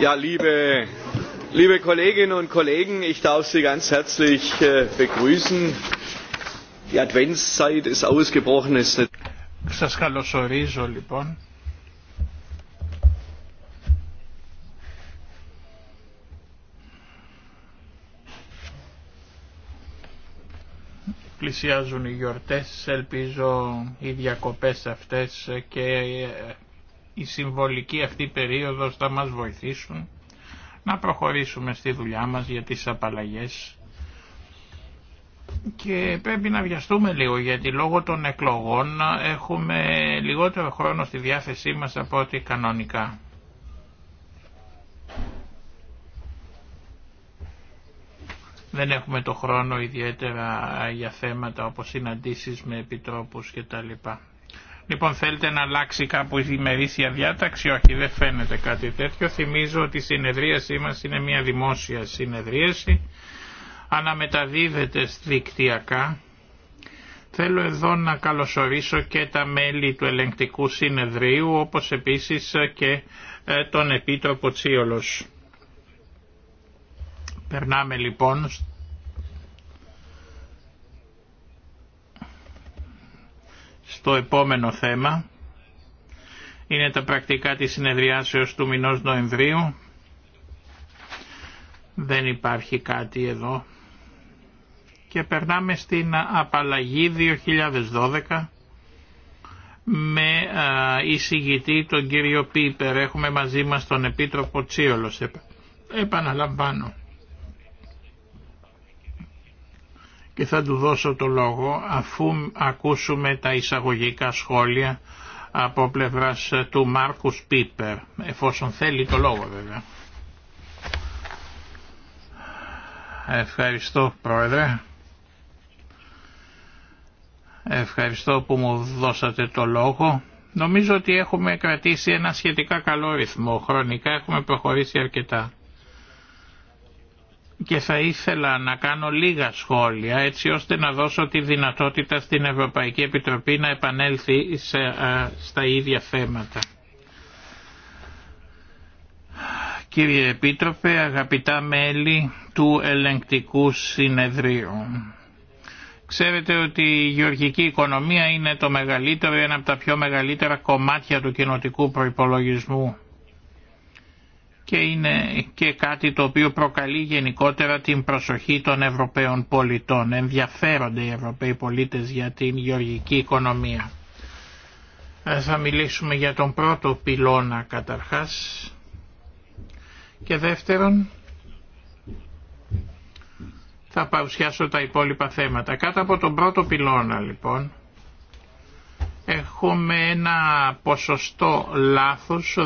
Ja, liebe, liebe Kolleginnen und Kollegen, ich darf Sie ganz herzlich begrüßen. Die Adventszeit ist ausgebrochen. Σας καλωσορίζω λοιπόν πλησιάζουν οι γιορτές, ελπίζω οι διακοπές αυτές και η συμβολική αυτή περίοδος θα μας βοηθήσουν να προχωρήσουμε στη δουλειά μας για τις απαλλαγές και πρέπει να βιαστούμε λίγο γιατί λόγω των εκλογών έχουμε λιγότερο χρόνο στη διάθεσή μας από ό,τι κανονικά. Δεν έχουμε το χρόνο ιδιαίτερα για θέματα όπως συναντήσεις με επιτρόπους λοιπά. Λοιπόν, θέλετε να αλλάξει κάπου η ημερήσια διάταξη. Όχι, δεν φαίνεται κάτι τέτοιο. Θυμίζω ότι η συνεδρίασή μας είναι μια δημόσια συνεδρίαση. Αναμεταδίδεται δικτυακά. Θέλω εδώ να καλωσορίσω και τα μέλη του ελεγκτικού συνεδρίου, όπως επίσης και ε, τον Επίτροπο Τσίολος. Περνάμε λοιπόν στο επόμενο θέμα. Είναι τα πρακτικά της συνεδριάσεως του μηνός Νοεμβρίου. Δεν υπάρχει κάτι εδώ. Και περνάμε στην απαλλαγή 2012 με εισηγητή τον κύριο Πίπερ. Έχουμε μαζί μας τον Επίτροπο Τσίολος. Επαναλαμβάνω. και θα του δώσω το λόγο αφού ακούσουμε τα εισαγωγικά σχόλια από πλευράς του Μάρκους Πίπερ, εφόσον θέλει το λόγο βέβαια. Ευχαριστώ Πρόεδρε. Ευχαριστώ που μου δώσατε το λόγο. Νομίζω ότι έχουμε κρατήσει ένα σχετικά καλό ρυθμό. Χρονικά έχουμε προχωρήσει αρκετά και θα ήθελα να κάνω λίγα σχόλια έτσι ώστε να δώσω τη δυνατότητα στην Ευρωπαϊκή Επιτροπή να επανέλθει σε, στα ίδια θέματα. Κύριε Επίτροπε, αγαπητά μέλη του Ελεγκτικού Συνεδρίου. Ξέρετε ότι η γεωργική οικονομία είναι το μεγαλύτερο, ένα από τα πιο μεγαλύτερα κομμάτια του κοινοτικού προϋπολογισμού και είναι και κάτι το οποίο προκαλεί γενικότερα την προσοχή των Ευρωπαίων πολιτών. Ενδιαφέρονται οι Ευρωπαίοι πολίτες για την γεωργική οικονομία. Ε, θα μιλήσουμε για τον πρώτο πυλώνα καταρχάς και δεύτερον θα παρουσιάσω τα υπόλοιπα θέματα. Κάτω από τον πρώτο πυλώνα λοιπόν έχουμε ένα ποσοστό λάθος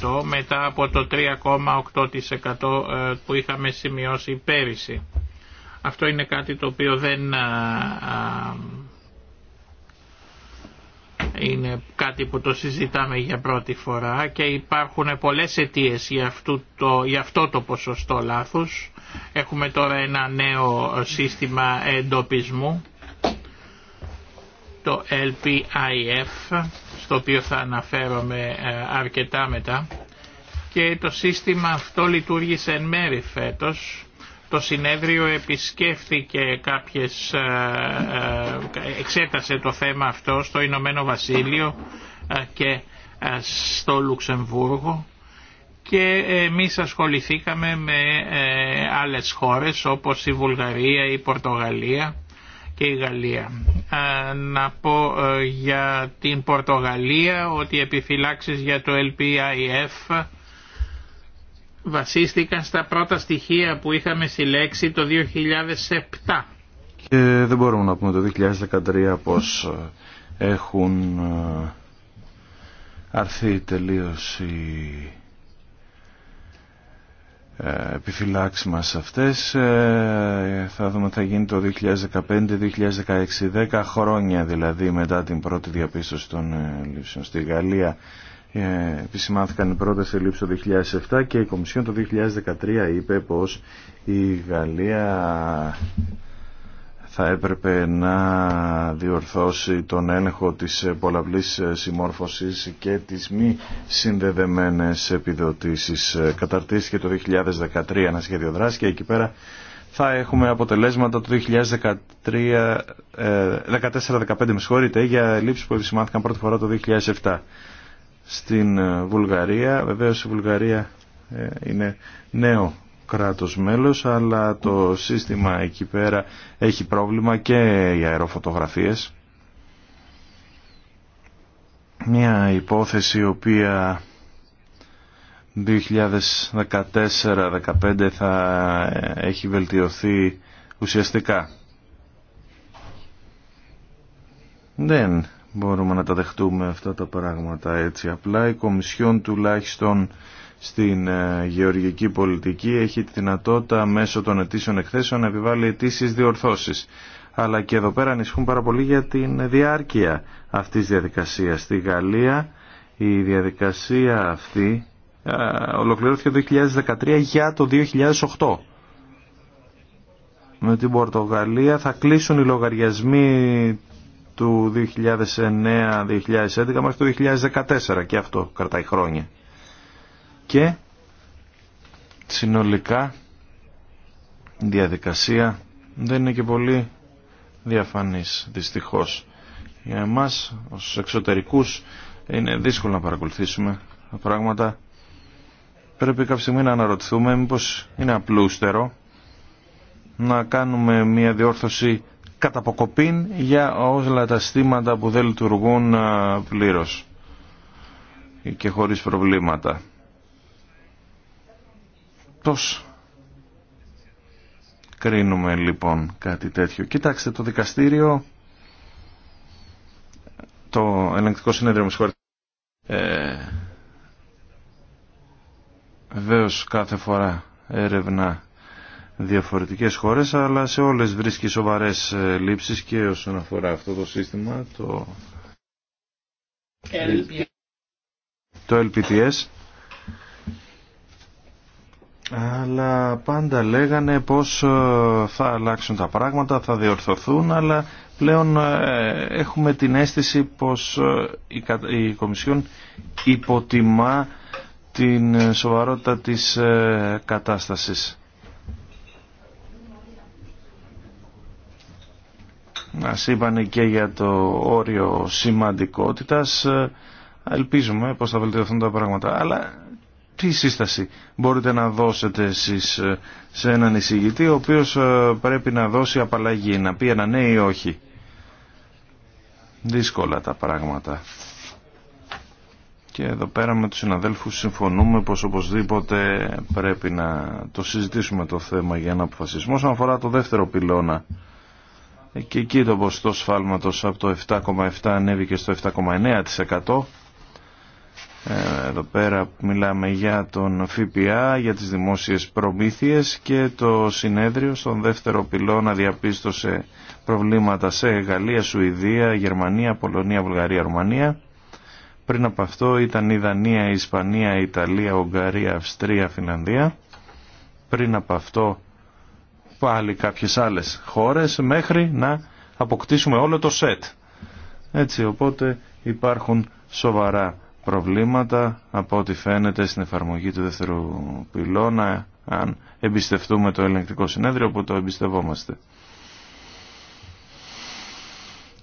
2,9% μετά από το 3,8% ε, που είχαμε σημειώσει πέρυσι. Αυτό είναι κάτι το οποίο δεν ε, ε, είναι κάτι που το συζητάμε για πρώτη φορά και υπάρχουν πολλές αιτίες για, αυτού το, για αυτό το ποσοστό λάθους. Έχουμε τώρα ένα νέο σύστημα εντοπισμού το LPIF, στο οποίο θα αναφέρομαι ε, αρκετά μετά, και το σύστημα αυτό λειτουργήσε εν μέρη φέτος. Το συνέδριο επισκέφθηκε κάποιες, ε, ε, εξέτασε το θέμα αυτό στο Ηνωμένο Βασίλειο και στο Λουξεμβούργο και εμείς ασχοληθήκαμε με άλλες χώρες όπως η Βουλγαρία, η Πορτογαλία και Να πω ε, για την Πορτογαλία ότι οι επιφυλάξεις για το LPIF βασίστηκαν στα πρώτα στοιχεία που είχαμε συλλέξει το 2007. Και δεν μπορούμε να πούμε το 2013 πως ε, έχουν ε, αρθεί τελείως οι ε, επιφυλάξει μας αυτές ε, θα δούμε θα γίνει το 2015-2016 10 χρόνια δηλαδή μετά την πρώτη διαπίστωση των ε, λήψεων στη Γαλλία επισημάνθηκαν οι πρώτες ελλείψεις το 2007 και η Κομισιόν το 2013 είπε πως η Γαλλία θα έπρεπε να διορθώσει τον έλεγχο της πολλαπλής συμμόρφωσης και τις μη συνδεδεμένες επιδοτήσεις. Καταρτίστηκε το 2013 ένα σχέδιο δράση και εκεί πέρα θα έχουμε αποτελέσματα το 2013, 2015 ε, με για λήψεις που επισημάθηκαν πρώτη φορά το 2007 στην ε, Βουλγαρία. Βεβαίως η Βουλγαρία ε, είναι νέο κράτος μέλος αλλά το σύστημα εκεί πέρα έχει πρόβλημα και για αεροφωτογραφίες. Μια υπόθεση η οποία 2014-2015 θα ε, έχει βελτιωθεί ουσιαστικά. Δεν μπορούμε να τα δεχτούμε αυτά τα πράγματα έτσι απλά. Η Κομισιόν τουλάχιστον στην ε, γεωργική πολιτική έχει τη δυνατότητα μέσω των αιτήσεων εκθέσεων να επιβάλλει αιτήσει διορθώσεις. Αλλά και εδώ πέρα ανησυχούν πάρα πολύ για την διάρκεια αυτής τη διαδικασία. Στη Γαλλία η διαδικασία αυτή ε, ολοκληρώθηκε το 2013 για το 2008. Με την Πορτογαλία θα κλείσουν οι λογαριασμοί του 2009-2011 μέχρι το 2014 και αυτό κρατάει χρόνια και συνολικά η διαδικασία δεν είναι και πολύ διαφανής δυστυχώς. Για εμάς ως εξωτερικούς είναι δύσκολο να παρακολουθήσουμε τα πράγματα. Πρέπει κάποια στιγμή να αναρωτηθούμε μήπως είναι απλούστερο να κάνουμε μια διόρθωση κατά για όλα τα στήματα που δεν λειτουργούν ε, πλήρως και χωρίς προβλήματα κρίνουμε λοιπόν κάτι τέτοιο. Κοιτάξτε το δικαστήριο, το ελεγκτικό συνέδριο μου συγχωρείτε. Ε, κάθε φορά έρευνα διαφορετικές χώρες αλλά σε όλες βρίσκει σοβαρές ε, λήψεις και όσον αφορά αυτό το σύστημα το, το LPTS αλλά πάντα λέγανε πως ε, θα αλλάξουν τα πράγματα, θα διορθωθούν, αλλά πλέον ε, έχουμε την αίσθηση πως ε, η Κομισιόν υποτιμά την σοβαρότητα της κατάστασης. Να είπαν και για το όριο σημαντικότητας. Ελπίζουμε πως θα βελτιωθούν τα πράγματα. Αλλά τι σύσταση μπορείτε να δώσετε εσείς ε, σε έναν εισηγητή ο οποίος ε, πρέπει να δώσει απαλλαγή, να πει ένα ναι ή όχι. Δύσκολα τα πράγματα. Και εδώ πέρα με τους συναδέλφους συμφωνούμε πως οπωσδήποτε πρέπει να το συζητήσουμε το θέμα για ένα αποφασισμό. Όσον αφορά το δεύτερο πυλώνα, ε, και εκεί το ποστό σφάλματος από το 7,7 ανέβηκε στο 7,9% ε, εδώ πέρα μιλάμε για τον ΦΠΑ, για τις δημόσιες προμήθειες και το συνέδριο στον δεύτερο πυλώνα διαπίστωσε προβλήματα σε Γαλλία, Σουηδία, Γερμανία, Πολωνία, Βουλγαρία, Ρουμανία. Πριν από αυτό ήταν η Δανία, η Ισπανία, η Ιταλία, Ουγγαρία, Αυστρία, Φιλανδία. Πριν από αυτό πάλι κάποιες άλλες χώρες μέχρι να αποκτήσουμε όλο το σετ. Έτσι οπότε υπάρχουν σοβαρά προβλήματα από ό,τι φαίνεται στην εφαρμογή του δεύτερου πυλώνα αν εμπιστευτούμε το ελεγκτικό συνέδριο που το εμπιστευόμαστε.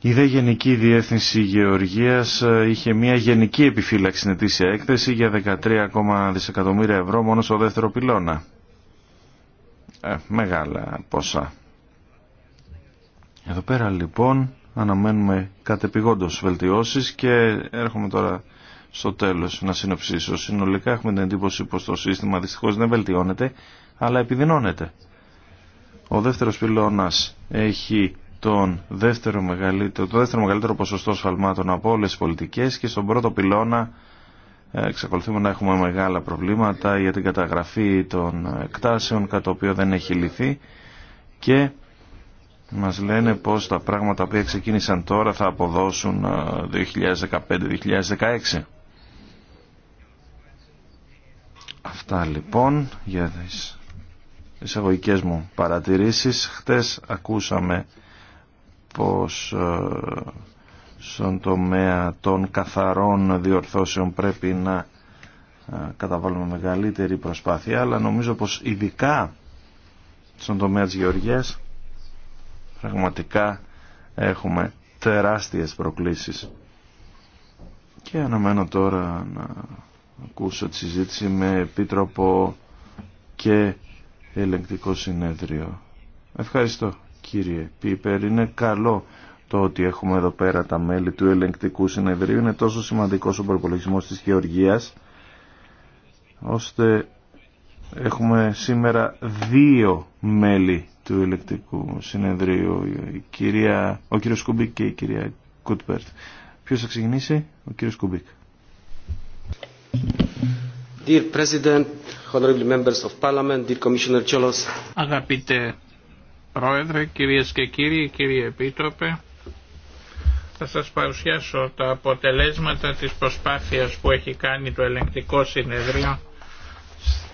Η ΔΕ Γενική Διεύθυνση Γεωργίας ε, είχε μια γενική επιφύλαξη στην ετήσια έκθεση για 13,1 δισεκατομμύρια ευρώ μόνο στο δεύτερο πυλώνα. Ε, μεγάλα ποσά. Εδώ πέρα λοιπόν αναμένουμε κατεπηγόντως βελτιώσεις και έρχομαι τώρα στο τέλος να συνοψίσω. Συνολικά έχουμε την εντύπωση πως το σύστημα δυστυχώς δεν βελτιώνεται, αλλά επιδεινώνεται. Ο δεύτερος πυλώνας έχει τον δεύτερο το δεύτερο μεγαλύτερο ποσοστό σφαλμάτων από όλες τις πολιτικές και στον πρώτο πυλώνα ε, εξακολουθούμε να έχουμε μεγάλα προβλήματα για την καταγραφή των εκτάσεων, κατά το οποίο δεν έχει λυθεί και μας λένε πως τα πράγματα που ξεκίνησαν τώρα θα αποδώσουν 2015-2016. Ε, Αυτά λοιπόν για τις εισαγωγικέ μου παρατηρήσεις. Χτες ακούσαμε πως ε, στον τομέα των καθαρών διορθώσεων πρέπει να ε, καταβάλουμε μεγαλύτερη προσπάθεια, αλλά νομίζω πως ειδικά στον τομέα της γεωργίας πραγματικά έχουμε τεράστιες προκλήσεις. Και αναμένω τώρα να Ακούσα τη συζήτηση με επίτροπο και ελεγκτικό συνέδριο. Ευχαριστώ κύριε Πίπερ. Είναι καλό το ότι έχουμε εδώ πέρα τα μέλη του ελεγκτικού συνεδρίου. Είναι τόσο σημαντικό ο προπολογισμό της Γεωργίας ώστε έχουμε σήμερα δύο μέλη του ελεκτικού συνεδρίου, η κυρία, ο κύριος Κουμπίκ και η κυρία Κούτπερτ. Ποιος θα ξεκινήσει, ο κύριος Κουμπίκ. Dear Αγαπητέ Πρόεδρε, κυρίες και κύριοι, κύριε Επίτροπε, θα σας παρουσιάσω τα αποτελέσματα της προσπάθειας που έχει κάνει το ελεγκτικό συνεδρίο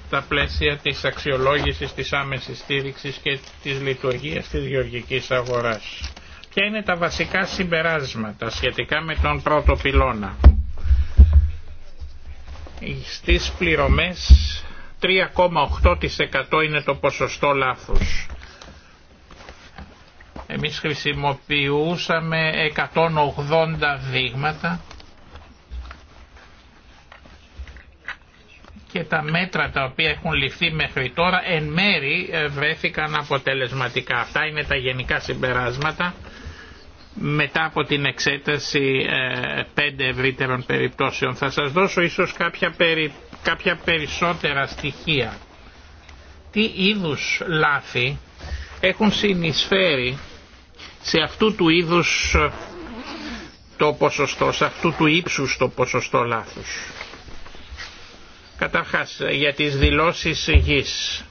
στα πλαίσια της αξιολόγησης της άμεσης στήριξης και της λειτουργίας της γεωργική αγοράς. Ποια είναι τα βασικά συμπεράσματα σχετικά με τον πρώτο πυλώνα. Στις πληρωμές 3,8% είναι το ποσοστό λάθους. Εμείς χρησιμοποιούσαμε 180 δείγματα και τα μέτρα τα οποία έχουν ληφθεί μέχρι τώρα εν μέρη ε, βρέθηκαν αποτελεσματικά. Αυτά είναι τα γενικά συμπεράσματα μετά από την εξέταση ε, πέντε ευρύτερων περιπτώσεων. Θα σας δώσω ίσως κάποια, περι, κάποια περισσότερα στοιχεία. Τι είδους λάθη έχουν συνεισφέρει σε αυτού του είδους ε, το ποσοστό, σε αυτού του ύψους το ποσοστό λάθους. Καταρχάς για τις δηλώσεις γης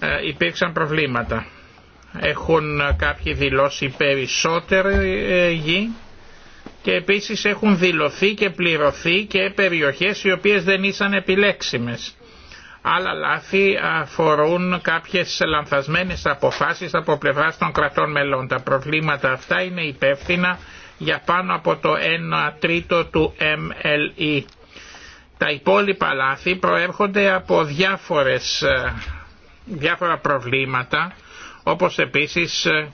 ε, υπήρξαν προβλήματα. Έχουν κάποιοι δηλώσει περισσότερη ε, γη και επίσης έχουν δηλωθεί και πληρωθεί και περιοχές οι οποίες δεν ήσαν επιλέξιμες. Άλλα λάθη αφορούν κάποιες λανθασμένες αποφάσεις από πλευρά των κρατών μελών. Τα προβλήματα αυτά είναι υπεύθυνα για πάνω από το 1 τρίτο του MLE. Τα υπόλοιπα λάθη προέρχονται από διάφορες, ε, διάφορα προβλήματα όπως επίσης ε,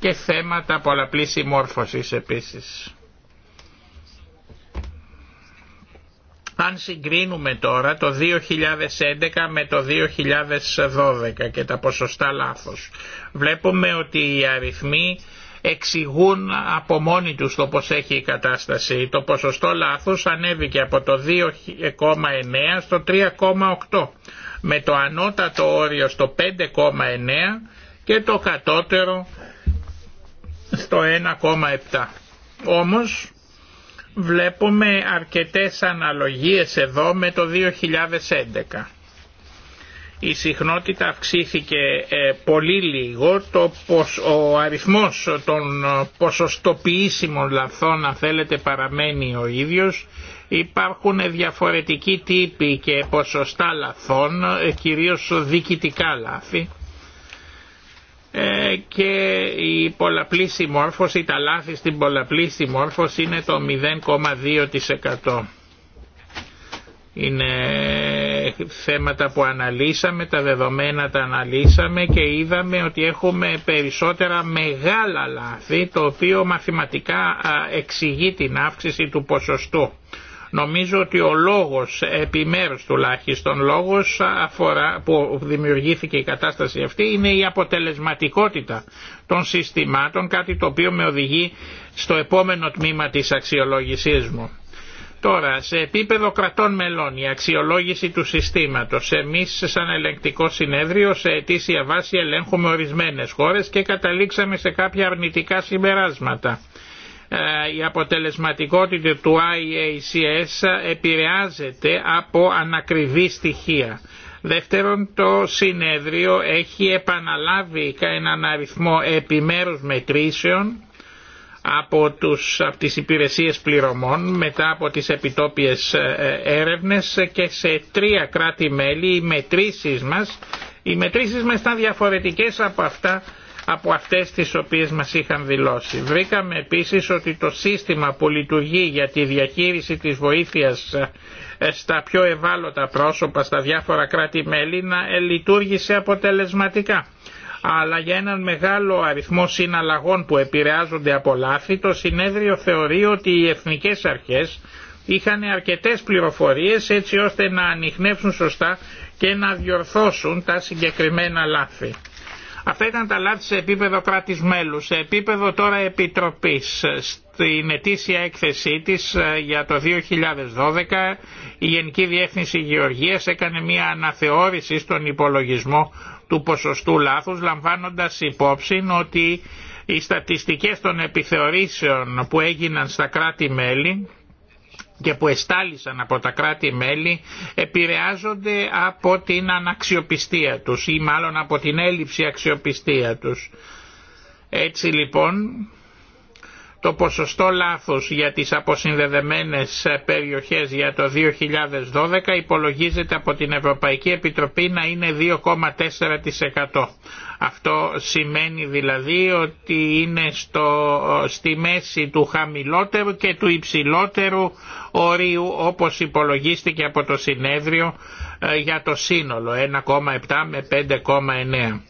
και θέματα πολλαπλής συμμόρφωσης επίσης. Αν συγκρίνουμε τώρα το 2011 με το 2012 και τα ποσοστά λάθος, βλέπουμε ότι οι αριθμοί εξηγούν από μόνοι τους το πως έχει η κατάσταση. Το ποσοστό λάθος ανέβηκε από το 2,9 στο 3,8 με το ανώτατο όριο στο 5,9 και το κατώτερο στο 1,7. Όμως βλέπουμε αρκετές αναλογίες εδώ με το 2011. Η συχνότητα αυξήθηκε ε, πολύ λίγο, το πως, ο αριθμός των ε, ποσοστοποιήσιμων λαθών αν θέλετε παραμένει ο ίδιος Υπάρχουν διαφορετικοί τύποι και ποσοστά λαθών, ε, κυρίως διοικητικά λάθη ε, και η πολλαπλή συμμόρφωση, τα λάθη στην πολλαπλή συμμόρφωση είναι το 0,2%. Είναι θέματα που αναλύσαμε, τα δεδομένα τα αναλύσαμε και είδαμε ότι έχουμε περισσότερα μεγάλα λάθη το οποίο μαθηματικά εξηγεί την αύξηση του ποσοστού. Νομίζω ότι ο λόγος, επιμέρους τουλάχιστον λόγος αφορά, που δημιουργήθηκε η κατάσταση αυτή είναι η αποτελεσματικότητα των συστημάτων, κάτι το οποίο με οδηγεί στο επόμενο τμήμα της αξιολόγησής μου. Τώρα, σε επίπεδο κρατών μελών, η αξιολόγηση του συστήματος. Εμείς, σαν ελεγκτικό συνέδριο, σε αιτήσια βάση ελέγχουμε ορισμένες χώρες και καταλήξαμε σε κάποια αρνητικά συμπεράσματα. Ε, η αποτελεσματικότητα του IACS επηρεάζεται από ανακριβή στοιχεία. Δεύτερον, το συνέδριο έχει επαναλάβει έναν αριθμό επιμέρους μετρήσεων από, τους, από τις υπηρεσίες πληρωμών μετά από τις επιτόπιες ε, έρευνες και σε τρία κράτη-μέλη οι μετρήσεις μας οι μετρήσεις μας ήταν διαφορετικές από αυτά από αυτές τις οποίες μας είχαν δηλώσει. Βρήκαμε επίσης ότι το σύστημα που λειτουργεί για τη διαχείριση της βοήθειας ε, ε, στα πιο ευάλωτα πρόσωπα στα διάφορα κράτη-μέλη να ε, λειτουργήσε αποτελεσματικά. Αλλά για έναν μεγάλο αριθμό συναλλαγών που επηρεάζονται από λάθη, το συνέδριο θεωρεί ότι οι εθνικές αρχές είχαν αρκετές πληροφορίες έτσι ώστε να ανοιχνεύσουν σωστά και να διορθώσουν τα συγκεκριμένα λάθη. Αυτά ήταν τα λάθη σε επίπεδο κράτης μέλους, σε επίπεδο τώρα επιτροπής. Στην ετήσια έκθεσή της ε, για το 2012 η Γενική Διεύθυνση Γεωργίας έκανε μια αναθεώρηση στον υπολογισμό του ποσοστού λάθους λαμβάνοντας υπόψη ότι οι στατιστικές των επιθεωρήσεων που έγιναν στα κράτη-μέλη και που εστάλησαν από τα κράτη-μέλη επηρεάζονται από την αναξιοπιστία τους ή μάλλον από την έλλειψη αξιοπιστία τους. Έτσι λοιπόν το ποσοστό λάθους για τις αποσυνδεδεμένες περιοχές για το 2012 υπολογίζεται από την Ευρωπαϊκή Επιτροπή να είναι 2,4%. Αυτό σημαίνει δηλαδή ότι είναι στο, στη μέση του χαμηλότερου και του υψηλότερου ορίου όπως υπολογίστηκε από το συνέδριο ε, για το σύνολο 1,7 με 5,9.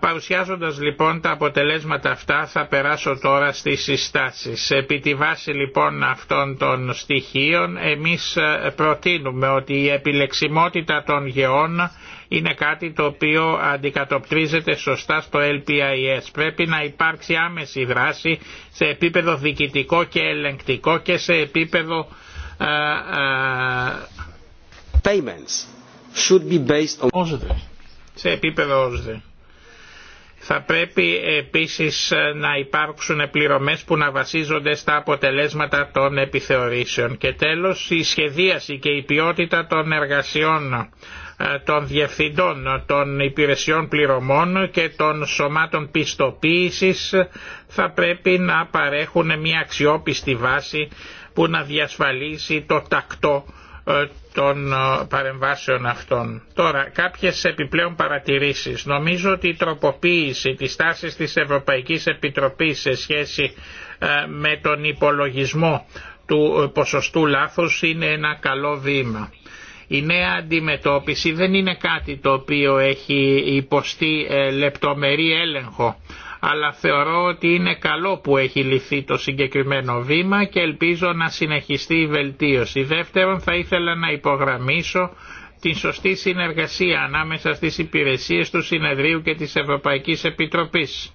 Παρουσιάζοντας λοιπόν τα αποτελέσματα αυτά θα περάσω τώρα στις συστάσεις. Επί τη βάση λοιπόν αυτών των στοιχείων εμείς ε, προτείνουμε ότι η επιλεξιμότητα των γεών είναι κάτι το οποίο αντικατοπτρίζεται σωστά στο LPIS. Πρέπει να υπάρξει άμεση δράση σε επίπεδο διοικητικό και ελεγκτικό και σε επίπεδο... Payments Σε επίπεδο Θα πρέπει επίσης ε, να υπάρξουν πληρωμές που να βασίζονται στα αποτελέσματα των επιθεωρήσεων. Και τέλος η σχεδίαση και η ποιότητα των εργασιών ε, των διευθυντών των υπηρεσιών πληρωμών και των σωμάτων πιστοποίησης θα πρέπει να παρέχουν μια αξιόπιστη βάση που να διασφαλίσει το τακτό ε, των ε, παρεμβάσεων αυτών. Τώρα, κάποιες επιπλέον παρατηρήσεις. Νομίζω ότι η τροποποίηση της τάσης της Ευρωπαϊκής Επιτροπής σε σχέση με τον υπολογισμό του ποσοστού λάθους είναι ένα καλό βήμα. Η νέα αντιμετώπιση δεν είναι κάτι το οποίο έχει υποστεί ε, λεπτομερή έλεγχο αλλά θεωρώ ότι είναι καλό που έχει λυθεί το συγκεκριμένο βήμα και ελπίζω να συνεχιστεί η βελτίωση. Δεύτερον θα ήθελα να υπογραμμίσω την σωστή συνεργασία ανάμεσα στις υπηρεσίες του Συνεδρίου και της Ευρωπαϊκής Επιτροπής.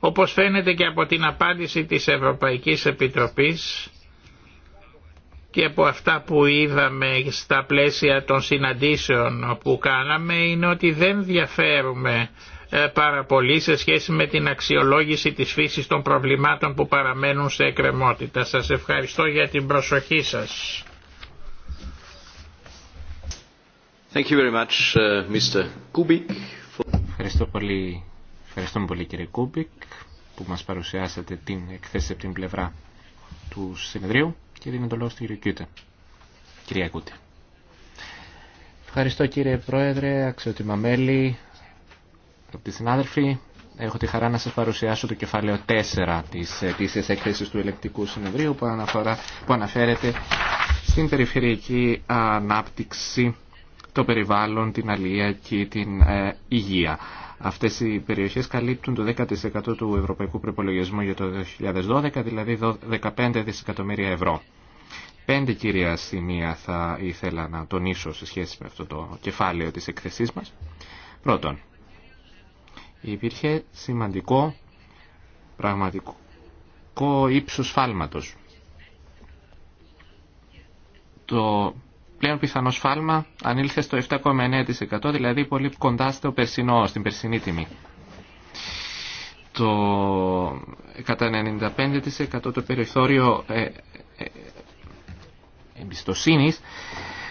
Όπως φαίνεται και από την απάντηση της Ευρωπαϊκής Επιτροπής, και από αυτά που είδαμε στα πλαίσια των συναντήσεων που κάναμε είναι ότι δεν διαφέρουμε ε, πάρα πολύ σε σχέση με την αξιολόγηση της φύσης των προβλημάτων που παραμένουν σε εκκρεμότητα. Σας ευχαριστώ για την προσοχή σας. Uh, ευχαριστώ πολύ, πολύ κύριε Κούμπικ που μας παρουσιάσατε την εκθέση από την πλευρά του συνεδρίου και δίνω το λόγο στην κυρία Κούτε. Ευχαριστώ κύριε Πρόεδρε, αξιότιμα μέλη, αγαπητοί συνάδελφοι. Έχω τη χαρά να σας παρουσιάσω το κεφάλαιο 4 της της έκθεσης του Ελεκτικού Συνεδρίου που, αναφορά, που αναφέρεται στην περιφερειακή ανάπτυξη, το περιβάλλον, την αλληλεία και την ε, υγεία. Αυτές οι περιοχές καλύπτουν το 10% του ευρωπαϊκού προπολογισμού για το 2012, δηλαδή 15 δισεκατομμύρια ευρώ. Πέντε κυρία σημεία θα ήθελα να τονίσω σε σχέση με αυτό το κεφάλαιο της εκθεσής μας. Πρώτον, υπήρχε σημαντικό πραγματικό ύψος φάλματος. Το πλέον πιθανό σφάλμα ανήλθε στο 7,9% δηλαδή πολύ κοντά στο περσινό, στην περσινή τιμή. Το 195% το περιθώριο ε, ε, εμπιστοσύνης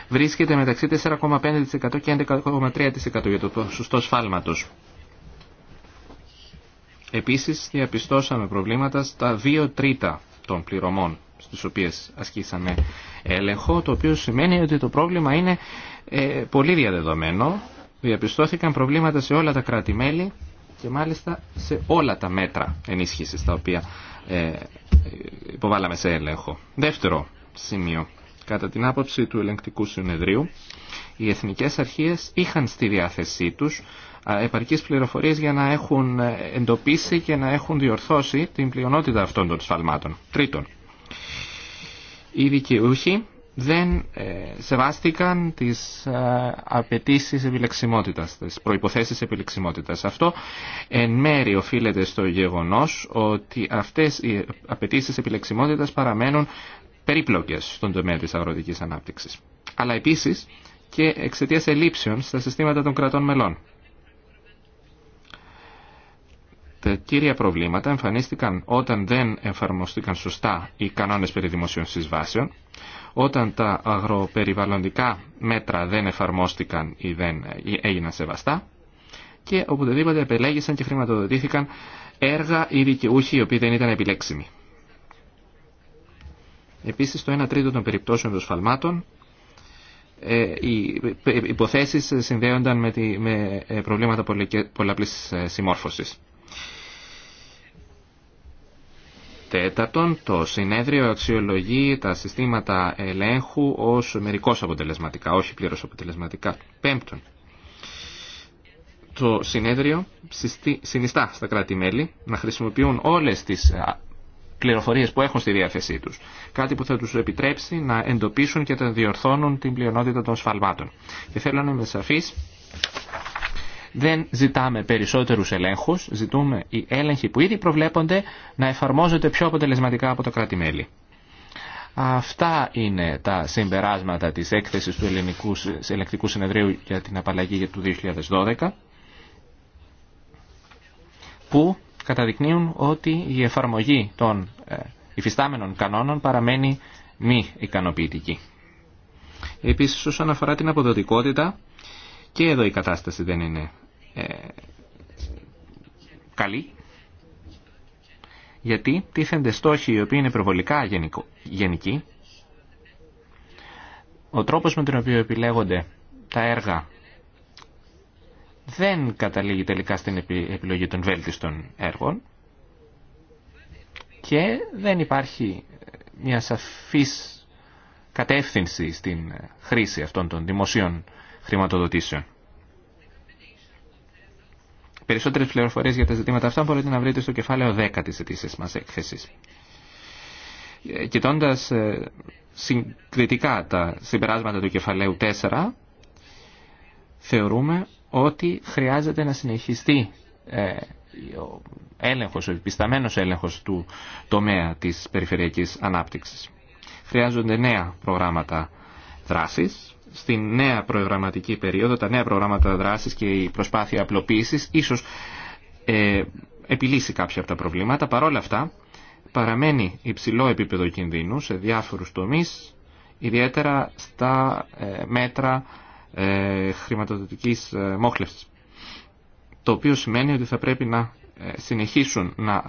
βρίσκεται μεταξύ 4,5% και 11,3% για το ποσοστό σφάλματος. Επίσης διαπιστώσαμε προβλήματα στα 2 τρίτα των πληρωμών στους οποίες ασκήσαμε έλεγχο, το οποίο σημαίνει ότι το πρόβλημα είναι ε, πολύ διαδεδομένο. Διαπιστώθηκαν προβλήματα σε όλα τα κράτη-μέλη και μάλιστα σε όλα τα μέτρα ενίσχυσης τα οποία ε, υποβάλαμε σε έλεγχο. Δεύτερο σημείο. Κατά την άποψη του ελεγκτικού συνεδρίου, οι εθνικές αρχές είχαν στη διάθεσή τους επαρκείς πληροφορίες για να έχουν ε, εντοπίσει και να έχουν διορθώσει την πλειονότητα αυτών των σφαλμάτων. Τρίτον, οι δικαιούχοι δεν ε, σεβάστηκαν τις ε, απαιτήσεις επιλεξιμότητας, τις προϋποθέσεις επιλεξιμότητας. Αυτό εν μέρει οφείλεται στο γεγονός ότι αυτές οι απαιτήσεις επιλεξιμότητας παραμένουν περίπλοκες στον τομέα της αγροτικής ανάπτυξης. Αλλά επίσης και εξαιτίας ελλείψεων στα συστήματα των κρατών μελών. Τα κύρια προβλήματα εμφανίστηκαν όταν δεν εφαρμοστήκαν σωστά οι κανόνες περί δημοσίων συσβάσεων, όταν τα αγροπεριβαλλοντικά μέτρα δεν εφαρμόστηκαν ή δεν έγιναν σεβαστά και οπουδήποτε επελέγησαν και χρηματοδοτήθηκαν έργα ή δικαιούχοι οι οποίοι δεν ήταν επιλέξιμοι. Επίσης, το 1 τρίτο των περιπτώσεων των σφαλμάτων ε, οι υποθέσεις συνδέονταν με ε, προβλήματα πολλαπλής ε, συμμόρφωσης. Τέταρτον, το συνέδριο αξιολογεί τα συστήματα ελέγχου ως μερικώς αποτελεσματικά, όχι πλήρως αποτελεσματικά. Πέμπτον, το συνέδριο συνιστά στα κράτη-μέλη να χρησιμοποιούν όλες τις ε, πληροφορίες που έχουν στη διάθεσή τους. Κάτι που θα τους επιτρέψει να εντοπίσουν και να διορθώνουν την πλειονότητα των σφαλμάτων. Και θέλω να είμαι σαφής δεν ζητάμε περισσότερους ελέγχους, ζητούμε οι έλεγχοι που ήδη προβλέπονται να εφαρμόζονται πιο αποτελεσματικά από το κράτη-μέλη. Αυτά είναι τα συμπεράσματα της έκθεσης του Ελληνικού Ελεκτικού Συνεδρίου για την απαλλαγή του 2012 που καταδεικνύουν ότι η εφαρμογή των ε, υφιστάμενων κανόνων παραμένει μη ικανοποιητική. Επίσης όσον αφορά την αποδοτικότητα και εδώ η κατάσταση δεν είναι ε, καλή. Γιατί τίθενται στόχοι οι οποίοι είναι προβολικά γενικο, γενικοί. Ο τρόπος με τον οποίο επιλέγονται τα έργα δεν καταλήγει τελικά στην επιλογή των βέλτιστων έργων και δεν υπάρχει ε, μια σαφής κατεύθυνση στην ε, χρήση αυτών των δημοσίων χρηματοδοτήσεων. Περισσότερε πληροφορίε για τα ζητήματα αυτά μπορείτε να βρείτε στο κεφάλαιο 10 τη ετήσια μα έκθεση. Ε, Κοιτώντα ε, συγκριτικά τα συμπεράσματα του κεφαλαίου 4, θεωρούμε ότι χρειάζεται να συνεχιστεί ε, ο έλεγχος, ο επισταμένος έλεγχος του τομέα της περιφερειακής ανάπτυξης. Χρειάζονται νέα προγράμματα δράσης στη νέα προγραμματική περίοδο, τα νέα προγράμματα δράσης και η προσπάθεια απλοποίησης ίσως ε, επιλύσει κάποια από τα προβλήματα. Παρόλα αυτά παραμένει υψηλό επίπεδο κινδύνου σε διάφορους τομείς, ιδιαίτερα στα ε, μέτρα ε, χρηματοδοτικής ε, μόχλευσης. Το οποίο σημαίνει ότι θα πρέπει να συνεχίσουν να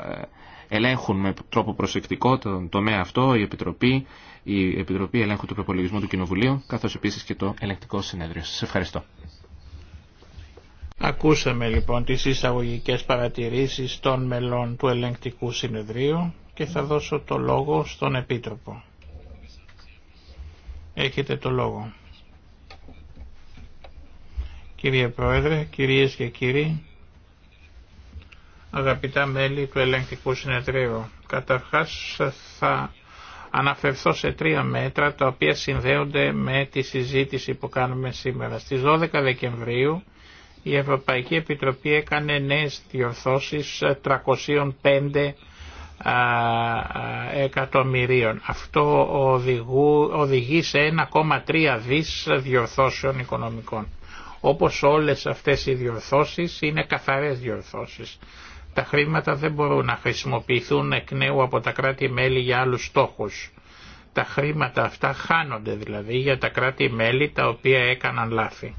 ελέγχουν με τρόπο προσεκτικό τον τομέα αυτό, η Επιτροπή, η Επιτροπή Ελέγχου του Προπολογισμού του Κοινοβουλίου, καθώς επίσης και το Ελεκτικό Συνέδριο. Σας ευχαριστώ. Ακούσαμε λοιπόν τις εισαγωγικές παρατηρήσεις των μελών του Ελεγκτικού Συνεδρίου και θα δώσω το λόγο στον Επίτροπο. Έχετε το λόγο. Κύριε Πρόεδρε, κυρίες και κύριοι, αγαπητά μέλη του ελεγκτικού συνεδρίου. Καταρχάς θα αναφερθώ σε τρία μέτρα τα οποία συνδέονται με τη συζήτηση που κάνουμε σήμερα. Στις 12 Δεκεμβρίου η Ευρωπαϊκή Επιτροπή έκανε νέες διορθώσεις 305 εκατομμυρίων. Αυτό οδηγού, οδηγεί σε 1,3 δις διορθώσεων οικονομικών. Όπως όλες αυτές οι διορθώσεις είναι καθαρές διορθώσεις τα χρήματα δεν μπορούν να χρησιμοποιηθούν εκ νέου από τα κράτη-μέλη για άλλους στόχους. Τα χρήματα αυτά χάνονται δηλαδή για τα κράτη-μέλη τα οποία έκαναν λάθη.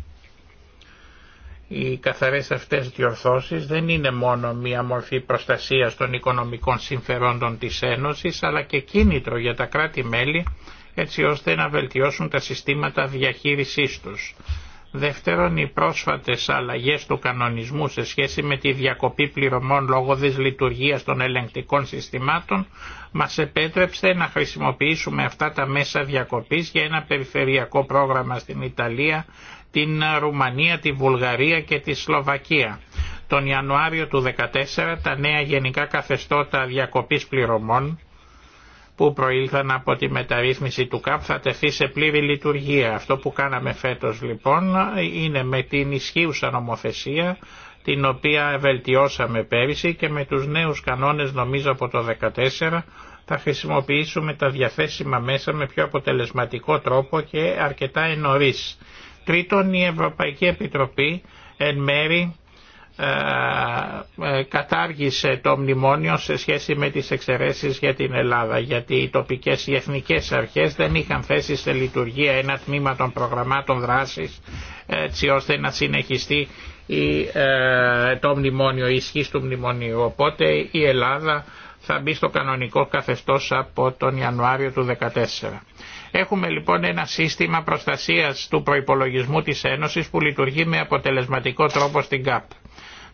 Οι καθαρές αυτές διορθώσεις δεν είναι μόνο μία μορφή προστασίας των οικονομικών συμφερόντων της Ένωσης, αλλά και κίνητρο για τα κράτη-μέλη έτσι ώστε να βελτιώσουν τα συστήματα διαχείρισής τους. Δεύτερον, οι πρόσφατες αλλαγές του κανονισμού σε σχέση με τη διακοπή πληρωμών λόγω της λειτουργίας των ελεγκτικών συστημάτων μας επέτρεψε να χρησιμοποιήσουμε αυτά τα μέσα διακοπής για ένα περιφερειακό πρόγραμμα στην Ιταλία, την Ρουμανία, τη Βουλγαρία και τη Σλοβακία. Τον Ιανουάριο του 2014 τα νέα γενικά καθεστώτα διακοπής πληρωμών που προήλθαν από τη μεταρρύθμιση του ΚΑΠ θα τεθεί σε πλήρη λειτουργία. Αυτό που κάναμε φέτος λοιπόν είναι με την ισχύουσα νομοθεσία την οποία βελτιώσαμε πέρυσι και με τους νέους κανόνες νομίζω από το 2014 θα χρησιμοποιήσουμε τα διαθέσιμα μέσα με πιο αποτελεσματικό τρόπο και αρκετά ενωρίς. Τρίτον, η Ευρωπαϊκή Επιτροπή εν μέρη ε, ε, κατάργησε το μνημόνιο σε σχέση με τις εξαιρέσεις για την Ελλάδα γιατί οι τοπικές οι εθνικές αρχές δεν είχαν θέσει σε λειτουργία ένα τμήμα των προγραμμάτων δράσης έτσι ώστε να συνεχιστεί η, ε, το μνημόνιο, η ισχύ του μνημονίου. Οπότε η Ελλάδα θα μπει στο κανονικό καθεστώς από τον Ιανουάριο του 2014. Έχουμε λοιπόν ένα σύστημα προστασίας του προϋπολογισμού της Ένωσης που λειτουργεί με αποτελεσματικό τρόπο στην ΚΑΠ.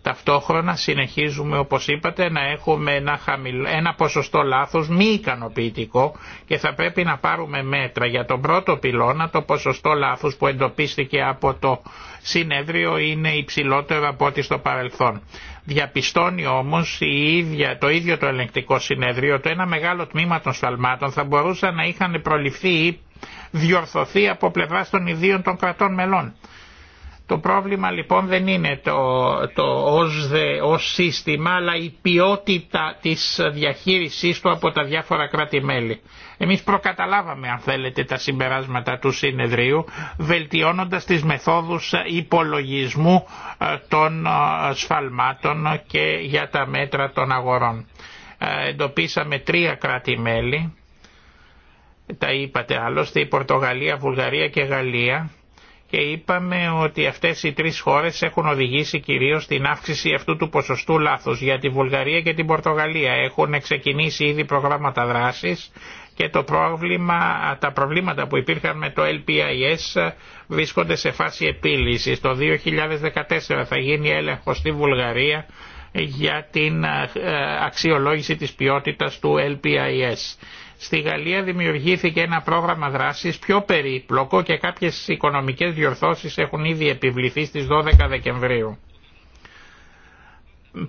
Ταυτόχρονα συνεχίζουμε όπως είπατε να έχουμε ένα, ένα ποσοστό λάθος μη ικανοποιητικό και θα πρέπει να πάρουμε μέτρα. Για τον πρώτο πυλώνα το ποσοστό λάθους που εντοπίστηκε από το συνέδριο είναι υψηλότερο από ό,τι στο παρελθόν. Διαπιστώνει όμως η ίδια, το ίδιο το ελεγκτικό συνέδριο το ένα μεγάλο τμήμα των σφαλμάτων θα μπορούσαν να είχαν προληφθεί ή διορθωθεί από πλευρά των ιδίων των κρατών μελών. Το πρόβλημα λοιπόν δεν είναι το, το ως, δε, ως σύστημα αλλά η ποιότητα της διαχείρισής του από τα διάφορα κράτη-μέλη. Εμείς προκαταλάβαμε αν θέλετε τα συμπεράσματα του συνεδρίου βελτιώνοντας τις μεθόδους υπολογισμού ε, των ε, σφαλμάτων και για τα μέτρα των αγορών. Ε, εντοπίσαμε τρία κράτη-μέλη, τα είπατε άλλωστε, η Πορτογαλία, Βουλγαρία και Γαλλία και είπαμε ότι αυτές οι τρεις χώρες έχουν οδηγήσει κυρίως στην αύξηση αυτού του ποσοστού λάθους. Για τη Βουλγαρία και την Πορτογαλία έχουν ξεκινήσει ήδη προγράμματα δράσης και το πρόβλημα, τα προβλήματα που υπήρχαν με το LPIS βρίσκονται σε φάση επίλυσης. Το 2014 θα γίνει έλεγχο στη Βουλγαρία για την ε, αξιολόγηση της ποιότητας του LPIS Στη Γαλλία δημιουργήθηκε ένα πρόγραμμα δράσης πιο περίπλοκο και κάποιες οικονομικές διορθώσεις έχουν ήδη επιβληθεί στις 12 Δεκεμβρίου.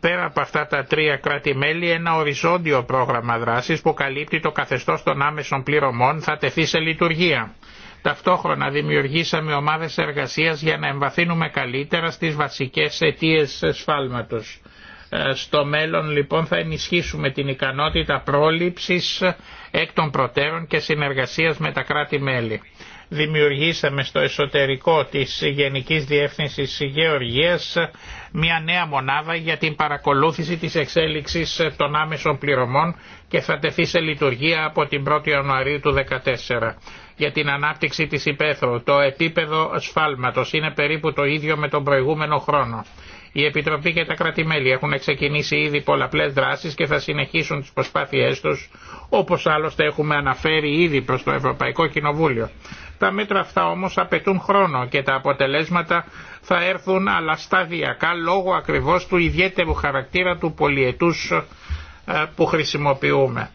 Πέρα από αυτά τα τρία κράτη-μέλη, ένα οριζόντιο πρόγραμμα δράσης που καλύπτει το καθεστώς των άμεσων πληρωμών θα τεθεί σε λειτουργία. Ταυτόχρονα δημιουργήσαμε ομάδες εργασίας για να εμβαθύνουμε καλύτερα στις βασικές αιτίες σφάλματος. Ε, στο μέλλον λοιπόν θα ενισχύσουμε την ικανότητα πρόληψης εκ των προτέρων και συνεργασίας με τα κράτη-μέλη. Δημιουργήσαμε στο εσωτερικό της Γενικής Διεύθυνσης Γεωργίας μια νέα μονάδα για την παρακολούθηση της εξέλιξης των άμεσων πληρωμών και θα τεθεί σε λειτουργία από την 1η Ιανουαρίου του 2014 για την ανάπτυξη της υπαίθρου. Το επίπεδο σφάλματος είναι περίπου το ίδιο με τον προηγούμενο χρόνο. Η Επιτροπή και τα κράτη-μέλη έχουν ξεκινήσει ήδη πολλαπλές δράσεις και θα συνεχίσουν τις προσπάθειές τους, όπως άλλωστε έχουμε αναφέρει ήδη προς το Ευρωπαϊκό Κοινοβούλιο. Τα μέτρα αυτά όμως απαιτούν χρόνο και τα αποτελέσματα θα έρθουν αλλά σταδιακά λόγω ακριβώς του ιδιαίτερου χαρακτήρα του πολιετού ε, που χρησιμοποιούμε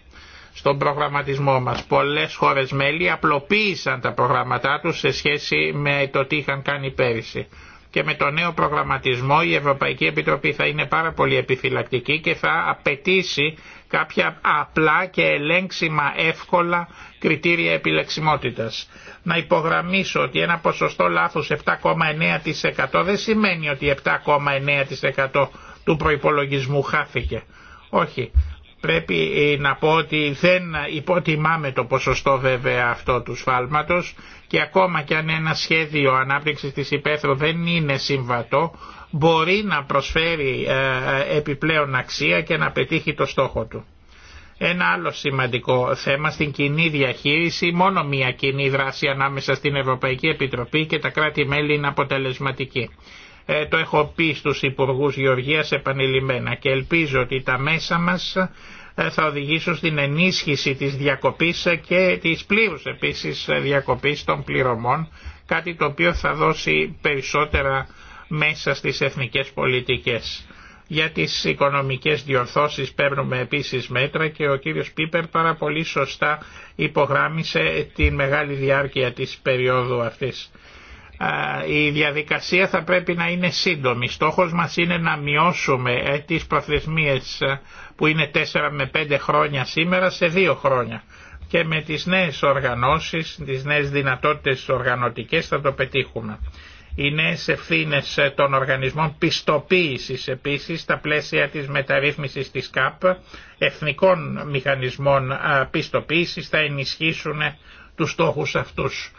στον προγραμματισμό μας. Πολλές χώρες μέλη απλοποίησαν τα προγράμματά τους σε σχέση με το τι είχαν κάνει πέρυσι και με το νέο προγραμματισμό η Ευρωπαϊκή Επιτροπή θα είναι πάρα πολύ επιφυλακτική και θα απαιτήσει κάποια απλά και ελέγξιμα εύκολα κριτήρια επιλεξιμότητας. Να υπογραμμίσω ότι ένα ποσοστό λάθους 7,9% δεν σημαίνει ότι 7,9% του προϋπολογισμού χάθηκε. Όχι. Πρέπει ε, να πω ότι δεν υποτιμάμε το ποσοστό βέβαια αυτό του σφάλματος και ακόμα και αν ένα σχέδιο ανάπτυξης της υπαίθρου δεν είναι συμβατό, μπορεί να προσφέρει ε, ε, επιπλέον αξία και να πετύχει το στόχο του. Ένα άλλο σημαντικό θέμα στην κοινή διαχείριση, μόνο μια κοινή δράση ανάμεσα στην Ευρωπαϊκή Επιτροπή και τα κράτη-μέλη είναι αποτελεσματική. Ε, το έχω πει στους Υπουργούς Γεωργίας επανειλημμένα και ελπίζω ότι τα μέσα μας ε, θα οδηγήσουν στην ενίσχυση της διακοπής ε, και της πλήρους επίσης ε, διακοπής των πληρωμών, κάτι το οποίο θα δώσει περισσότερα μέσα στις εθνικές πολιτικές. Για τις οικονομικές διορθώσεις παίρνουμε επίσης μέτρα και ο κύριος Πίπερ πάρα πολύ σωστά υπογράμμισε τη μεγάλη διάρκεια της περίοδου αυτής. Η διαδικασία θα πρέπει να είναι σύντομη. Στόχος μας είναι να μειώσουμε τις προθεσμίες που είναι 4 με 5 χρόνια σήμερα σε 2 χρόνια. Και με τις νέες οργανώσεις, τις νέες δυνατότητες οργανωτικές θα το πετύχουμε. Οι νέες ευθύνε ε, των οργανισμών πιστοποίησης επίσης στα πλαίσια της μεταρρύθμισης της ΚΑΠ, εθνικών μηχανισμών ε, πιστοποίησης θα ενισχύσουν ε, τους στόχους αυτούς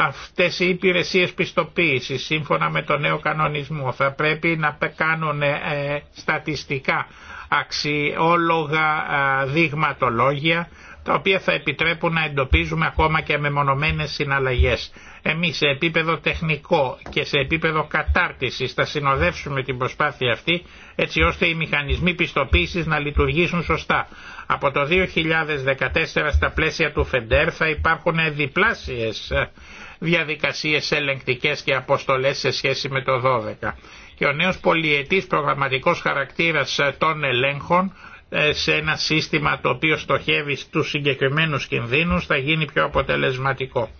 αυτές οι υπηρεσίες πιστοποίησης σύμφωνα με τον νέο κανονισμό θα πρέπει να κάνουν ε, στατιστικά αξιόλογα δειγματολόγια τα οποία θα επιτρέπουν να εντοπίζουμε ακόμα και μεμονωμένες συναλλαγές. Εμείς σε επίπεδο τεχνικό και σε επίπεδο κατάρτισης θα συνοδεύσουμε την προσπάθεια αυτή έτσι ώστε οι μηχανισμοί πιστοποίησης να λειτουργήσουν σωστά. Από το 2014 στα πλαίσια του ΦΕΝΤΕΡ θα υπάρχουν διπλάσιες διαδικασίες ελεγκτικές και αποστολές σε σχέση με το 12. Και ο νέος πολιετής προγραμματικός χαρακτήρας ε, των ελέγχων ε, σε ένα σύστημα το οποίο στοχεύει στους συγκεκριμένους κινδύνους θα γίνει πιο αποτελεσματικό.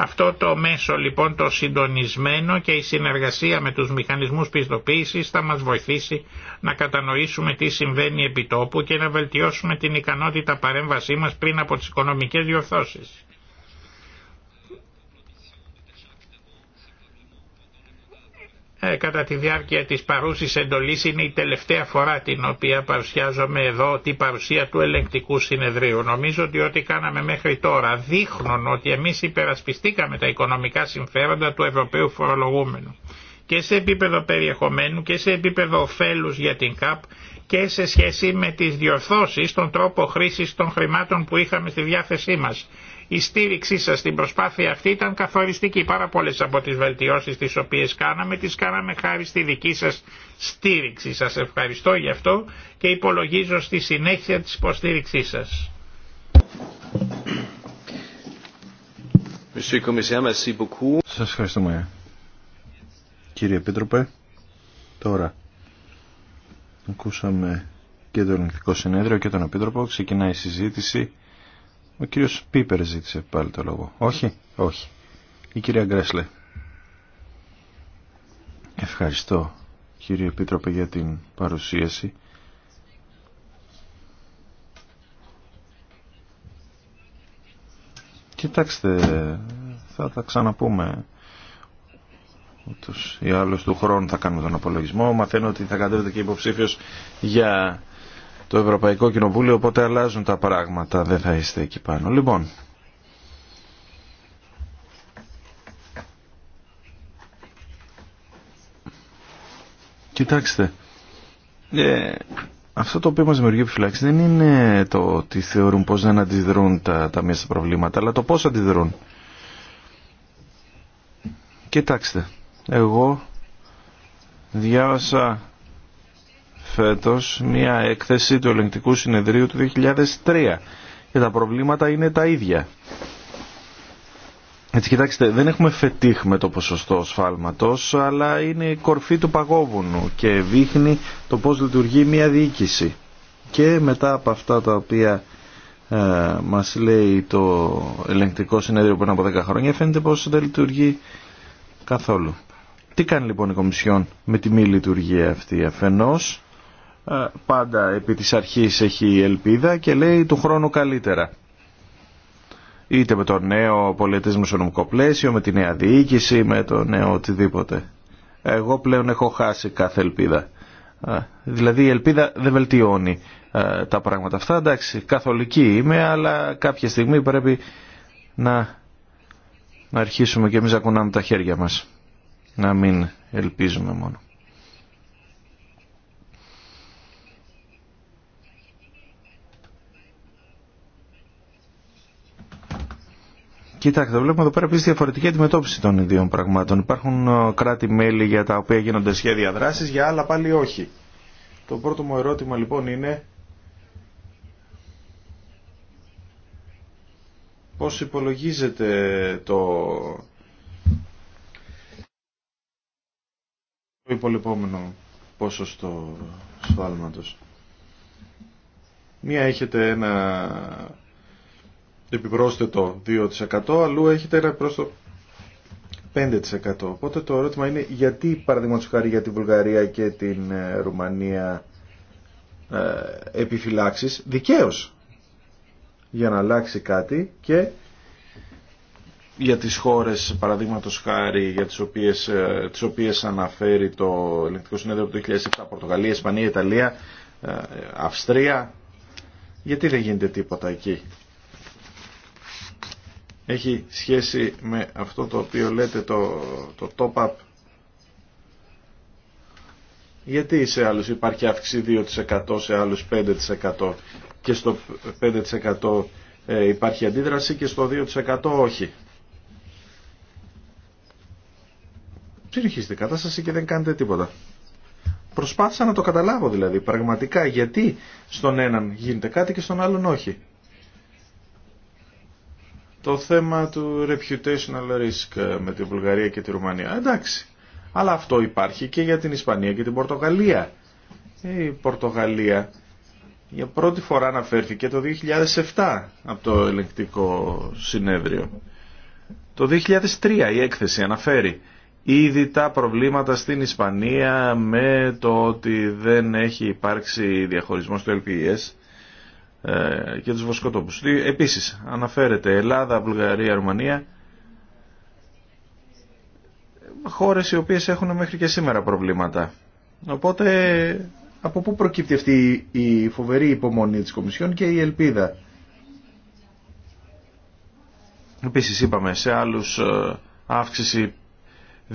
Αυτό το μέσο λοιπόν το συντονισμένο και η συνεργασία με τους μηχανισμούς πιστοποίησης θα μας βοηθήσει να κατανοήσουμε τι συμβαίνει επί τόπου και να βελτιώσουμε την ικανότητα παρέμβασή μας πριν από τις οικονομικές διορθώσεις. Ε, κατά τη διάρκεια της παρούσης εντολής είναι η τελευταία φορά την οποία παρουσιάζομαι εδώ την παρουσία του ελεγκτικού συνεδρίου. Νομίζω ότι ό,τι κάναμε μέχρι τώρα δείχνουν ότι εμείς υπερασπιστήκαμε τα οικονομικά συμφέροντα του Ευρωπαίου φορολογούμενου και σε επίπεδο περιεχομένου και σε επίπεδο ωφέλους για την ΚΑΠ και σε σχέση με τις διορθώσεις, τον τρόπο χρήσης των χρημάτων που είχαμε στη διάθεσή μας. Η στήριξή σας στην προσπάθεια αυτή ήταν καθοριστική. Πάρα πολλές από τις βελτιώσεις τις οποίες κάναμε, τις κάναμε χάρη στη δική σας στήριξη. Σας ευχαριστώ γι' αυτό και υπολογίζω στη συνέχεια τη υποστήριξή σα. Σα ευχαριστούμε κύριε Επίτροπε. Τώρα ακούσαμε και το Ελληνικό Συνέδριο και τον Επίτροπο. Ξεκινάει η συζήτηση. Ο κύριος Πίπερ ζήτησε πάλι το λόγο. Όχι, όχι. Η κυρία Γκρέσλε. Ευχαριστώ κύριε Επίτροπε για την παρουσίαση. Κοιτάξτε, θα τα ξαναπούμε. Ούτως ή άλλως του χρόνου θα κάνουμε τον απολογισμό. Μαθαίνω ότι θα κατέβεται και υποψήφιος για το Ευρωπαϊκό Κοινοβούλιο, οπότε αλλάζουν τα πράγματα, δεν θα είστε εκεί πάνω. Λοιπόν, Κοιτάξτε, ε, αυτό το οποίο μας δημιουργεί επιφυλάξει δεν είναι το ότι θεωρούν πως δεν αντιδρούν τα, τα μέσα προβλήματα, αλλά το πώς αντιδρούν. Κοιτάξτε, εγώ διάβασα φέτος μια έκθεση του ελεγκτικού συνεδρίου του 2003 και τα προβλήματα είναι τα ίδια. Έτσι κοιτάξτε, δεν έχουμε φετίχ με το ποσοστό σφάλματος, αλλά είναι η κορφή του παγόβουνου και δείχνει το πώς λειτουργεί μια διοίκηση. Και μετά από αυτά τα οποία ε, μας λέει το ελεγκτικό συνέδριο πριν από 10 χρόνια, φαίνεται πως δεν λειτουργεί καθόλου. Τι κάνει λοιπόν η Κομισιόν με τη μη λειτουργία αυτή αφενός, ε, πάντα επί της αρχής έχει ελπίδα και λέει του χρόνου καλύτερα. Είτε με το νέο πολιτισμό πλαίσιο, με τη νέα διοίκηση, με το νέο οτιδήποτε. Εγώ πλέον έχω χάσει κάθε ελπίδα. Ε, δηλαδή η ελπίδα δεν βελτιώνει ε, τα πράγματα αυτά. Εντάξει, καθολική είμαι, αλλά κάποια στιγμή πρέπει να, να αρχίσουμε και εμείς να κουνάμε τα χέρια μας. Να μην ελπίζουμε μόνο. Κοιτάξτε, βλέπουμε εδώ πέρα επίση διαφορετική αντιμετώπιση των ιδίων πραγμάτων. Υπάρχουν ε, κράτη-μέλη για τα οποία γίνονται σχέδια δράση, για άλλα πάλι όχι. Το πρώτο μου ερώτημα λοιπόν είναι πώς υπολογίζετε το, το πόσο στο σφάλματος. Μία έχετε ένα επιπρόσθετο 2% αλλού έχετε ένα επιπρόσθετο 5%. Οπότε το ερώτημα είναι γιατί παραδείγματο χάρη για τη Βουλγαρία και την ε, Ρουμανία ε, επιφυλάξεις δικαίως για να αλλάξει κάτι και για τις χώρες παραδείγματος χάρη για τις οποίες, ε, τις οποίες αναφέρει το Ελληνικό συνέδριο από το 2007 Πορτογαλία, Ισπανία, Ιταλία, ε, Αυστρία γιατί δεν γίνεται τίποτα εκεί έχει σχέση με αυτό το οποίο λέτε το, το top-up. Γιατί σε άλλους υπάρχει αύξηση 2%, σε άλλους 5% και στο 5% ε, υπάρχει αντίδραση και στο 2% όχι. Συνεχίζετε κατάσταση και δεν κάνετε τίποτα. Προσπάθησα να το καταλάβω δηλαδή πραγματικά γιατί στον έναν γίνεται κάτι και στον άλλον όχι το θέμα του reputational risk με τη Βουλγαρία και τη Ρουμανία. Εντάξει. Αλλά αυτό υπάρχει και για την Ισπανία και την Πορτογαλία. Η Πορτογαλία για πρώτη φορά αναφέρθηκε το 2007 από το ελεγκτικό συνέδριο. Το 2003 η έκθεση αναφέρει ήδη τα προβλήματα στην Ισπανία με το ότι δεν έχει υπάρξει διαχωρισμός του LPS ε, και τους βοσκοτόπους. Ε, επίσης αναφέρεται Ελλάδα, Βουλγαρία, Ρουμανία χώρες οι οποίες έχουν μέχρι και σήμερα προβλήματα. Οπότε από πού προκύπτει αυτή η φοβερή υπομονή της Κομισιόν και η ελπίδα. Επίσης είπαμε σε άλλους ε, αύξηση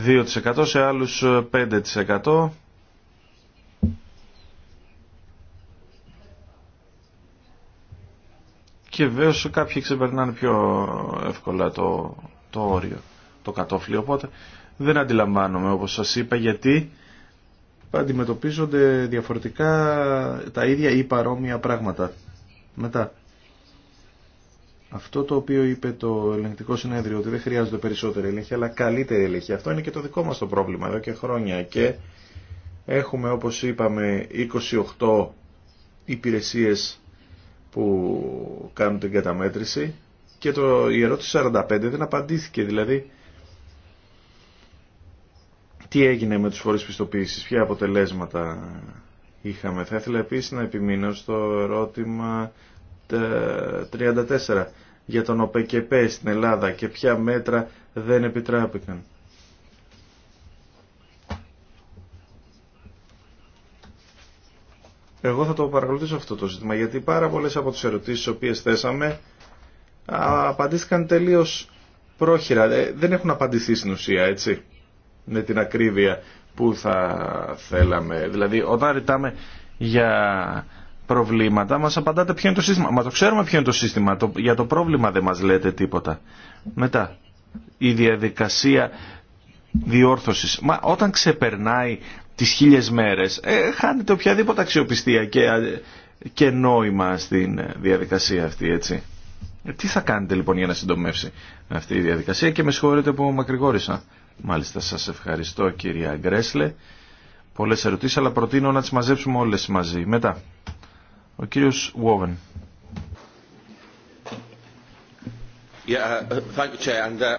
2% σε άλλους 5% και βέβαια κάποιοι ξεπερνάνε πιο εύκολα το, το όριο, το κατόφλι. Οπότε δεν αντιλαμβάνομαι όπως σας είπα γιατί αντιμετωπίζονται διαφορετικά τα ίδια ή παρόμοια πράγματα. Μετά. Αυτό το οποίο είπε το ελεγκτικό συνέδριο ότι δεν χρειάζονται περισσότερη έλεγχη αλλά καλύτερη έλεγχη. Αυτό είναι και το δικό μας το πρόβλημα εδώ και χρόνια και έχουμε όπως είπαμε 28 υπηρεσίες που κάνουν την καταμέτρηση και το, η ερώτηση 45 δεν απαντήθηκε. Δηλαδή, τι έγινε με τους φορείς πιστοποίησης, ποια αποτελέσματα είχαμε. Θα ήθελα επίσης να επιμείνω στο ερώτημα 34 για τον ΟΠΕΚΕΠΕ στην Ελλάδα και ποια μέτρα δεν επιτράπηκαν. Εγώ θα το παρακολουθήσω αυτό το ζήτημα, γιατί πάρα πολλές από τις ερωτήσεις οποίες θέσαμε απαντήθηκαν τελείως πρόχειρα. Ε, δεν έχουν απαντηθεί στην ουσία, έτσι, με την ακρίβεια που θα θέλαμε. Δηλαδή, όταν ρητάμε για προβλήματα, μας απαντάτε ποιο είναι το σύστημα. Μα το ξέρουμε ποιο είναι το σύστημα, για το πρόβλημα δεν μας λέτε τίποτα. Μετά, η διαδικασία διόρθωσης. Μα όταν ξεπερνάει τις χίλιες μέρες, ε, χάνεται οποιαδήποτε αξιοπιστία και, και νόημα στην ε, διαδικασία αυτή, έτσι. Ε, τι θα κάνετε λοιπόν για να συντομεύσει αυτή η διαδικασία και με συγχωρείτε που μακρηγόρησα. Μάλιστα σας ευχαριστώ κυρία Γκρέσλε. Πολλές ερωτήσεις αλλά προτείνω να τις μαζέψουμε όλες μαζί. Μετά, ο κύριος Βόβεν. Uh, uh,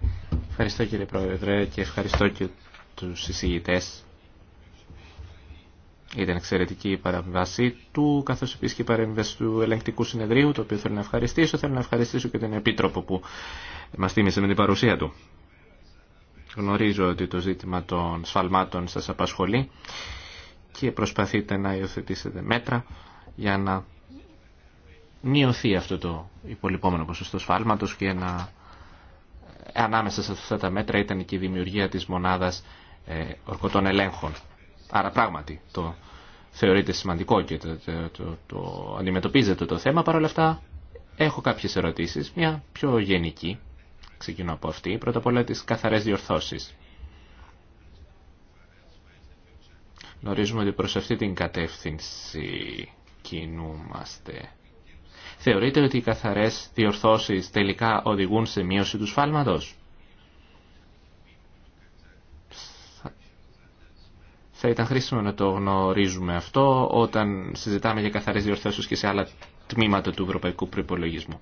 ευχαριστώ κύριε Πρόεδρε και ευχαριστώ και τους συζητητές ήταν εξαιρετική η παρεμβασή του, καθώς επίσης και η παρέμβαση του ελεγκτικού συνεδρίου, το οποίο θέλω να ευχαριστήσω. Θέλω να ευχαριστήσω και τον Επίτροπο που μας θύμισε με την παρουσία του. Γνωρίζω ότι το ζήτημα των σφαλμάτων σας απασχολεί και προσπαθείτε να υιοθετήσετε μέτρα για να μειωθεί αυτό το υπολοιπόμενο ποσοστό σφάλματος και να ανάμεσα σε αυτά τα μέτρα ήταν και η δημιουργία της μονάδας ε, ορκωτών ελέγχων. Άρα πράγματι το θεωρείται σημαντικό και το, το, το, το θέμα. Παρ' όλα αυτά έχω κάποιες ερωτήσεις, μια πιο γενική. Ξεκινώ από αυτή. Πρώτα απ' όλα τις καθαρές διορθώσεις. Γνωρίζουμε ότι προς αυτή την κατεύθυνση κινούμαστε. Θεωρείτε ότι οι καθαρές διορθώσεις τελικά οδηγούν σε μείωση του σφάλματος. Θα ήταν χρήσιμο να το γνωρίζουμε αυτό όταν συζητάμε για καθαρές διορθώσεις και σε άλλα τμήματα του ευρωπαϊκού προπολογισμού.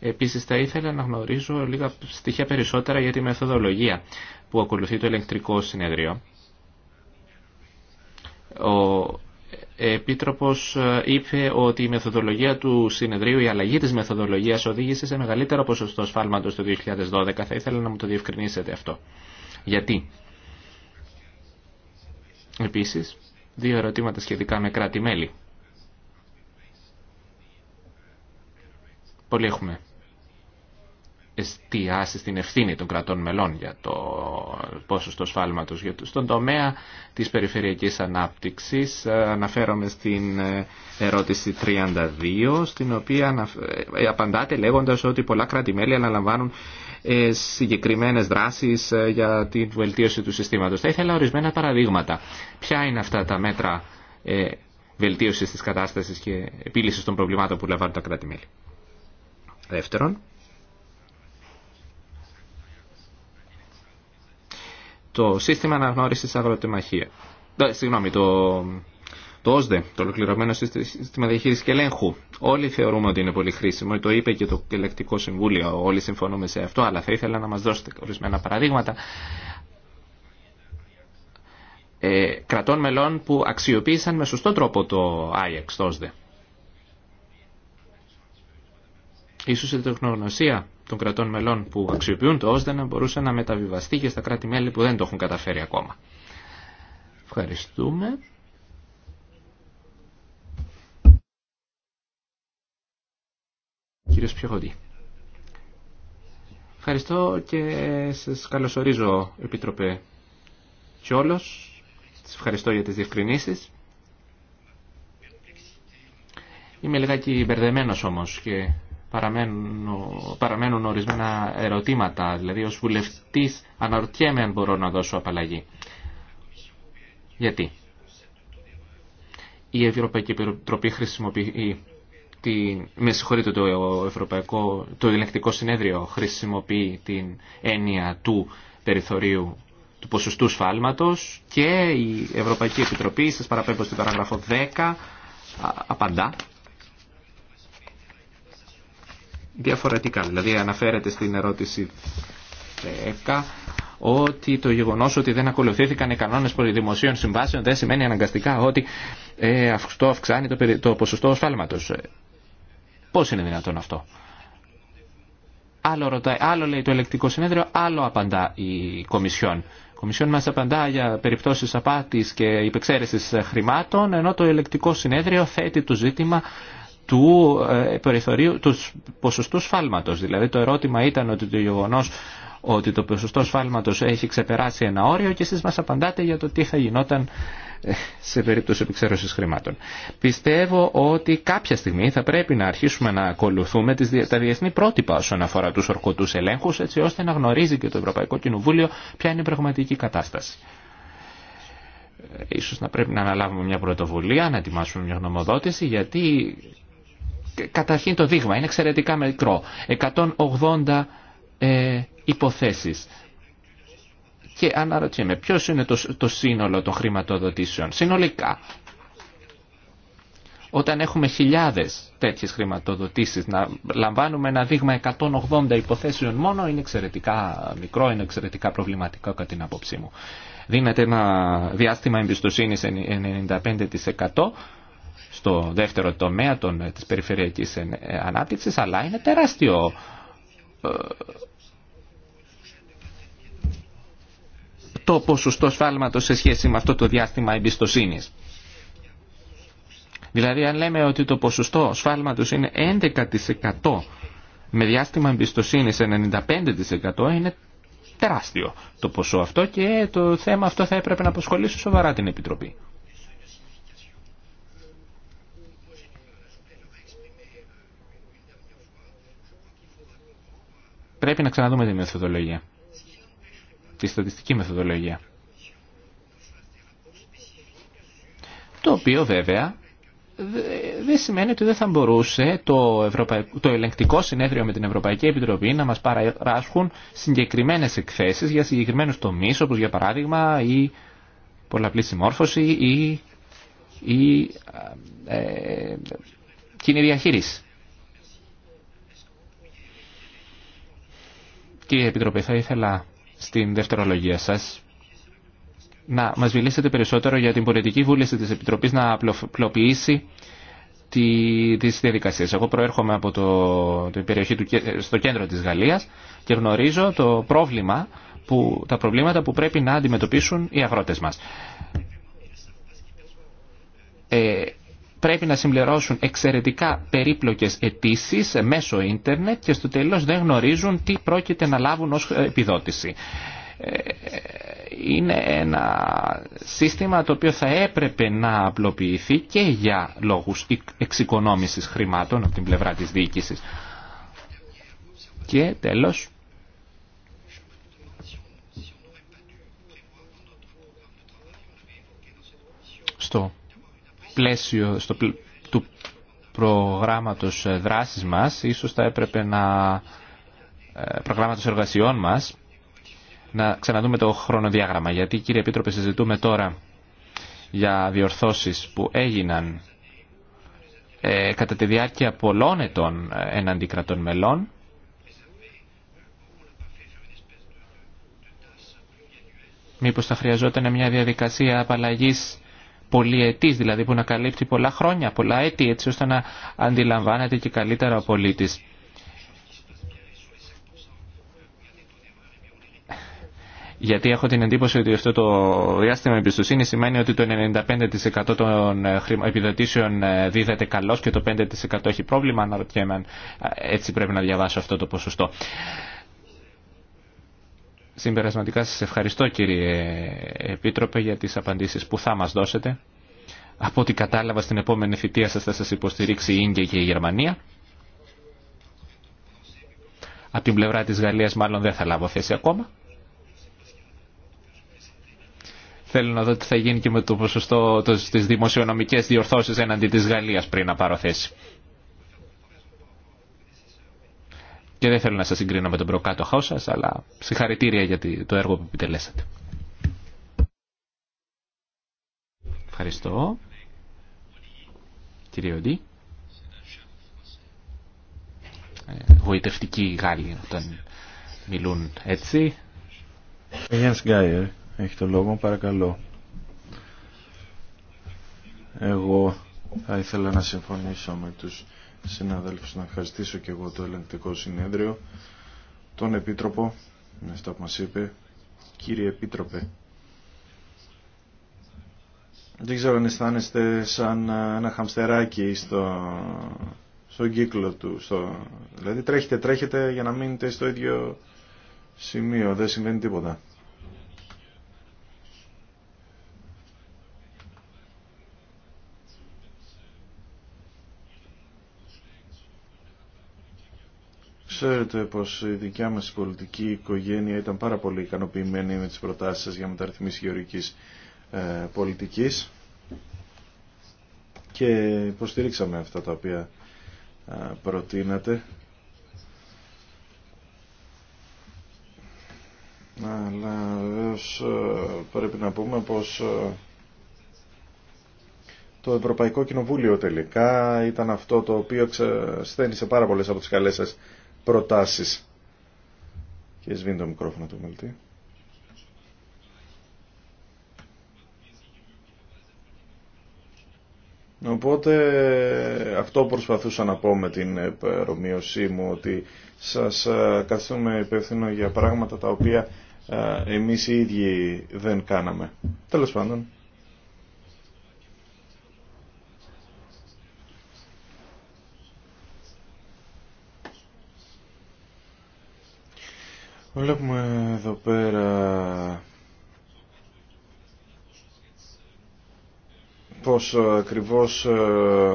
Επίση θα ήθελα να γνωρίζω λίγα στοιχεία περισσότερα για τη μεθοδολογία που ακολουθεί το ηλεκτρικό συνεδρίο. Ο επίτροπο είπε ότι η μεθοδολογία του συνεδρίου, η αλλαγή τη μεθοδολογία, οδήγησε σε μεγαλύτερο ποσοστό σφάλματο το 2012. Θα ήθελα να μου το διευκρινίσετε αυτό. Γιατί. Επίσης, δύο ερωτήματα σχετικά με κράτη-μέλη. Πολλοί έχουμε εστιάσει στην ευθύνη των κρατών μελών για το πόσο για σφάλματος. Στον τομέα της περιφερειακής ανάπτυξης ε, αναφέρομαι στην ε, ερώτηση 32, στην οποία ε, απαντάτε λέγοντας ότι πολλά κράτη-μέλη αναλαμβάνουν ε, συγκεκριμένες δράσεις ε, για την βελτίωση του συστήματος. Θα ήθελα ορισμένα παραδείγματα. Ποια είναι αυτά τα μέτρα ε, βελτίωσης τη κατάσταση και επίλυσης των προβλημάτων που λαμβάνουν τα κράτη-μέλη. Δεύτερον, το σύστημα αναγνώρισης αγροτεμαχία. Συγγνώμη, το το ΩΣΔΕ, το Ολοκληρωμένο Σύστημα Διαχείριση και Ελέγχου. Όλοι θεωρούμε ότι είναι πολύ χρήσιμο, το είπε και το Ελεκτικό Συμβούλιο, όλοι συμφωνούμε σε αυτό, αλλά θα ήθελα να μα δώσετε ορισμένα παραδείγματα ε, κρατών μελών που αξιοποίησαν με σωστό τρόπο το ΆΙΕΚ, το ΩΣΔΕ. Ίσως η τεχνογνωσία των κρατών μελών που αξιοποιούν το ΩΣΔΕ να μπορούσε να μεταβιβαστεί και στα κράτη-μέλη που δεν το έχουν καταφέρει ακόμα. Ευχαριστούμε. κύριος Ευχαριστώ και σας καλωσορίζω, Επίτροπε Τσιόλος. Σας ευχαριστώ για τις διευκρινήσεις. Είμαι λιγάκι μπερδεμένος όμως και παραμένουν, παραμένουν ορισμένα ερωτήματα. Δηλαδή, ως βουλευτής αναρωτιέμαι αν μπορώ να δώσω απαλλαγή. Γιατί. Η Ευρωπαϊκή Επιτροπή χρησιμοποιεί Τη, με συγχωρείτε το, Ευρωπαϊκό, το Συνέδριο χρησιμοποιεί την έννοια του περιθωρίου του ποσοστού σφάλματος και η Ευρωπαϊκή Επιτροπή, σας παραπέμπω στην παραγραφό 10, απαντά διαφορετικά. Δηλαδή αναφέρεται στην ερώτηση 10 ότι το γεγονός ότι δεν ακολουθήθηκαν οι κανόνες δημοσίων συμβάσεων δεν σημαίνει αναγκαστικά ότι ε, αυξάνει το, ποσοστό ασφάλματος. Πώ είναι δυνατόν αυτό. Άλλο, ρωτάει, άλλο λέει το ελεκτικό συνέδριο, άλλο απαντά η Κομισιόν. Η Κομισιόν μας απαντά για περιπτώσεις απάτης και υπεξαίρεση χρημάτων, ενώ το ελεκτικό συνέδριο θέτει το ζήτημα του, ε, περιθωρίου, του ποσοστού σφάλματος. Δηλαδή το ερώτημα ήταν ότι το γεγονός ότι το ποσοστό σφάλματος έχει ξεπεράσει ένα όριο και εσεί μα απαντάτε για το τι θα γινόταν σε περίπτωση επιξέρωσης χρημάτων. Πιστεύω ότι κάποια στιγμή θα πρέπει να αρχίσουμε να ακολουθούμε τα διεθνή πρότυπα όσον αφορά τους ορκωτούς ελέγχους, έτσι ώστε να γνωρίζει και το Ευρωπαϊκό Κοινοβούλιο ποια είναι η πραγματική κατάσταση. Ε, ίσως να πρέπει να αναλάβουμε μια πρωτοβουλία, να ετοιμάσουμε μια γνωμοδότηση, γιατί καταρχήν το δείγμα είναι εξαιρετικά μικρό. 180 ε, υποθέσεις και αναρωτιέμαι ποιο είναι το, το σύνολο των χρηματοδοτήσεων συνολικά. Όταν έχουμε χιλιάδες τέτοιες χρηματοδοτήσεις, να λαμβάνουμε ένα δείγμα 180 υποθέσεων μόνο, είναι εξαιρετικά μικρό, είναι εξαιρετικά προβληματικό κατά την άποψή μου. Δίνεται ένα διάστημα εμπιστοσύνης 95% στο δεύτερο τομέα των, της περιφερειακής ε, ανάπτυξης, αλλά είναι τεράστιο ε, το ποσοστό σφάλματος σε σχέση με αυτό το διάστημα εμπιστοσύνης. Δηλαδή αν λέμε ότι το ποσοστό σφάλματος είναι 11% με διάστημα εμπιστοσύνης 95% είναι τεράστιο το ποσό αυτό και το θέμα αυτό θα έπρεπε να αποσχολήσει σοβαρά την Επιτροπή. Πρέπει να ξαναδούμε τη μεθοδολογία τη στατιστική μεθοδολογία. Το οποίο βέβαια δεν σημαίνει ότι δεν θα μπορούσε το, ευρωπαϊκό το ελεγκτικό συνέδριο με την Ευρωπαϊκή Επιτροπή να μας παράσχουν συγκεκριμένες εκθέσεις για συγκεκριμένους τομείς, όπως για παράδειγμα η πολλαπλή συμμόρφωση ή η ε, κοινή διαχείριση. Κύριε Επιτροπή, θα ήθελα στην δευτερολογία σας να μας μιλήσετε περισσότερο για την πολιτική βούληση της Επιτροπής να απλοποιήσει τη, τις διαδικασίες. Εγώ προέρχομαι από το, την περιοχή του, στο κέντρο της Γαλλίας και γνωρίζω το πρόβλημα που, τα προβλήματα που πρέπει να αντιμετωπίσουν οι αγρότες μας. Ε, πρέπει να συμπληρώσουν εξαιρετικά περίπλοκες αιτήσει μέσω ίντερνετ και στο τέλος δεν γνωρίζουν τι πρόκειται να λάβουν ως επιδότηση. Ε, είναι ένα σύστημα το οποίο θα έπρεπε να απλοποιηθεί και για λόγους εξοικονόμησης χρημάτων από την πλευρά της διοίκησης. Και τέλος, στο πλαίσιο στο, του προγράμματος ε, δράσης μας, ίσως θα έπρεπε να ε, προγράμματος εργασιών μας, να ξαναδούμε το χρονοδιάγραμμα. Γιατί κύριε Επίτροπε συζητούμε τώρα για διορθώσεις που έγιναν ε, κατά τη διάρκεια πολλών ετών εναντί κρατών μελών Μήπως θα χρειαζόταν μια διαδικασία απαλλαγής πολυετή, δηλαδή που να καλύπτει πολλά χρόνια, πολλά έτη, έτσι ώστε να αντιλαμβάνεται και καλύτερα ο πολίτης. Γιατί έχω την εντύπωση ότι αυτό το διάστημα εμπιστοσύνη σημαίνει ότι το 95% των ε, επιδοτήσεων ε, δίδεται καλώς και το 5% έχει πρόβλημα. Αναρωτιέμαι αν ε, έτσι πρέπει να διαβάσω αυτό το ποσοστό. Συμπερασματικά σας ευχαριστώ κύριε Επίτροπε για τις απαντήσεις που θα μας δώσετε. Από ό,τι κατάλαβα στην επόμενη θητεία σας θα σας υποστηρίξει η Ίγκια και η Γερμανία. Από την πλευρά της Γαλλίας μάλλον δεν θα λάβω θέση ακόμα. Θέλω να δω τι θα γίνει και με το ποσοστό τις δημοσιονομικές διορθώσεις έναντι της Γαλλίας πριν να πάρω θέση. Και δεν θέλω να σας συγκρίνω με τον προκάτοχό σας, αλλά συγχαρητήρια για το έργο που επιτελέσατε. Ευχαριστώ. Κύριε Οντή. Ε, γοητευτικοί οι Γάλλοι όταν μιλούν έτσι. Ε, Γιάννης Γκάιερ, έχει το λόγο, παρακαλώ. Εγώ θα ήθελα να συμφωνήσω με τους συναδέλφους να ευχαριστήσω και εγώ το ελεγκτικό συνέδριο, τον Επίτροπο, είναι αυτό που μας είπε. Κύριε Επίτροπε, δεν ξέρω αν αισθάνεστε σαν ε, ένα χαμστεράκι στο, στον κύκλο του. Στο, δηλαδή τρέχετε, τρέχετε για να μείνετε στο ίδιο σημείο. Δεν συμβαίνει τίποτα. Ξέρετε πως η δικιά μας πολιτική οικογένεια ήταν πάρα πολύ ικανοποιημένη με τις προτάσεις σας για μεταρρυθμίσεις γεωρικής ε, πολιτικής και υποστηρίξαμε αυτά τα οποία ε, προτείνατε. Αλλά βεβαίως ε, πρέπει να πούμε πως το Ευρωπαϊκό Κοινοβούλιο τελικά ήταν αυτό το οποίο στένισε πάρα πολλές από τις καλές σας προτάσεις. Και σβήνει το μικρόφωνο του μελτή. Οπότε αυτό προσπαθούσα να πω με την ερωμίωσή μου ότι σας ε, καθιστούμε υπεύθυνο για πράγματα τα οποία ε, εμείς οι ίδιοι δεν κάναμε. Τέλος πάντων. Βλέπουμε εδώ πέρα πως ακριβώς ε,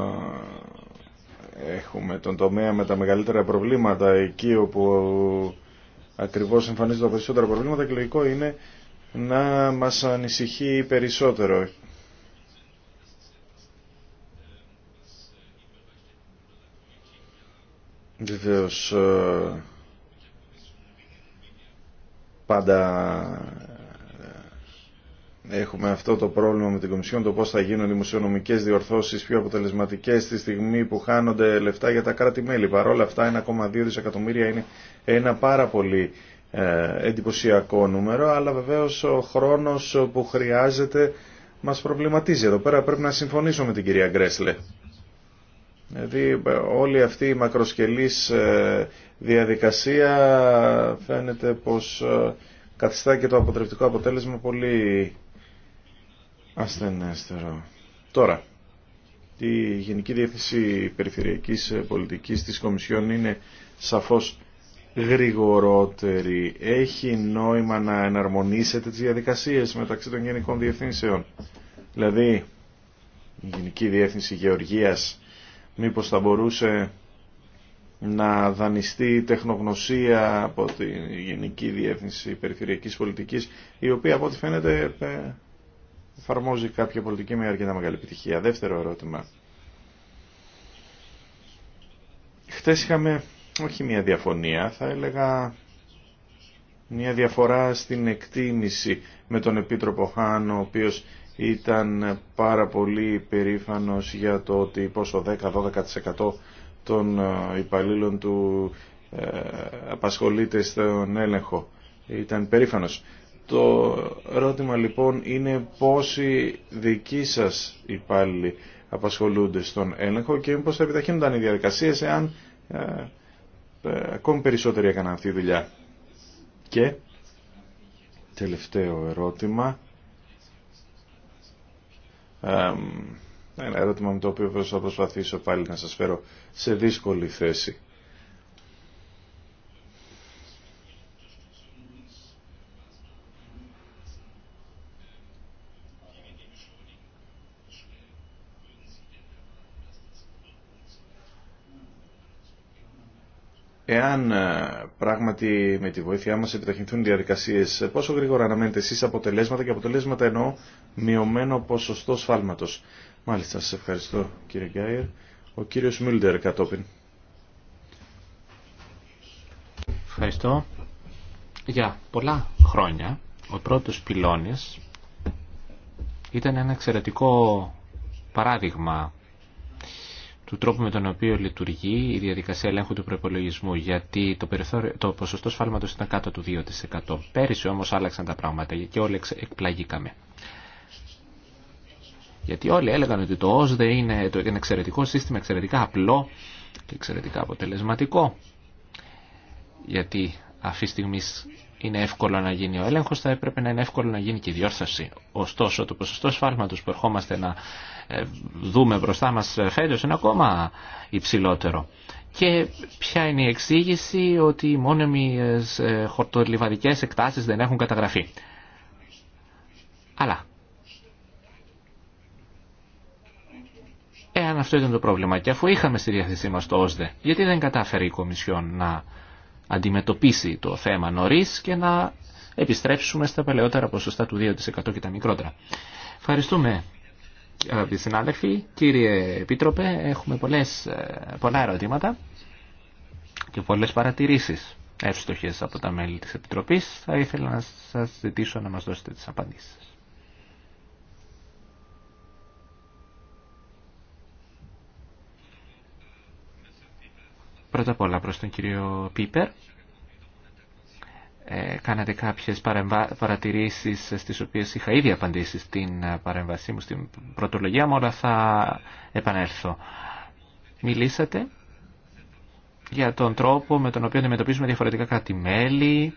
έχουμε τον τομέα με τα μεγαλύτερα προβλήματα εκεί όπου ακριβώς εμφανίζονται τα περισσότερα προβλήματα και λογικό είναι να μας ανησυχεί περισσότερο. Βεβαίως ε, πάντα έχουμε αυτό το πρόβλημα με την Κομισιόν, το πώς θα γίνουν οι δημοσιονομικές διορθώσεις πιο αποτελεσματικές στη στιγμή που χάνονται λεφτά για τα κράτη-μέλη. Παρόλα αυτά 1,2 δισεκατομμύρια είναι ένα πάρα πολύ ε, εντυπωσιακό νούμερο, αλλά βεβαίως ο χρόνος που χρειάζεται μας προβληματίζει. Εδώ πέρα πρέπει να συμφωνήσω με την κυρία Γκρέσλε. Δηλαδή ε, όλοι αυτοί οι μακροσκελείς ε, διαδικασία φαίνεται πως ε, καθιστά και το αποτρεπτικό αποτέλεσμα πολύ ασθενέστερο. Τώρα, η Γενική Διεύθυνση Περιφερειακής Πολιτικής της Κομισιόν είναι σαφώς γρηγορότερη. Έχει νόημα να εναρμονίσετε τις διαδικασίες μεταξύ των γενικών διευθύνσεων. Δηλαδή, η Γενική Διεύθυνση Γεωργίας μήπως θα μπορούσε να δανειστεί τεχνογνωσία από τη Γενική Διεύθυνση Περιφερειακής Πολιτικής, η οποία από ό,τι φαίνεται ε, εφαρμόζει κάποια πολιτική με αρκετά μεγάλη επιτυχία. Δεύτερο ερώτημα. Χτες είχαμε όχι μια διαφωνία, θα έλεγα μια διαφορά στην εκτίμηση με τον Επίτροπο Χάν, ο οποίος ήταν πάρα πολύ περήφανος για το ότι πόσο 10-12% των ε, υπαλλήλων του ε, απασχολείται στον έλεγχο. Ήταν περήφανος. Το ερώτημα λοιπόν είναι πόσοι δικοί σας υπάλληλοι απασχολούνται στον έλεγχο και πως θα επιταχύνονταν οι διαδικασίες εάν ε, ε, ακόμη περισσότεροι έκαναν αυτή τη δουλειά. Και τελευταίο ερώτημα. Ένα ερώτημα με το οποίο θα προσπαθήσω πάλι να σας φέρω σε δύσκολη θέση. Εάν ε, πράγματι με τη βοήθειά μας επιταχυνθούν διαδικασίες, ε, πόσο γρήγορα αναμένετε εσείς αποτελέσματα και αποτελέσματα εννοώ μειωμένο ποσοστό σφάλματος. Μάλιστα, σας ευχαριστώ κύριε Γκάιερ. Ο κύριος Μίλντερ κατόπιν. Ευχαριστώ. Για πολλά χρόνια ο πρώτος πυλώνης ήταν ένα εξαιρετικό παράδειγμα του τρόπου με τον οποίο λειτουργεί η διαδικασία ελέγχου του προπολογισμού, γιατί το, το ποσοστό σφάλματος ήταν κάτω του 2%. Πέρυσι όμως άλλαξαν τα πράγματα και όλοι εκπλαγήκαμε. Γιατί όλοι έλεγαν ότι το ΩΣΔΕ είναι ένα εξαιρετικό σύστημα, εξαιρετικά απλό και εξαιρετικά αποτελεσματικό. Γιατί αυτή τη στιγμή είναι εύκολο να γίνει ο έλεγχο, θα έπρεπε να είναι εύκολο να γίνει και η διόρθωση. Ωστόσο, το ποσοστό σφάλματο που ερχόμαστε να ε, δούμε μπροστά μα ε, φέτο είναι ακόμα υψηλότερο. Και ποια είναι η εξήγηση ότι οι μόνιμοι ε, χορτολιβαδικέ εκτάσει δεν έχουν καταγραφεί. Αλλά Εάν αυτό ήταν το πρόβλημα και αφού είχαμε στη διάθεσή μας το ΩΣΔΕ, γιατί δεν κατάφερε η Κομισιόν να αντιμετωπίσει το θέμα νωρί και να επιστρέψουμε στα παλαιότερα ποσοστά του 2% και τα μικρότερα. Ευχαριστούμε αγαπητοί συνάδελφοι. Κύριε Επίτροπε, έχουμε πολλές, ε, πολλά ερωτήματα και πολλές παρατηρήσεις εύστοχες από τα μέλη της Επιτροπής. Θα ήθελα να σας ζητήσω να μας δώσετε τις απαντήσεις. Πρώτα απ' όλα προς τον κύριο Πίπερ. Ε, κάνατε κάποιες παρατηρήσεις στις οποίες είχα ήδη απαντήσει στην ε, παρέμβασή μου, στην πρωτολογία μου, αλλά θα επανέλθω. Μιλήσατε για τον τρόπο με τον οποίο αντιμετωπίζουμε διαφορετικά κράτη-μέλη,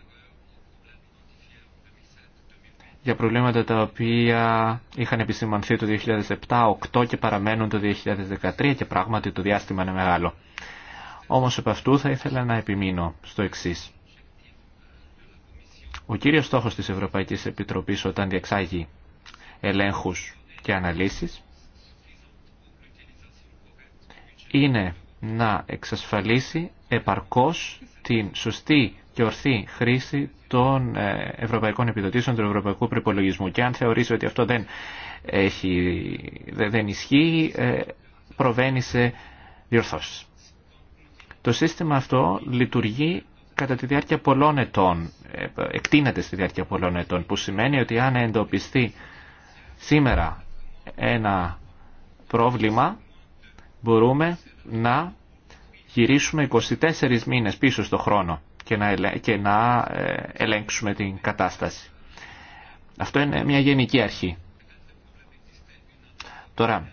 για προβλήματα τα οποία είχαν επισημανθεί το 2007, 2008 και παραμένουν το 2013 και πράγματι το διάστημα είναι μεγάλο. Όμως επ' αυτού θα ήθελα να επιμείνω στο εξής. Ο κύριος στόχος της Ευρωπαϊκής Επιτροπής όταν διεξάγει ελέγχους και αναλύσεις είναι να εξασφαλίσει επαρκώς την σωστή και ορθή χρήση των ε, ευρωπαϊκών επιδοτήσεων του ευρωπαϊκού προπολογισμού. Και αν θεωρήσει ότι αυτό δεν, έχει, δεν ισχύει, ε, προβαίνει σε διορθώσεις. Το σύστημα αυτό λειτουργεί κατά τη διάρκεια πολλών ετών, ε, εκτείνεται στη διάρκεια πολλών ετών, που σημαίνει ότι αν εντοπιστεί σήμερα ένα πρόβλημα, μπορούμε να γυρίσουμε 24 μήνες πίσω στο χρόνο και να ε, ελέγξουμε την κατάσταση. Αυτό είναι μια γενική αρχή. Τώρα,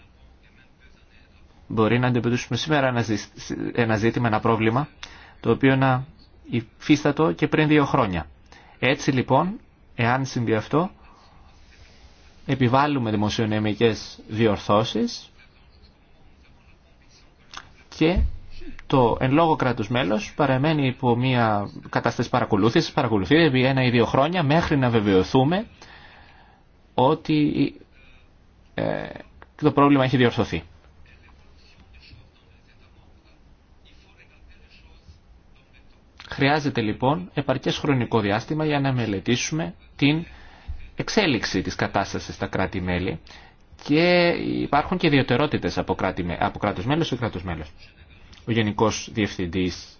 μπορεί να αντιμετωπίσουμε σήμερα ένα ζήτημα, ένα πρόβλημα, το οποίο να υφίστατο και πριν δύο χρόνια. Έτσι λοιπόν, εάν συμβεί αυτό, επιβάλλουμε δημοσιονομικές διορθώσεις και το εν λόγω κράτους μέλος παραμένει υπό μια κατάσταση παρακολούθησης, παρακολουθεί επί ένα ή δύο χρόνια μέχρι να βεβαιωθούμε ότι ε, το πρόβλημα έχει διορθωθεί. Χρειάζεται λοιπόν επαρκές χρονικό διάστημα για να μελετήσουμε την εξέλιξη της κατάστασης στα κράτη-μέλη και υπάρχουν και ιδιαιτερότητες από, από κράτος μέλος σε κράτος μέλος. Ο Γενικός Διευθυντής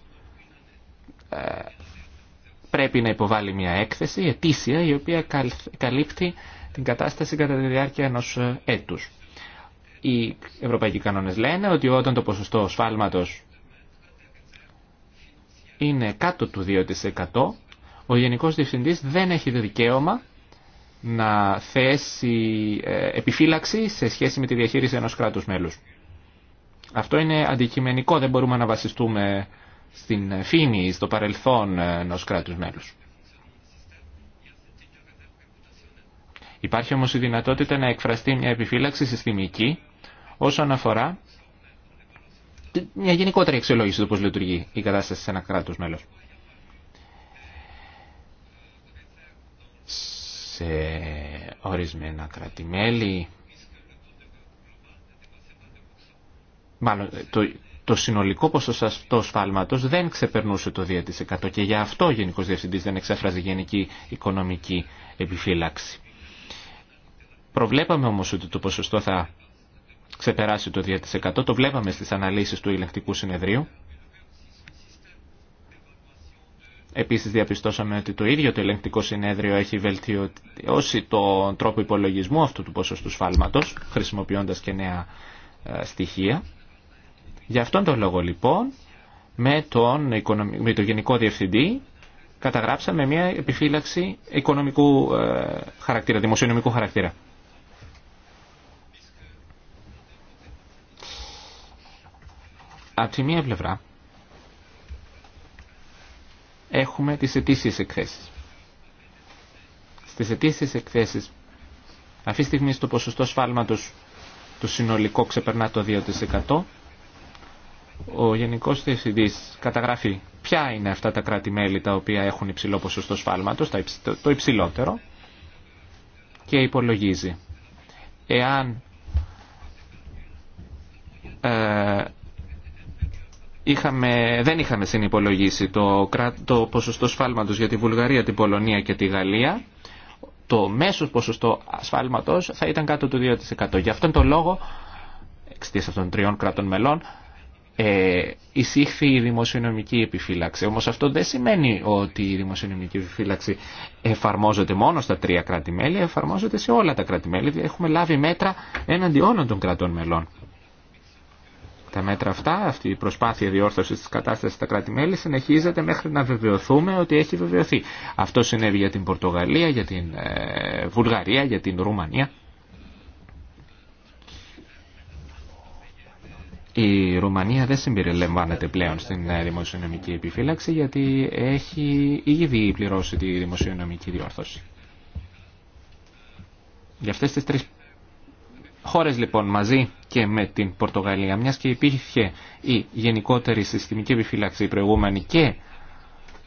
ε, πρέπει να υποβάλει μια έκθεση ετήσια η οποία καλύπτει την κατάσταση κατά τη διάρκεια ενός ε, έτους. Οι ευρωπαϊκοί κανόνες λένε ότι όταν το ποσοστό σφάλματος είναι κάτω του 2%, ο Γενικός Διευθυντής δεν έχει δικαίωμα να θέσει ε, επιφύλαξη σε σχέση με τη διαχείριση ενός κράτους μέλους. Αυτό είναι αντικειμενικό, δεν μπορούμε να βασιστούμε στην φήμη, στο παρελθόν ενός κράτους μέλους. Υπάρχει όμως η δυνατότητα να εκφραστεί μια επιφύλαξη συστημική όσον αφορά μια γενικότερη αξιολόγηση του πώς λειτουργεί η κατάσταση σε ένα κράτος μέλος. Σε ορισμένα κράτη-μέλη, μάλλον το, συνολικό ποσοστό σφάλματο δεν ξεπερνούσε το 2% και γι' αυτό ο γενικό διευθυντή δεν εξέφραζε γενική οικονομική επιφύλαξη. Προβλέπαμε όμως ότι το ποσοστό θα ξεπεράσει το 2%. Το βλέπαμε στις αναλύσεις του ηλεκτρικού συνεδρίου. Επίσης διαπιστώσαμε ότι το ίδιο το ελεγκτικό συνέδριο έχει βελτιώσει τον τρόπο υπολογισμού αυτού του ποσοστού σφάλματος, χρησιμοποιώντας και νέα ε, στοιχεία. Γι' αυτόν τον λόγο λοιπόν, με τον, με τον Γενικό Διευθυντή, καταγράψαμε μια επιφύλαξη οικονομικού ε, χαρακτήρα, δημοσιονομικού χαρακτήρα. Από τη μία πλευρά έχουμε τις αιτήσεις εκθέσεις. Στις αιτήσεις εκθέσεις αυτή τη στιγμή το ποσοστό σφάλματος του συνολικό ξεπερνά το 2%. Ο Γενικός Διευθυντής καταγράφει ποια είναι αυτά τα κράτη-μέλη τα οποία έχουν υψηλό ποσοστό σφάλματος, το υψηλότερο, και υπολογίζει. Εάν ε, είχαμε, δεν είχαμε συνυπολογίσει το, το ποσοστό σφάλματος για τη Βουλγαρία, την Πολωνία και τη Γαλλία, το μέσο ποσοστό ασφάλματος θα ήταν κάτω του 2%. Γι' αυτόν τον λόγο, εξαιτίας αυτών των τριών κρατών μελών, ε, εισήχθη η δημοσιονομική επιφύλαξη. Όμως αυτό δεν σημαίνει ότι η δημοσιονομική επιφύλαξη εφαρμόζεται μόνο στα τρία κράτη-μέλη, εφαρμόζεται σε όλα τα κράτη-μέλη. Έχουμε λάβει μέτρα έναντι όλων των κρατών μελών. Τα μέτρα αυτά, αυτή η προσπάθεια διόρθωσης της κατάστασης στα κράτη-μέλη συνεχίζεται μέχρι να βεβαιωθούμε ότι έχει βεβαιωθεί. Αυτό συνέβη για την Πορτογαλία, για την ε, Βουλγαρία, για την Ρουμανία. Η Ρουμανία δεν συμπεριλαμβάνεται πλέον στην ε, δημοσιονομική επιφύλαξη γιατί έχει ήδη πληρώσει τη δημοσιονομική διόρθωση. Για αυτές τις τρεις χώρες λοιπόν μαζί και με την Πορτογαλία, μιας και υπήρχε η γενικότερη συστημική επιφύλαξη προηγούμενη και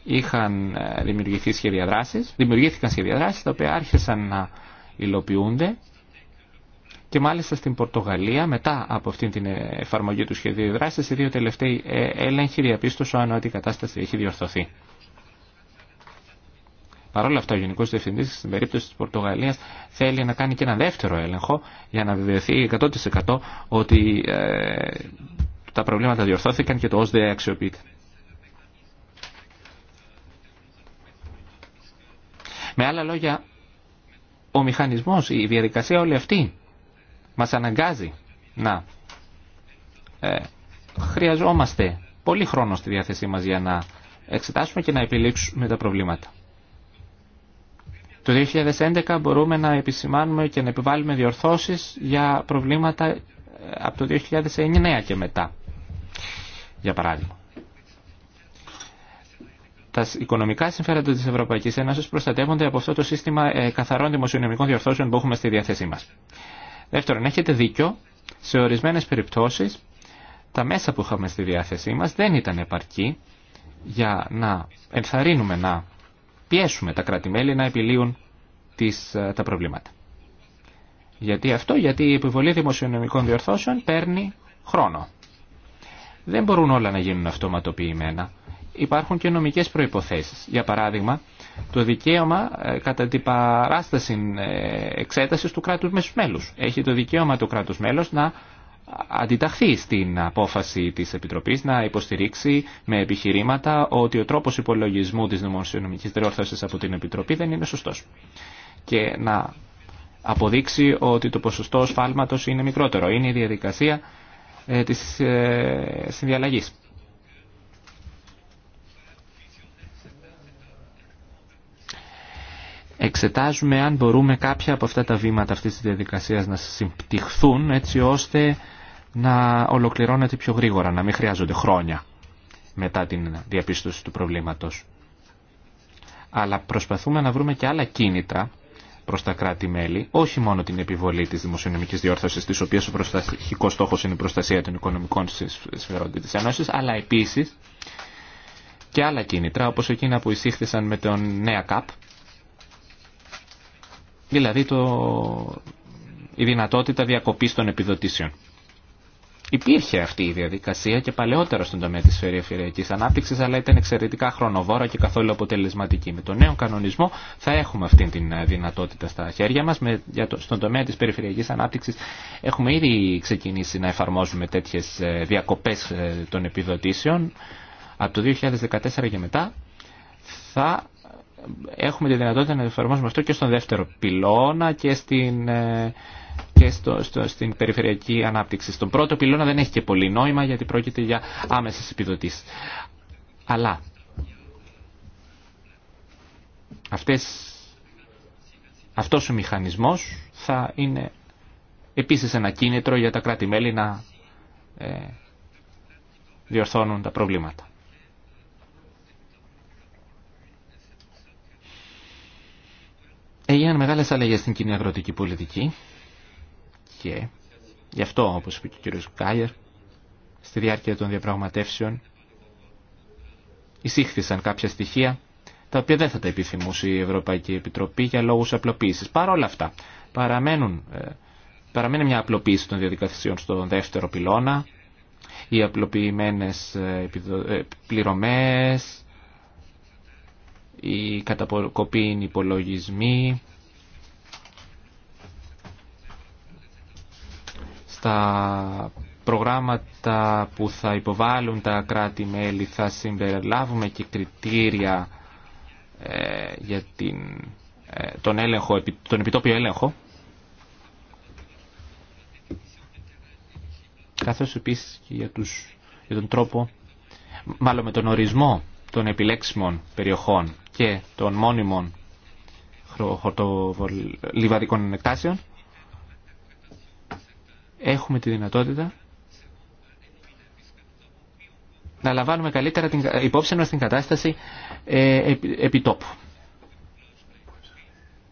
είχαν ε, δημιουργηθεί σχεδιαδράσεις, δημιουργήθηκαν σχεδιαδράσεις τα οποία άρχισαν να υλοποιούνται και μάλιστα στην Πορτογαλία μετά από αυτή την ε, εφαρμογή του σχεδίου δράσης οι δύο τελευταίοι ε, έλεγχοι διαπίστωσαν ότι η κατάσταση έχει διορθωθεί. Παρ' όλα αυτά, ο Γενικό Διευθυντή στην περίπτωση τη Πορτογαλία θέλει να κάνει και ένα δεύτερο έλεγχο για να βεβαιωθεί 100% ότι ε, τα προβλήματα διορθώθηκαν και το ΩΣΔΕ αξιοποιείται. Με άλλα λόγια, ο μηχανισμός, η διαδικασία όλη αυτή μας αναγκάζει να ε, χρειαζόμαστε πολύ χρόνο στη διάθεσή μας για να εξετάσουμε και να επιλέξουμε τα προβλήματα. Το 2011 μπορούμε να επισημάνουμε και να επιβάλλουμε διορθώσεις για προβλήματα ε, από το 2009 και μετά, για παράδειγμα. Τα οικονομικά συμφέροντα της Ευρωπαϊκής Ένωσης προστατεύονται από αυτό το σύστημα ε, καθαρών δημοσιονομικών διορθώσεων που έχουμε στη διάθεσή μας. Δεύτερον, έχετε δίκιο, σε ορισμένες περιπτώσεις τα μέσα που είχαμε στη διάθεσή μας δεν ήταν επαρκή για να ενθαρρύνουμε να πιέσουμε τα κράτη-μέλη να επιλύουν τις, ε, τα προβλήματα. Γιατί αυτό, γιατί η επιβολή δημοσιονομικών διορθώσεων παίρνει χρόνο. Δεν μπορούν όλα να γίνουν αυτοματοποιημένα. Υπάρχουν και νομικές προϋποθέσεις. Για παράδειγμα, το δικαίωμα ε, κατά την παράσταση ε, εξέτασης του κράτους μέλους. Έχει το δικαίωμα το κράτους μέλος να αντιταχθεί στην απόφαση της Επιτροπής να υποστηρίξει με επιχειρήματα ότι ο τρόπος υπολογισμού της νομοσιονομικής διόρθωσης από την Επιτροπή δεν είναι σωστός και να αποδείξει ότι το ποσοστό σφάλματος είναι μικρότερο. Είναι η διαδικασία ε, της ε, συνδιαλλαγής. Εξετάζουμε αν μπορούμε κάποια από αυτά τα βήματα αυτής της διαδικασίας να συμπτυχθούν έτσι ώστε να ολοκληρώνεται πιο γρήγορα, να μην χρειάζονται χρόνια μετά την διαπίστωση του προβλήματος. Αλλά προσπαθούμε να βρούμε και άλλα κίνητρα προς τα κράτη-μέλη, όχι μόνο την επιβολή της δημοσιονομικής διόρθωσης, της οποίας ο προστασιακός στόχος είναι η προστασία των οικονομικών σφαιρών της Ένωσης, αλλά επίσης και άλλα κίνητρα, όπως εκείνα που εισήχθησαν με τον νέα ΚΑΠ, δηλαδή το... η δυνατότητα διακοπής των επιδοτήσεων. Υπήρχε αυτή η διαδικασία και παλαιότερα στον τομέα της περιφερειακής ανάπτυξης, αλλά ήταν εξαιρετικά χρονοβόρα και καθόλου αποτελεσματική. Με τον νέο κανονισμό θα έχουμε αυτή τη ε, δυνατότητα στα χέρια μας. στον τομέα της περιφερειακής ανάπτυξης έχουμε ήδη ξεκινήσει να εφαρμόζουμε τέτοιες ε, διακοπές ε, των επιδοτήσεων. Από το 2014 και μετά θα έχουμε τη δυνατότητα να εφαρμόσουμε αυτό και στον δεύτερο πυλώνα και στην και στο, στο, στην περιφερειακή ανάπτυξη. Στον πρώτο πυλώνα δεν έχει και πολύ νόημα γιατί πρόκειται για άμεσες επιδοτήσεις. Αλλά αυτές, αυτός ο μηχανισμός θα είναι επίσης ένα κίνητρο για τα κράτη-μέλη να ε, διορθώνουν τα προβλήματα. Έγιναν ε, μεγάλες αλλαγές στην κοινή αγροτική πολιτική. Και γι' αυτό, όπως είπε ο κ. Γκάιερ, στη διάρκεια των διαπραγματεύσεων εισήχθησαν κάποια στοιχεία τα οποία δεν θα τα επιθυμούσε η Ευρωπαϊκή Επιτροπή για λόγους απλοποίησης. Παρ' όλα αυτά, παραμένουν, ε, παραμένει μια απλοποίηση των διαδικασιών στον δεύτερο πυλώνα, οι απλοποιημένες ε, ε, πληρωμές, οι καταποκοπήν υπολογισμοί, στα προγράμματα που θα υποβάλουν τα κράτη-μέλη θα συμπεριλάβουμε και κριτήρια ε, για την, ε, τον, έλεγχο, τον επιτόπιο έλεγχο καθώς επίσης και για, τους, για τον τρόπο μάλλον με τον ορισμό των επιλέξιμων περιοχών και των μόνιμων χορτοβολ... λιβαδικών εκτάσεων έχουμε τη δυνατότητα να λαμβάνουμε καλύτερα την, υπόψη μας την κατάσταση ε, επιτόπου.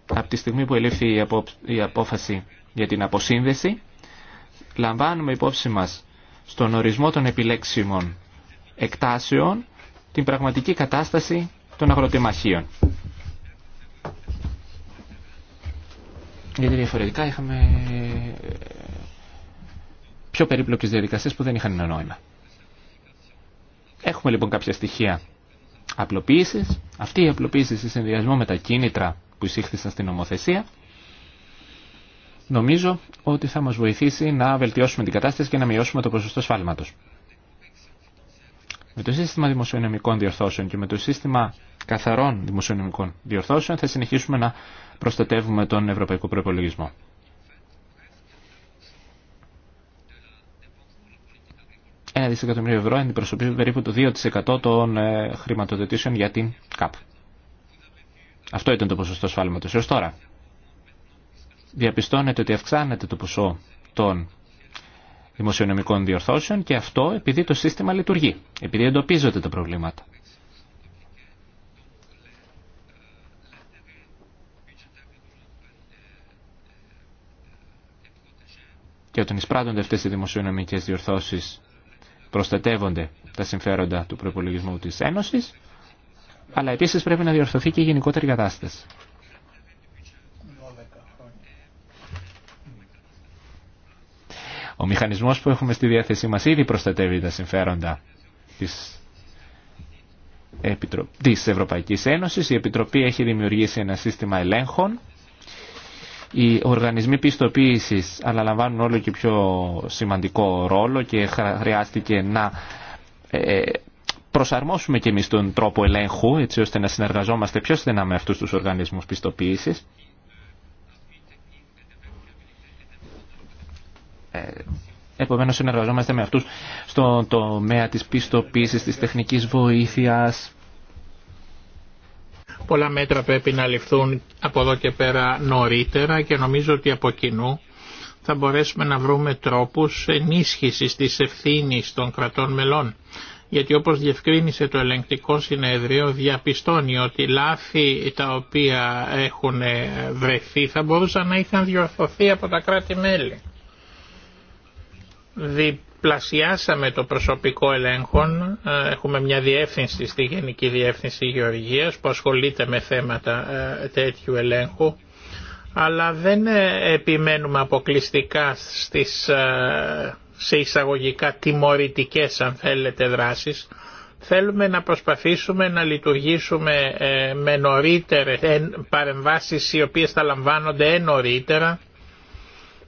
Από τη στιγμή που ελήφθη η, απόφαση για την αποσύνδεση, λαμβάνουμε υπόψη μας στον ορισμό των επιλέξιμων εκτάσεων την πραγματική κατάσταση των αγροτεμαχίων. Γιατί διαφορετικά είχαμε ε, πιο περίπλοκες διαδικασίες που δεν είχαν νόημα. Έχουμε λοιπόν κάποια στοιχεία απλοποίησης. Αυτή η απλοποίηση σε συνδυασμό με τα κίνητρα που εισήχθησαν στην νομοθεσία νομίζω ότι θα μας βοηθήσει να βελτιώσουμε την κατάσταση και να μειώσουμε το ποσοστό σφάλματος. Με το σύστημα δημοσιονομικών διορθώσεων και με το σύστημα καθαρών δημοσιονομικών διορθώσεων θα συνεχίσουμε να προστατεύουμε τον ευρωπαϊκό προπολογισμό. 1 δισεκατομμύριο ευρώ αντιπροσωπεύει περίπου το 2% των ε, χρηματοδοτήσεων για την ΚΑΠ. Αυτό ήταν το ποσοστό σφάλματος έω τώρα. Διαπιστώνεται ότι αυξάνεται το ποσό των δημοσιονομικών διορθώσεων και αυτό επειδή το σύστημα λειτουργεί, επειδή εντοπίζονται τα προβλήματα. Και όταν εισπράττονται αυτές οι δημοσιονομικές διορθώσεις προστατεύονται τα συμφέροντα του προπολογισμού της Ένωσης, αλλά επίσης πρέπει να διορθωθεί και η γενικότερη κατάσταση. Ο μηχανισμός που έχουμε στη διάθεσή μας ήδη προστατεύει τα συμφέροντα της, Επιτρο... της Ευρωπαϊκής Ένωσης. Η Επιτροπή έχει δημιουργήσει ένα σύστημα ελέγχων οι οργανισμοί πιστοποίησης αναλαμβάνουν όλο και πιο σημαντικό ρόλο και χρειάστηκε να ε, ε, προσαρμόσουμε και εμείς τον τρόπο ελέγχου έτσι ώστε να συνεργαζόμαστε πιο στενά με αυτούς τους οργανισμούς πιστοποίησης. Ε, επομένως συνεργαζόμαστε με αυτούς στον τομέα της πιστοποίησης, της τεχνικής βοήθειας, Πολλά μέτρα πρέπει να ληφθούν από εδώ και πέρα νωρίτερα και νομίζω ότι από κοινού θα μπορέσουμε να βρούμε τρόπους ενίσχυσης της ευθύνης των κρατών μελών. Γιατί όπως διευκρίνησε το ελεγκτικό συνέδριο διαπιστώνει ότι λάθη τα οποία έχουν βρεθεί θα μπορούσαν να είχαν διορθωθεί από τα κράτη-μέλη πλασιάσαμε το προσωπικό ελέγχων, ε, έχουμε μια διεύθυνση στη Γενική Διεύθυνση Γεωργίας που ασχολείται με θέματα ε, τέτοιου ελέγχου, αλλά δεν ε, επιμένουμε αποκλειστικά στις, σε εισαγωγικά τιμωρητικές αν θέλετε δράσεις, θέλουμε να προσπαθήσουμε να λειτουργήσουμε με νωρίτερες παρεμβάσεις οι οποίες θα λαμβάνονται νωρίτερα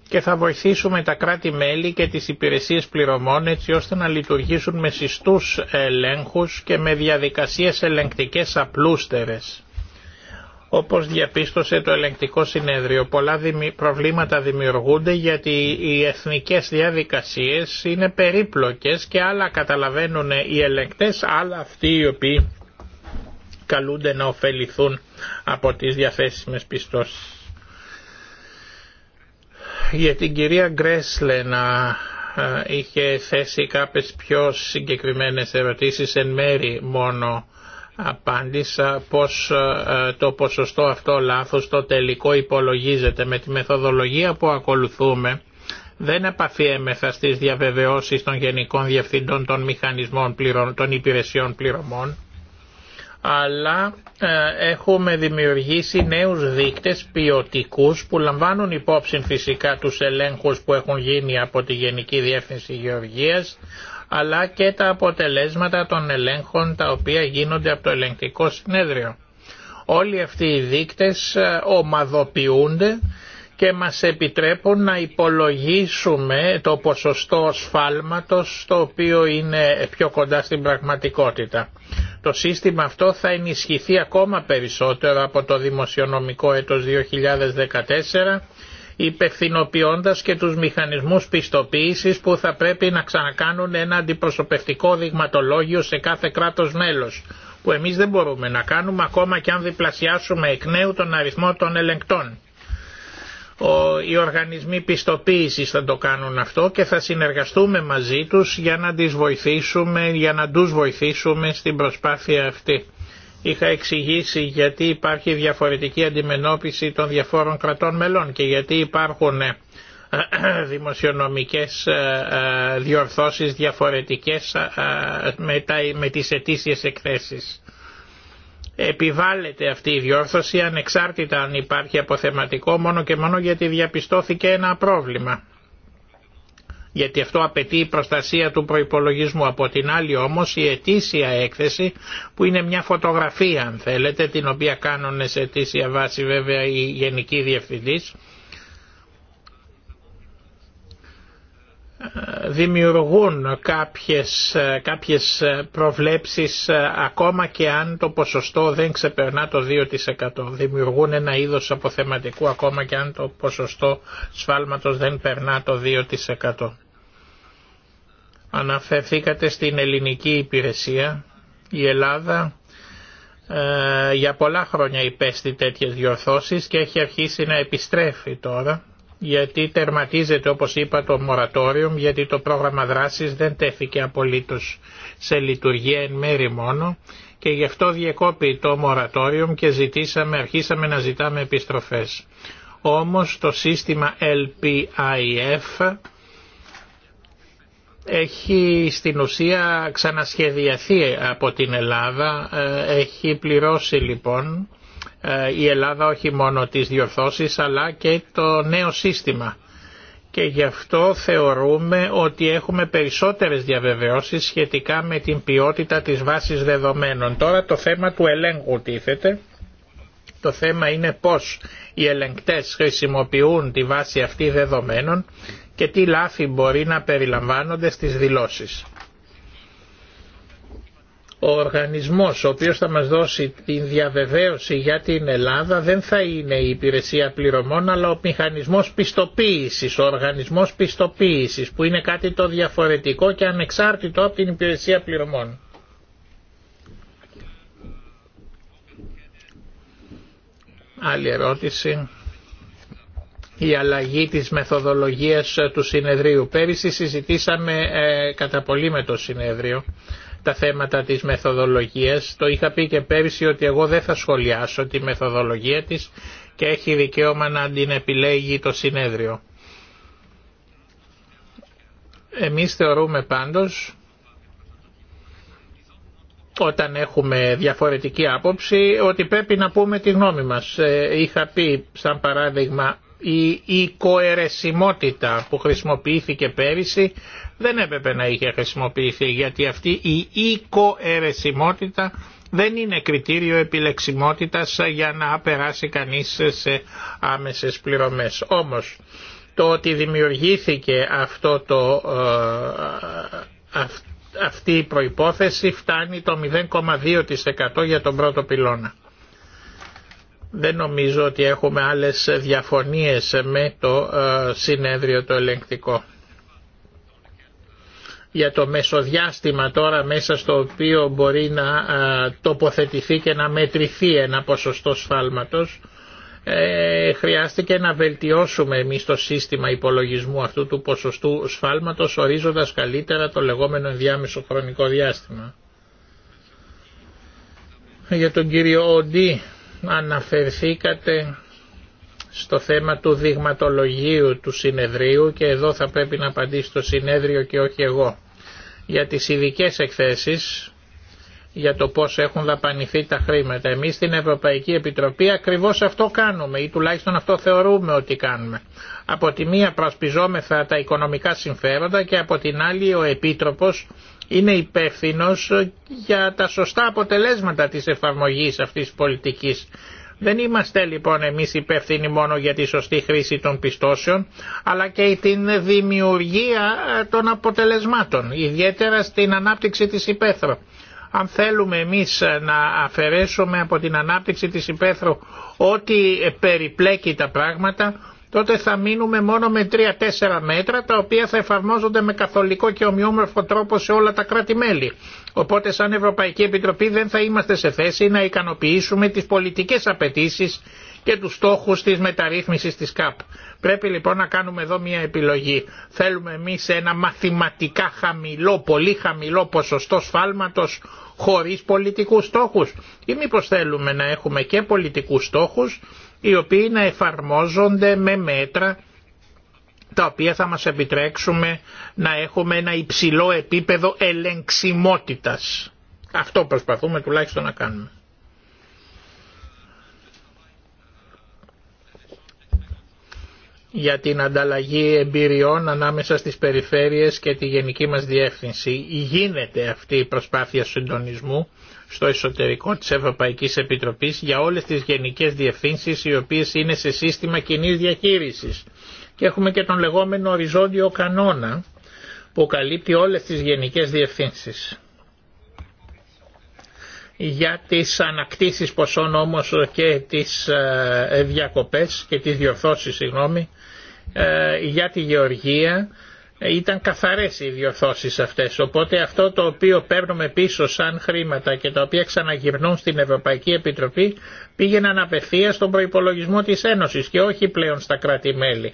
και θα βοηθήσουμε τα κράτη-μέλη και τις υπηρεσίες πληρωμών έτσι ώστε να λειτουργήσουν με συστούς ελέγχους και με διαδικασίες ελεγκτικές απλούστερες. Όπως διαπίστωσε το ελεγκτικό συνέδριο, πολλά προβλήματα δημιουργούνται γιατί οι εθνικές διαδικασίες είναι περίπλοκες και άλλα καταλαβαίνουν οι ελεγκτές, άλλα αυτοί οι οποίοι καλούνται να ωφεληθούν από τις διαθέσιμες πιστώσεις. Για την κυρία Γκρέσλε να ε, είχε θέσει κάποιες πιο συγκεκριμένες ερωτήσεις εν μέρη μόνο απάντησα πως ε, ε, το ποσοστό αυτό λάθος το τελικό υπολογίζεται με τη μεθοδολογία που ακολουθούμε δεν επαφιέμεθα στις διαβεβαιώσεις των γενικών διευθυντών των μηχανισμών πληρων, των υπηρεσιών πληρωμών αλλά ε, έχουμε δημιουργήσει νέους δείκτες ποιοτικούς που λαμβάνουν υπόψη φυσικά τους ελέγχους που έχουν γίνει από τη Γενική Διεύθυνση Γεωργίας αλλά και τα αποτελέσματα των ελέγχων τα οποία γίνονται από το ελεγκτικό συνέδριο. Όλοι αυτοί οι δείκτες ε, ομαδοποιούνται και μας επιτρέπουν να υπολογίσουμε το ποσοστό σφάλματος το οποίο είναι πιο κοντά στην πραγματικότητα. Το σύστημα αυτό θα ενισχυθεί ακόμα περισσότερο από το δημοσιονομικό έτος 2014 υπευθυνοποιώντα και τους μηχανισμούς πιστοποίησης που θα πρέπει να ξανακάνουν ένα αντιπροσωπευτικό δειγματολόγιο σε κάθε κράτος μέλος που εμείς δεν μπορούμε να κάνουμε ακόμα και αν διπλασιάσουμε εκ νέου τον αριθμό των ελεγκτών οι οργανισμοί πιστοποίησης θα το κάνουν αυτό και θα συνεργαστούμε μαζί τους για να τις βοηθήσουμε, για να τους βοηθήσουμε στην προσπάθεια αυτή. Είχα εξηγήσει γιατί υπάρχει διαφορετική αντιμετώπιση των διαφόρων κρατών μελών και γιατί υπάρχουν ε, δημοσιονομικές ε, ε, διορθώσεις διαφορετικές με τις ετήσιες εκθέσεις επιβάλλεται αυτή η διόρθωση ανεξάρτητα αν υπάρχει αποθεματικό μόνο και μόνο γιατί διαπιστώθηκε ένα πρόβλημα. Γιατί αυτό απαιτεί η προστασία του προϋπολογισμού. Από την άλλη όμως η ετήσια έκθεση που είναι μια φωτογραφία αν θέλετε την οποία κάνουν σε ετήσια βάση βέβαια οι γενικοί διευθυντής δημιουργούν κάποιες, κάποιες προβλέψεις ε, ακόμα και αν το ποσοστό δεν ξεπερνά το 2%. Δημιουργούν ένα είδος αποθεματικού ακόμα και αν το ποσοστό σφάλματος δεν περνά το 2%. Αναφερθήκατε στην ελληνική υπηρεσία. Η Ελλάδα ε, για πολλά χρόνια υπέστη τέτοιες διορθώσεις και έχει αρχίσει να επιστρέφει τώρα γιατί τερματίζεται όπως είπα το μορατόριο, γιατί το πρόγραμμα δράσης δεν τέθηκε απολύτως σε λειτουργία εν μέρη μόνο και γι' αυτό διεκόπη το μορατόριο και ζητήσαμε, αρχίσαμε να ζητάμε επιστροφές. Όμως το σύστημα LPIF έχει στην ουσία ξανασχεδιαθεί από την Ελλάδα, ε, έχει πληρώσει λοιπόν ε, η Ελλάδα όχι μόνο τις διορθώσεις αλλά και το νέο σύστημα. Και γι' αυτό θεωρούμε ότι έχουμε περισσότερες διαβεβαιώσεις σχετικά με την ποιότητα της βάσης δεδομένων. Τώρα το θέμα του ελέγχου τίθεται. Το θέμα είναι πώς οι ελεγκτές χρησιμοποιούν τη βάση αυτή δεδομένων και τι λάθη μπορεί να περιλαμβάνονται στις δηλώσεις ο οργανισμός ο οποίος θα μας δώσει την διαβεβαίωση για την Ελλάδα δεν θα είναι η υπηρεσία πληρωμών αλλά ο μηχανισμός πιστοποίησης, ο οργανισμός πιστοποίησης που είναι κάτι το διαφορετικό και ανεξάρτητο από την υπηρεσία πληρωμών. Άλλη ερώτηση. Η αλλαγή της μεθοδολογίας του συνεδρίου. Πέρυσι συζητήσαμε ε, κατά πολύ με το συνέδριο τα θέματα της μεθοδολογίας. Το είχα πει και πέρυσι ότι εγώ δεν θα σχολιάσω τη μεθοδολογία της και έχει δικαίωμα να την επιλέγει το συνέδριο. Εμείς θεωρούμε πάντως όταν έχουμε διαφορετική άποψη ότι πρέπει να πούμε τη γνώμη μας. Ε, είχα πει σαν παράδειγμα η οικοαιρεσιμότητα που χρησιμοποιήθηκε πέρυσι δεν έπρεπε να είχε χρησιμοποιηθεί γιατί αυτή η οικοαιρεσιμότητα δεν είναι κριτήριο επιλεξιμότητας για να περάσει κανείς σε άμεσες πληρωμές. Όμως το ότι δημιουργήθηκε αυτό το, ε, αυτή η προϋπόθεση φτάνει το 0,2% για τον πρώτο πυλώνα. Δεν νομίζω ότι έχουμε άλλες διαφωνίες με το ε, συνέδριο το ελεγκτικό για το μεσοδιάστημα τώρα μέσα στο οποίο μπορεί να τοποθετηθεί και να μετρηθεί ένα ποσοστό σφάλματος ε, χρειάστηκε να βελτιώσουμε εμείς το σύστημα υπολογισμού αυτού του ποσοστού σφάλματος ορίζοντας καλύτερα το λεγόμενο ενδιάμεσο χρονικό διάστημα. Για τον κύριο Οντί αναφερθήκατε στο θέμα του δειγματολογίου του συνεδρίου και εδώ θα πρέπει να απαντήσει το συνέδριο και όχι εγώ για τις ειδικέ εκθέσεις για το πώς έχουν δαπανηθεί τα χρήματα. Εμείς στην Ευρωπαϊκή Επιτροπή ακριβώς αυτό κάνουμε ή τουλάχιστον αυτό θεωρούμε ότι κάνουμε. Από τη μία προσπιζόμεθα τα οικονομικά συμφέροντα και από την άλλη ο Επίτροπος είναι υπεύθυνο για τα σωστά αποτελέσματα της εφαρμογής αυτής της πολιτικής. Δεν είμαστε λοιπόν εμείς υπεύθυνοι μόνο για τη σωστή χρήση των πιστώσεων, αλλά και την δημιουργία ε, των αποτελεσμάτων, ιδιαίτερα στην ανάπτυξη της υπαίθρου. Αν θέλουμε εμείς ε, να αφαιρέσουμε από την ανάπτυξη της υπαίθρου ό,τι περιπλέκει τα πράγματα, τότε θα μείνουμε μόνο με τρία-τέσσερα μέτρα τα οποία θα εφαρμόζονται με καθολικό και ομοιόμορφο τρόπο σε όλα τα κράτη-μέλη. Οπότε σαν Ευρωπαϊκή Επιτροπή δεν θα είμαστε σε θέση να ικανοποιήσουμε τις πολιτικές απαιτήσει και τους στόχους της μεταρρύθμισης της ΚΑΠ. Πρέπει λοιπόν να κάνουμε εδώ μια επιλογή. Θέλουμε εμείς ένα μαθηματικά χαμηλό, πολύ χαμηλό ποσοστό σφάλματος χωρίς πολιτικούς στόχους ή μήπως θέλουμε να έχουμε και πολιτικούς στόχους οι οποίοι να εφαρμόζονται με μέτρα τα οποία θα μας επιτρέξουμε να έχουμε ένα υψηλό επίπεδο ελεγξιμότητας. Αυτό προσπαθούμε τουλάχιστον να κάνουμε. για την ανταλλαγή εμπειριών ανάμεσα στις περιφέρειες και τη γενική μας διεύθυνση. Γίνεται αυτή η προσπάθεια συντονισμού στο εσωτερικό της Ευρωπαϊκής Επιτροπής για όλες τις γενικές διευθύνσεις οι οποίες είναι σε σύστημα κοινή διαχείρισης. Και έχουμε και τον λεγόμενο οριζόντιο κανόνα που καλύπτει όλες τις γενικές διευθύνσεις. Για τις ανακτήσεις ποσών όμως και τις ε, διακοπές και τις διορθώσεις, συγγνώμη, ε, για τη γεωργία ε, ήταν καθαρές οι διορθώσεις αυτές, οπότε αυτό το οποίο παίρνουμε πίσω σαν χρήματα και τα οποία ξαναγυρνούν στην Ευρωπαϊκή Επιτροπή πήγαιναν απευθεία στον προϋπολογισμό της Ένωσης και όχι πλέον στα κράτη-μέλη.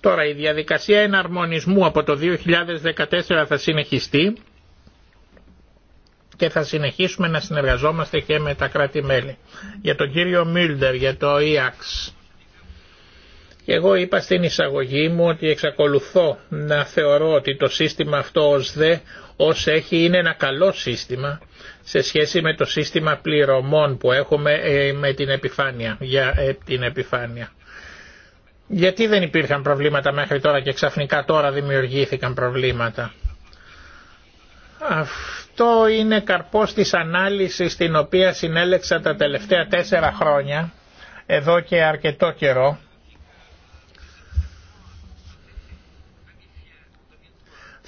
Τώρα η διαδικασία εναρμονισμού από το 2014 θα συνεχιστεί και θα συνεχίσουμε να συνεργαζόμαστε και με τα κράτη-μέλη. Για τον κύριο Μίλντερ, για το ΙΑΞ. Και εγώ είπα στην εισαγωγή μου ότι εξακολουθώ να θεωρώ ότι το σύστημα αυτό ως δε ως έχει είναι ένα καλό σύστημα σε σχέση με το σύστημα πληρωμών που έχουμε ε, με την επιφάνεια, για ε, την επιφάνεια. Γιατί δεν υπήρχαν προβλήματα μέχρι τώρα και ξαφνικά τώρα δημιουργήθηκαν προβλήματα. Αυτό είναι καρπός της ανάλυσης την οποία συνέλεξα τα τελευταία τέσσερα χρόνια, εδώ και αρκετό καιρό,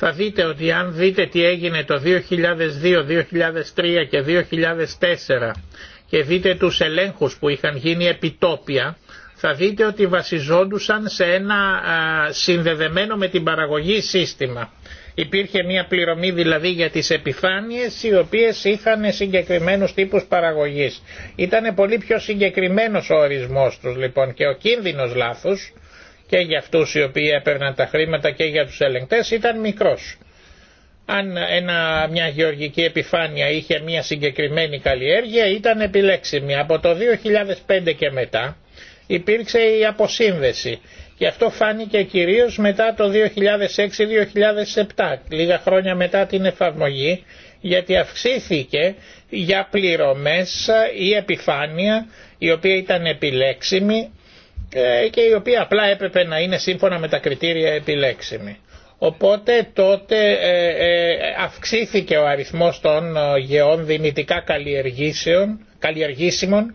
θα δείτε ότι αν δείτε τι έγινε το 2002, 2003 και 2004 και δείτε τους ελέγχους που είχαν γίνει επιτόπια, θα δείτε ότι βασιζόντουσαν σε ένα συνδεδεμένο με την παραγωγή σύστημα. Υπήρχε μια πληρωμή δηλαδή για τις επιφάνειες οι οποίες είχαν συγκεκριμένους τύπους παραγωγής. Ήταν πολύ πιο συγκεκριμένος ο ορισμός τους λοιπόν και ο κίνδυνος λάθους και για αυτούς οι οποίοι έπαιρναν τα χρήματα και για τους ελεγκτές ήταν μικρός. Αν ένα, μια γεωργική επιφάνεια είχε μια συγκεκριμένη καλλιέργεια ήταν επιλέξιμη. Από το 2005 και μετά υπήρξε η αποσύνδεση και αυτό φάνηκε κυρίως μετά το 2006-2007, λίγα χρόνια μετά την εφαρμογή, γιατί αυξήθηκε για πληρωμές η επιφάνεια η οποία ήταν επιλέξιμη ε, και η οποία απλά έπρεπε να είναι σύμφωνα με τα κριτήρια επιλέξιμη. Οπότε τότε ε, ε, αυξήθηκε ο αριθμός των γεών δυνητικά καλλιεργήσιμων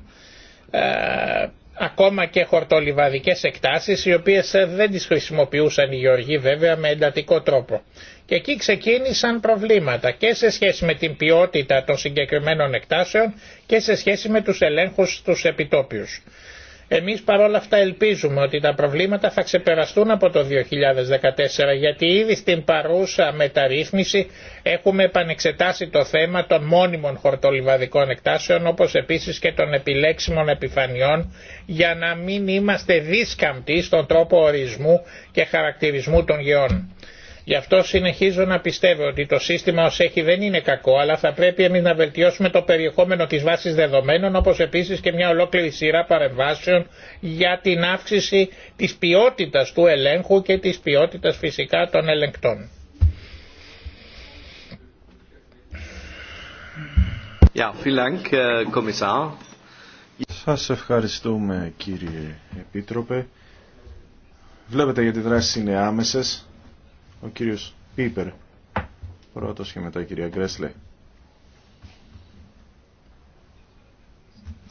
ακόμα και χορτολιβαδικές εκτάσεις οι οποίες δεν τις χρησιμοποιούσαν οι γεωργοί βέβαια με εντατικό τρόπο. Και εκεί ξεκίνησαν προβλήματα και σε σχέση με την ποιότητα των συγκεκριμένων εκτάσεων και σε σχέση με τους ελέγχους τους επιτόπιους. Εμείς παρόλα αυτά ελπίζουμε ότι τα προβλήματα θα ξεπεραστούν από το 2014 γιατί ήδη στην παρούσα μεταρρύθμιση έχουμε επανεξετάσει το θέμα των μόνιμων χορτολιβαδικών εκτάσεων όπως επίσης και των επιλέξιμων επιφανειών για να μην είμαστε δίσκαμπτοι στον τρόπο ορισμού και χαρακτηρισμού των γεών. Γι' αυτό συνεχίζω να πιστεύω ότι το σύστημα ως έχει δεν είναι κακό, αλλά θα πρέπει εμείς να βελτιώσουμε το περιεχόμενο της βάσης δεδομένων, όπως επίσης και μια ολόκληρη σειρά παρεμβάσεων για την αύξηση της ποιότητας του ελέγχου και της ποιότητας φυσικά των ελεγκτών. Σα äh, Σας ευχαριστούμε κύριε Επίτροπε. Βλέπετε γιατί οι είναι άμεσες ο κύριος Πίπερ. Πρώτος και μετά η κυρία Γκρέσλε.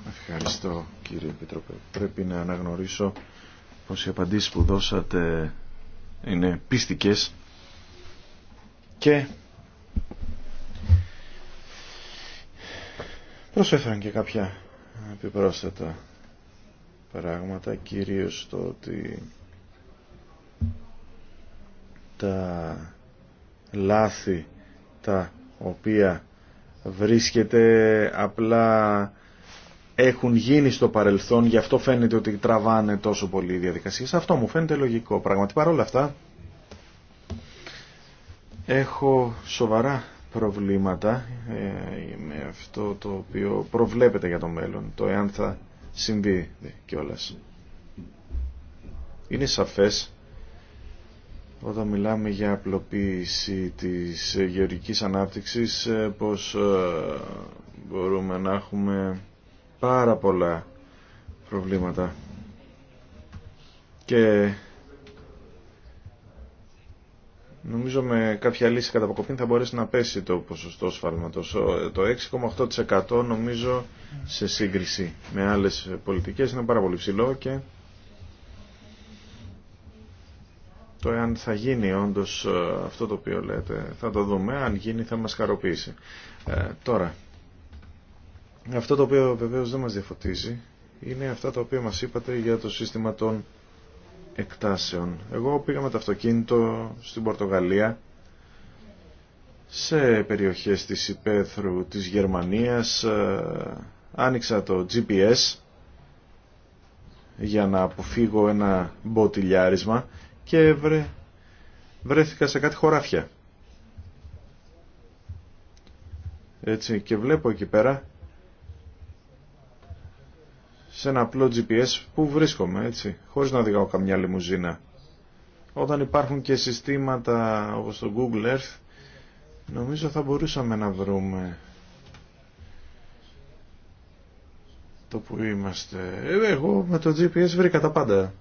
Ευχαριστώ κύριε Επιτροπέ. Πρέπει να αναγνωρίσω πως οι απαντήσεις που δώσατε είναι πίστικες και προσέφεραν και κάποια επιπρόσθετα πράγματα κυρίως το ότι τα λάθη τα οποία βρίσκεται απλά έχουν γίνει στο παρελθόν, γι' αυτό φαίνεται ότι τραβάνε τόσο πολύ οι διαδικασίες. Αυτό μου φαίνεται λογικό πράγματι. Παρ' όλα αυτά, έχω σοβαρά προβλήματα ε, με αυτό το οποίο προβλέπεται για το μέλλον, το εάν θα συμβεί κιόλας. Είναι σαφές όταν μιλάμε για απλοποίηση της γεωργικής ανάπτυξης ε, πως ε, μπορούμε να έχουμε πάρα πολλά προβλήματα και νομίζω με κάποια λύση κατά θα μπορέσει να πέσει το ποσοστό σφάλματος ε, το 6,8% νομίζω σε σύγκριση με άλλες πολιτικές είναι πάρα πολύ ψηλό και το εάν θα γίνει όντως ε, αυτό το οποίο λέτε. Θα το δούμε, αν γίνει θα μας χαροποιήσει. Ε, τώρα, αυτό το οποίο βεβαίως δεν μας διαφωτίζει είναι αυτά τα οποία μας είπατε για το σύστημα των εκτάσεων. Εγώ πήγα με το αυτοκίνητο στην Πορτογαλία σε περιοχές της Υπέθρου της Γερμανίας ε, άνοιξα το GPS για να αποφύγω ένα μποτιλιάρισμα και βρε... βρέθηκα σε κάτι χωράφια. Έτσι και βλέπω εκεί πέρα σε ένα απλό GPS που βρίσκομαι, έτσι, χωρίς να οδηγάω καμιά λιμουζίνα. Όταν υπάρχουν και συστήματα όπως το Google Earth, νομίζω θα μπορούσαμε να βρούμε το που είμαστε. Ε, εγώ με το GPS βρήκα τα πάντα.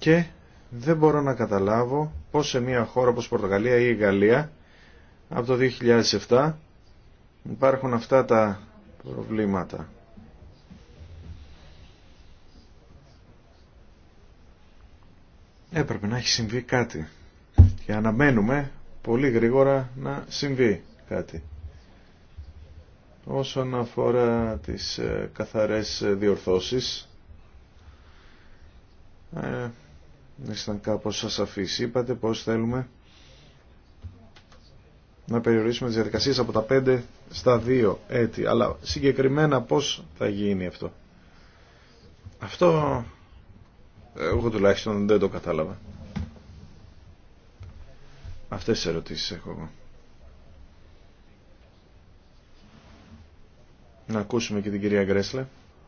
και δεν μπορώ να καταλάβω πως σε μια χώρα όπως η Πορτογαλία ή η Γαλλία από το 2007 υπάρχουν αυτά τα προβλήματα. Έπρεπε να έχει συμβεί κάτι και αναμένουμε πολύ γρήγορα να συμβεί κάτι. Όσον αφορά τις ε, καθαρές ε, διορθώσεις, ε, ήσταν κάπως αφήσει, Είπατε πώς θέλουμε να περιορίσουμε τις διαδικασίες από τα 5 στα 2 έτη. Αλλά συγκεκριμένα πώς θα γίνει αυτό. Αυτό εγώ τουλάχιστον δεν το κατάλαβα. Αυτές τις ερωτήσεις έχω εγώ. Να ακούσουμε και την κυρία Γκρέσλε.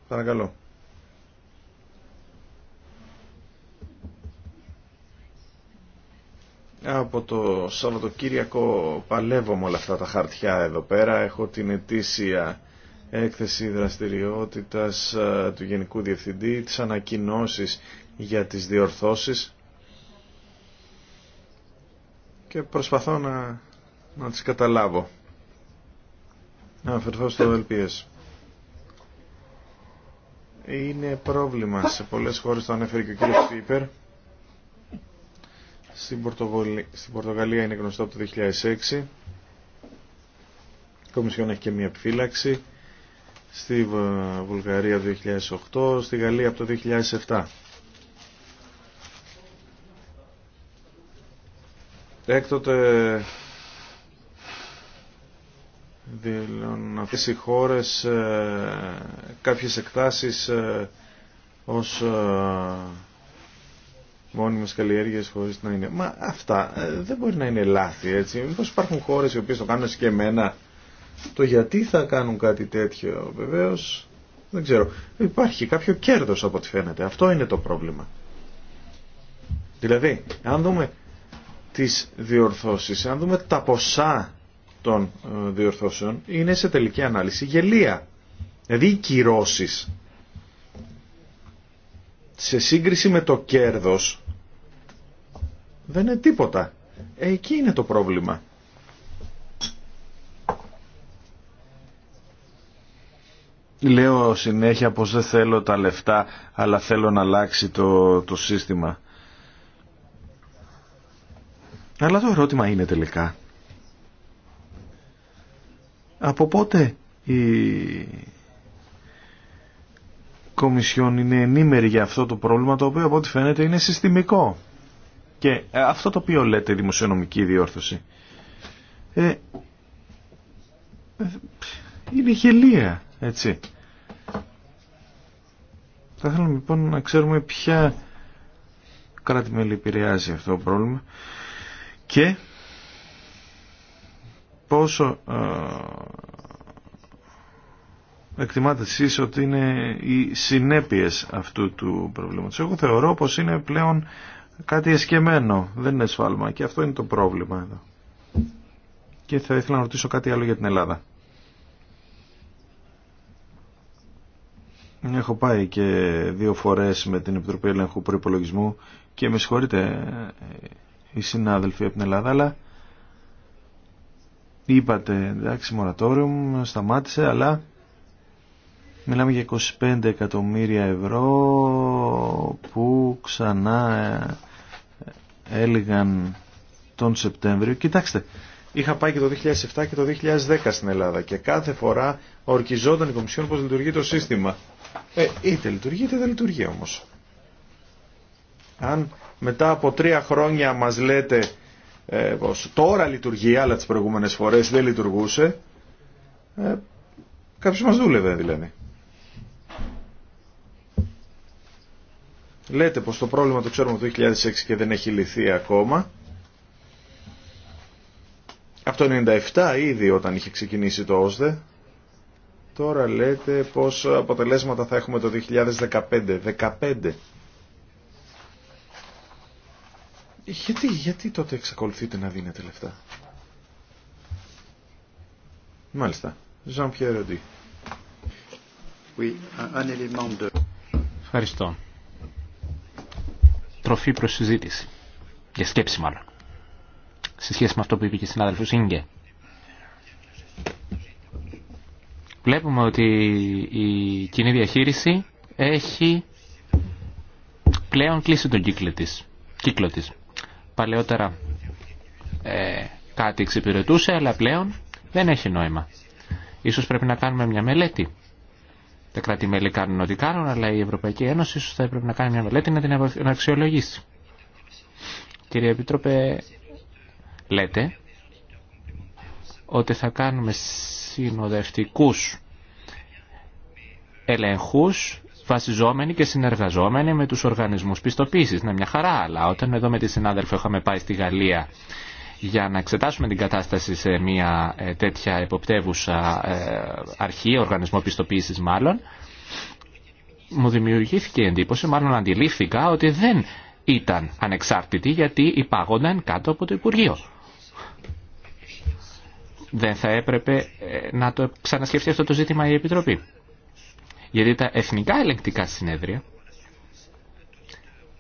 Παρακαλώ. από το Σαββατοκύριακο παλεύω με όλα αυτά τα χαρτιά εδώ πέρα. Έχω την ετήσια έκθεση δραστηριότητας του Γενικού Διευθυντή, τις ανακοινώσεις για τις διορθώσεις και προσπαθώ να, να τις καταλάβω. Να αφαιρθώ στο Ελπίες. Είναι πρόβλημα σε πολλές χώρες, το ανέφερε και ο κύριος Πίπερ, στην, Πορτογαλία είναι γνωστό από το 2006. Η Κομισιόν έχει και μία επιφύλαξη. Στη Βουλγαρία 2008, στη Γαλλία από το 2007. Έκτοτε δηλώνουν αυτέ οι χώρες ε, κάποιες εκτάσεις ε, ως ε, μόνιμες καλλιέργειες χωρίς να είναι... Μα αυτά ε, δεν μπορεί να είναι λάθη έτσι. Μήπως υπάρχουν χώρες οι οποίες το κάνουν και εμένα. Το γιατί θα κάνουν κάτι τέτοιο βεβαίως δεν ξέρω. Υπάρχει κάποιο κέρδος από ό,τι φαίνεται. Αυτό είναι το πρόβλημα. Δηλαδή, αν δούμε τις διορθώσεις, αν δούμε τα ποσά των ε, διορθώσεων, είναι σε τελική ανάλυση γελία. Δηλαδή οι κυρώσεις σε σύγκριση με το κέρδος δεν είναι τίποτα. Ε, εκεί είναι το πρόβλημα. Λέω συνέχεια πως δεν θέλω τα λεφτά, αλλά θέλω να αλλάξει το, το σύστημα. Αλλά το ερώτημα είναι τελικά. Από πότε η Κομισιόν είναι ενήμερη για αυτό το πρόβλημα, το οποίο από ό,τι φαίνεται είναι συστημικό. Και ε, αυτό το οποίο λέτε δημοσιονομική διόρθωση ε, είναι γελία, έτσι. Θα θέλαμε λοιπόν να ξέρουμε ποια κράτη-μέλη επηρεάζει αυτό το πρόβλημα και πόσο ε, εκτιμάτε εσείς ότι είναι οι συνέπειες αυτού του προβλήματος. Εγώ θεωρώ πως είναι πλέον κάτι εσκεμμένο, δεν είναι σφάλμα και αυτό είναι το πρόβλημα εδώ. Και θα ήθελα να ρωτήσω κάτι άλλο για την Ελλάδα. Έχω πάει και δύο φορές με την Επιτροπή Ελέγχου Προϋπολογισμού και με συγχωρείτε ε, οι συνάδελφοι από την Ελλάδα, αλλά είπατε εντάξει μορατόριο σταμάτησε, αλλά μιλάμε για 25 εκατομμύρια ευρώ που ξανά ε, έλεγαν τον Σεπτέμβριο. Κοιτάξτε, είχα πάει και το 2007 και το 2010 στην Ελλάδα και κάθε φορά ορκιζόταν η Κομισιόν πως λειτουργεί το σύστημα. Ε, είτε λειτουργεί είτε δεν λειτουργεί όμως. Αν μετά από τρία χρόνια μας λέτε ε, πως τώρα λειτουργεί αλλά τις προηγούμενες φορές δεν λειτουργούσε, ε, κάποιος μας δούλευε δηλαδή. Λέτε πως το πρόβλημα το ξέρουμε το 2006 και δεν έχει λυθεί ακόμα. Από το 97 ήδη όταν είχε ξεκινήσει το ΩΣΔΕ. Τώρα λέτε πως αποτελέσματα θα έχουμε το 2015. 15. Γιατί, γιατί τότε εξακολουθείτε να δίνετε λεφτά. Μάλιστα. Jean-Pierre Ευχαριστώ τροφή προ συζήτηση. Για σκέψη μάλλον. Σε σχέση με αυτό που είπε και η Βλέπουμε ότι η κοινή διαχείριση έχει πλέον κλείσει τον κύκλο της. Κύκλο της. Παλαιότερα ε, κάτι εξυπηρετούσε, αλλά πλέον δεν έχει νόημα. Ίσως πρέπει να κάνουμε μια μελέτη τα κράτη-μέλη κάνουν ό,τι κάνουν, αλλά η Ευρωπαϊκή Ένωση ίσως θα έπρεπε να κάνει μια μελέτη να την αξιολογήσει. Κύριε Επίτροπε, λέτε ότι θα κάνουμε συνοδευτικούς ελεγχούς βασιζόμενοι και συνεργαζόμενοι με τους οργανισμούς πιστοποίησης. Ναι, μια χαρά, αλλά όταν εδώ με τη συνάδελφο είχαμε πάει στη Γαλλία για να εξετάσουμε την κατάσταση σε μια ε, τέτοια εποπτεύουσα ε, αρχή, οργανισμό πιστοποίησης μάλλον, μου δημιουργήθηκε εντύπωση, μάλλον αντιλήφθηκα, ότι δεν ήταν ανεξάρτητη, γιατί υπάγονταν κάτω από το Υπουργείο. Δεν θα έπρεπε ε, να το ξανασκεφτεί αυτό το ζήτημα η Επιτροπή. Γιατί τα εθνικά ελεγκτικά συνέδρια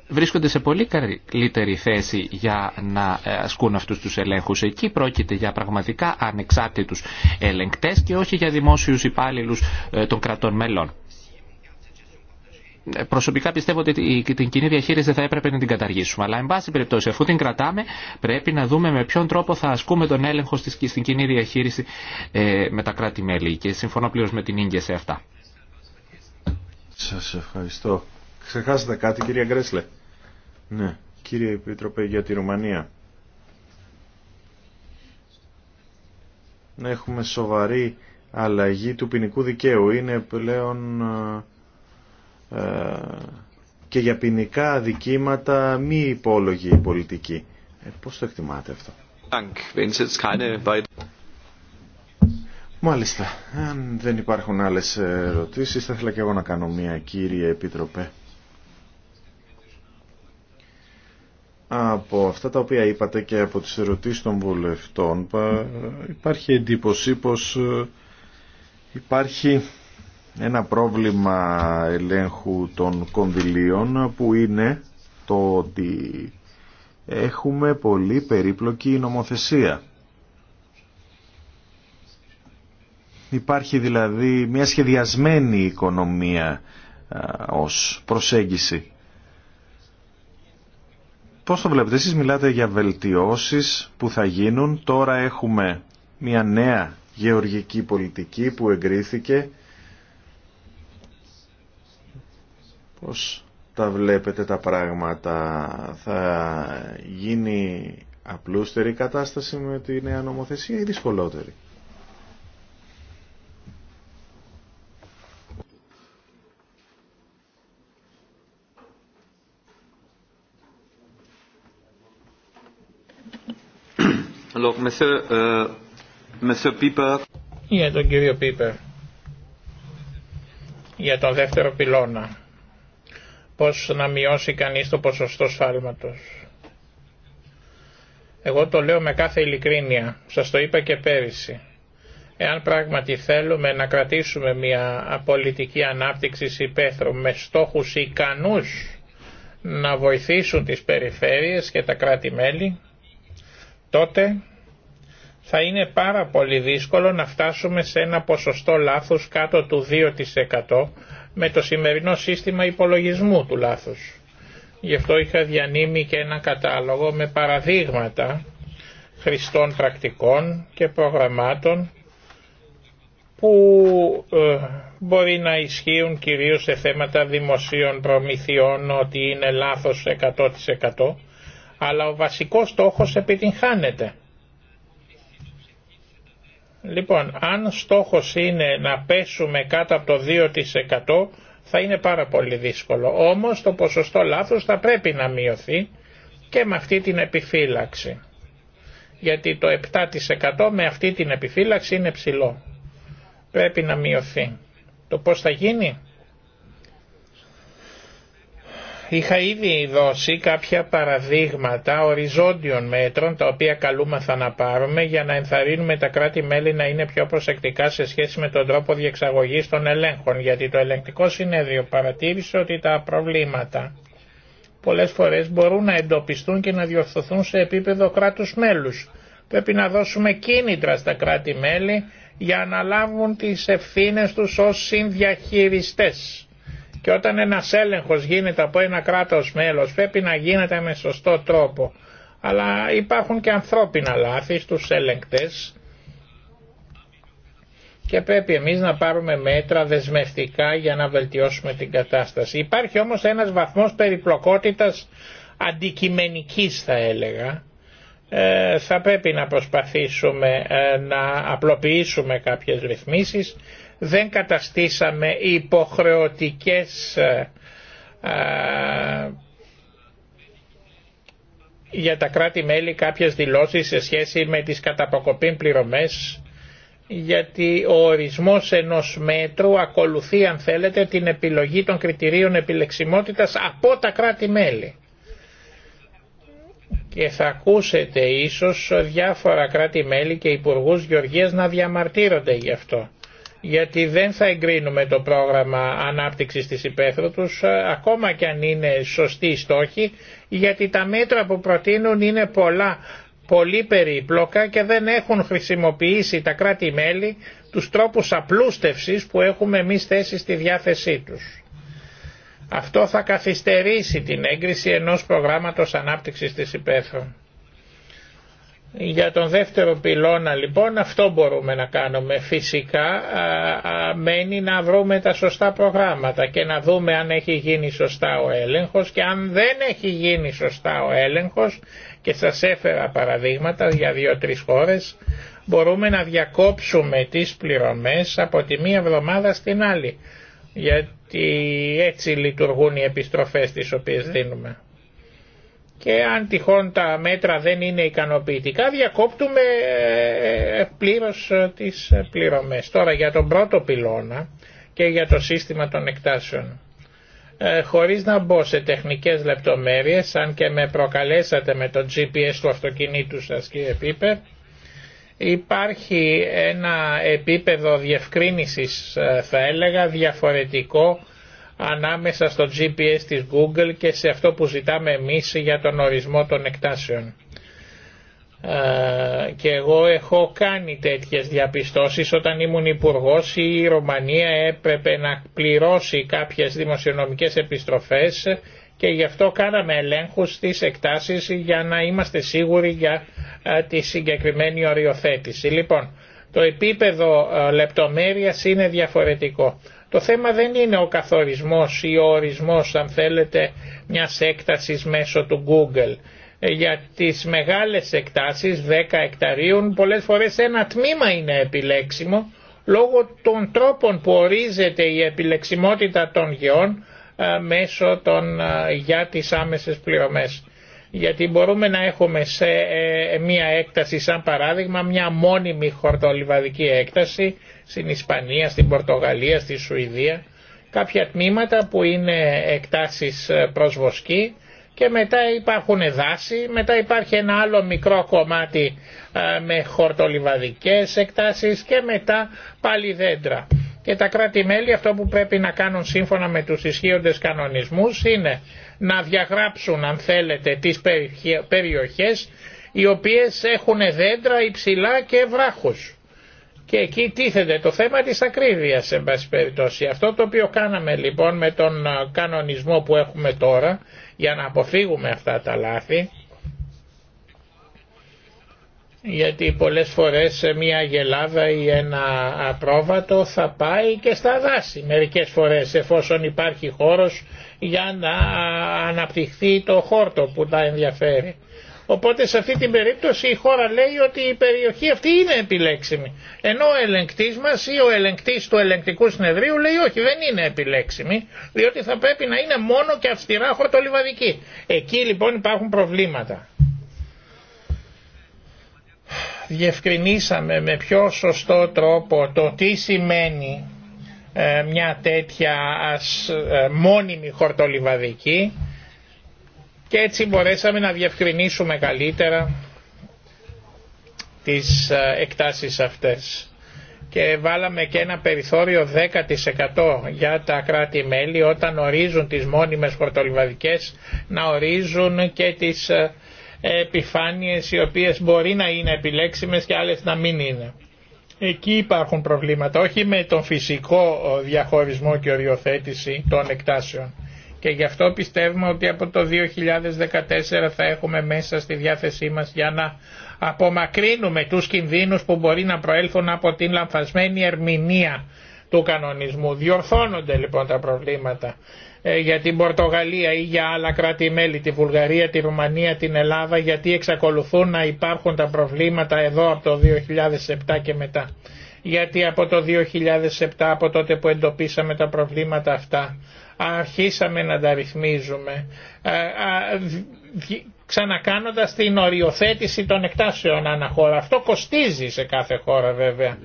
βρίσκονται σε πολύ καλύτερη θέση για να ε, ασκούν αυτούς τους ελέγχους. Εκεί πρόκειται για πραγματικά ανεξάρτητους ελεγκτές και όχι για δημόσιους υπάλληλους ε, των κρατών μελών. Ε, προσωπικά πιστεύω ότι την κοινή διαχείριση θα έπρεπε να την καταργήσουμε. Αλλά, εν πάση περιπτώσει, αφού την κρατάμε, πρέπει να δούμε με ποιον τρόπο θα ασκούμε τον έλεγχο στην κοινή διαχείριση με τα κράτη-μέλη. Και συμφωνώ πλήρω με την γκια σε αυτά. Σα ευχαριστώ. Ξεχάσατε κάτι κυρία Γκρέσλε. Ναι, κύριε Επίτροπε για τη Ρουμανία. Έχουμε σοβαρή αλλαγή του ποινικού δικαίου. Είναι πλέον ε, ε, και για ποινικά δικήματα μη υπόλογη η πολιτική. Ε, πώς το εκτιμάτε αυτό. Μάλιστα. Αν δεν υπάρχουν άλλες ερωτήσεις, θα ήθελα και εγώ να κάνω μία κύριε Επίτροπε. από αυτά τα οποία είπατε και από τις ερωτήσεις των βουλευτών υπάρχει εντύπωση πως ε, υπάρχει ένα πρόβλημα ελέγχου των κονδυλίων που είναι το ότι έχουμε πολύ περίπλοκη νομοθεσία. Υπάρχει δηλαδή μια σχεδιασμένη οικονομία ε, ως προσέγγιση Πώς το βλέπετε, εσείς μιλάτε για βελτιώσεις που θα γίνουν. Τώρα έχουμε μια νέα γεωργική πολιτική που εγκρίθηκε. Πώς τα βλέπετε τα πράγματα, θα γίνει απλούστερη κατάσταση με τη νέα νομοθεσία ή δυσκολότερη. Euh, Για τον κύριο Πίπερ. Για τον δεύτερο πυλώνα. Πώς να μειώσει κανείς το ποσοστό σφάλματος. Εγώ το λέω με κάθε ειλικρίνεια. Σας το είπα και πέρυσι. Εάν πράγματι θέλουμε να κρατήσουμε μια πολιτική ανάπτυξη υπαίθρου με στόχους ικανούς να βοηθήσουν τις περιφέρειες και τα κράτη-μέλη, τότε θα είναι πάρα πολύ δύσκολο να φτάσουμε σε ένα ποσοστό λάθους κάτω του 2% με το σημερινό σύστημα υπολογισμού του λάθους. Γι' αυτό είχα διανύμει και ένα κατάλογο με παραδείγματα χρηστών πρακτικών και προγραμμάτων που ε, μπορεί να ισχύουν κυρίως σε θέματα δημοσίων προμηθειών ότι είναι λάθος 100% αλλά ο βασικός στόχος επιτυγχάνεται. Λοιπόν, αν στόχος είναι να πέσουμε κάτω από το 2% θα είναι πάρα πολύ δύσκολο. Όμως το ποσοστό λάθος θα πρέπει να μειωθεί και με αυτή την επιφύλαξη. Γιατί το 7% με αυτή την επιφύλαξη είναι ψηλό. Πρέπει να μειωθεί. Το πώς θα γίνει Είχα ήδη δώσει κάποια παραδείγματα οριζόντιων μέτρων τα οποία καλούμαθα να πάρουμε για να ενθαρρύνουμε τα κράτη-μέλη να είναι πιο προσεκτικά σε σχέση με τον τρόπο διεξαγωγής των ελέγχων γιατί το ελεγκτικό συνέδριο παρατήρησε ότι τα προβλήματα πολλές φορές μπορούν να εντοπιστούν και να διορθωθούν σε επίπεδο κράτους μέλους. Πρέπει να δώσουμε κίνητρα στα κράτη-μέλη για να λάβουν τις ευθύνες τους ως συνδιαχειριστές. Και όταν ένα έλεγχος γίνεται από ένα κράτος μέλος πρέπει να γίνεται με σωστό τρόπο. Αλλά υπάρχουν και ανθρώπινα λάθη στους έλεγκτες και πρέπει εμείς να πάρουμε μέτρα δεσμευτικά για να βελτιώσουμε την κατάσταση. Υπάρχει όμως ένας βαθμός περιπλοκότητας αντικειμενικής θα έλεγα ε, θα πρέπει να προσπαθήσουμε ε, να απλοποιήσουμε κάποιες ρυθμίσεις. Δεν καταστήσαμε υποχρεωτικές ε, για τα κράτη-μέλη κάποιες δηλώσεις σε σχέση με τις καταποκοπήν πληρωμές γιατί ο ορισμός ενός μέτρου ακολουθεί αν θέλετε την επιλογή των κριτηρίων επιλεξιμότητας από τα κράτη-μέλη και θα ακούσετε ίσως διάφορα κράτη-μέλη και υπουργούς Γεωργίας να διαμαρτύρονται γι' αυτό. Γιατί δεν θα εγκρίνουμε το πρόγραμμα ανάπτυξης της υπαίθρου τους, ε, ακόμα και αν είναι σωστή η στόχη, γιατί τα μέτρα που προτείνουν είναι πολλά, πολύ περίπλοκα και δεν έχουν χρησιμοποιήσει τα κράτη-μέλη τους τρόπους απλούστευσης που έχουμε εμείς θέσει στη διάθεσή τους. Αυτό θα καθυστερήσει την έγκριση ενός προγράμματος ανάπτυξης της υπαίθρου. Για τον δεύτερο πυλώνα λοιπόν αυτό μπορούμε να κάνουμε. Φυσικά μένει να βρούμε τα σωστά προγράμματα και να δούμε αν έχει γίνει σωστά ο έλεγχος και αν δεν έχει γίνει σωστά ο έλεγχος και σας έφερα παραδείγματα για δύο-τρεις χώρες μπορούμε να διακόψουμε τις πληρωμές από τη μία εβδομάδα στην άλλη ότι έτσι λειτουργούν οι επιστροφές τις οποίες ναι. δίνουμε. Και αν τυχόν τα μέτρα δεν είναι ικανοποιητικά διακόπτουμε ε, ε, πλήρως ε, τις πληρωμές. Τώρα για τον πρώτο πυλώνα και για το σύστημα των εκτάσεων. Χωρίς να μπω σε τεχνικές λεπτομέρειες, αν και με προκαλέσατε με το GPS του αυτοκινήτου σας κύριε Πίπερ, Υπάρχει ένα επίπεδο διευκρίνησης ε, θα έλεγα διαφορετικό ανάμεσα στο GPS της Google και σε αυτό που ζητάμε εμείς για τον ορισμό των εκτάσεων. Ε, και εγώ έχω κάνει τέτοιες διαπιστώσεις όταν ήμουν υπουργό η Ρωμανία έπρεπε να πληρώσει κάποιες δημοσιονομικές επιστροφές και γι' αυτό κάναμε ελέγχους στις εκτάσεις για να είμαστε σίγουροι για ε, τη συγκεκριμένη οριοθέτηση. Λοιπόν, το επίπεδο ε, λεπτομέρειας είναι διαφορετικό. Το θέμα δεν είναι ο καθορισμός ή ο ορισμός, αν θέλετε, μια έκτασης μέσω του Google. Ε, για τις μεγάλες εκτάσεις, 10 εκταρίων, πολλές φορές ένα τμήμα είναι επιλέξιμο, λόγω των τρόπων που ορίζεται η επιλεξιμότητα των γεών, ε, μέσω των, ε, για τις άμεσες πληρωμές. Γιατί μπορούμε να έχουμε σε ε, μια έκταση σαν παράδειγμα μια μόνιμη χορτολιβαδική έκταση στην Ισπανία, στην Πορτογαλία, στη Σουηδία κάποια τμήματα που είναι εκτάσεις προς βοσκή και μετά υπάρχουν δάση, μετά υπάρχει ένα άλλο μικρό κομμάτι με χορτολιβαδικές εκτάσεις και μετά πάλι δέντρα και τα κράτη-μέλη αυτό που πρέπει να κάνουν σύμφωνα με τους ισχύοντες κανονισμούς είναι να διαγράψουν αν θέλετε τις περιοχές οι οποίες έχουν δέντρα υψηλά και βράχους. Και εκεί τίθεται το θέμα της ακρίβειας σε πάση περιπτώσει. Αυτό το οποίο κάναμε λοιπόν με τον ε, κανονισμό που έχουμε τώρα για να αποφύγουμε αυτά τα λάθη γιατί πολλές φορές μια γελάδα ή ένα απρόβατο θα πάει και στα δάση μερικές φορές εφόσον υπάρχει χώρος για να αναπτυχθεί το χόρτο που τα ενδιαφέρει. Οπότε σε αυτή την περίπτωση η χώρα λέει ότι η περιοχή αυτή είναι επιλέξιμη. Ενώ ο ελεγκτής μας ή ο ελεγκτής του ελεγκτικού συνεδρίου λέει όχι δεν είναι επιλέξιμη διότι θα πρέπει να είναι μόνο και αυστηρά χορτολιβαδική. Εκεί λοιπόν υπάρχουν προβλήματα διευκρινίσαμε με πιο σωστό τρόπο το τι σημαίνει ε, μια τέτοια ε, μόνιμη χορτολιβαδική και έτσι μπορέσαμε να διευκρινίσουμε καλύτερα τις ε, εκτάσεις αυτές. Και βάλαμε και ένα περιθώριο 10% για τα κράτη-μέλη όταν ορίζουν τις μόνιμες χορτολιβαδικές να ορίζουν και τις επιφάνειες οι οποίες μπορεί να είναι επιλέξιμες και άλλες να μην είναι. Εκεί υπάρχουν προβλήματα, όχι με τον φυσικό διαχωρισμό και οριοθέτηση των εκτάσεων. Και γι' αυτό πιστεύουμε ότι από το 2014 θα έχουμε μέσα στη διάθεσή μας για να απομακρύνουμε τους κινδύνους που μπορεί να προέλθουν από την λαμφασμένη ερμηνεία του κανονισμού. Διορθώνονται λοιπόν τα προβλήματα. Ε, για την Πορτογαλία ή για άλλα κράτη-μέλη, τη Βουλγαρία, τη Ρουμανία, την Ελλάδα, γιατί εξακολουθούν να υπάρχουν τα προβλήματα εδώ από το 2007 και μετά. Γιατί από το 2007, από τότε που εντοπίσαμε τα προβλήματα αυτά, αρχίσαμε να τα ρυθμίζουμε, ε, ξανακάνοντας την οριοθέτηση των εκτάσεων χώρα. Αυτό κοστίζει σε κάθε χώρα βέβαια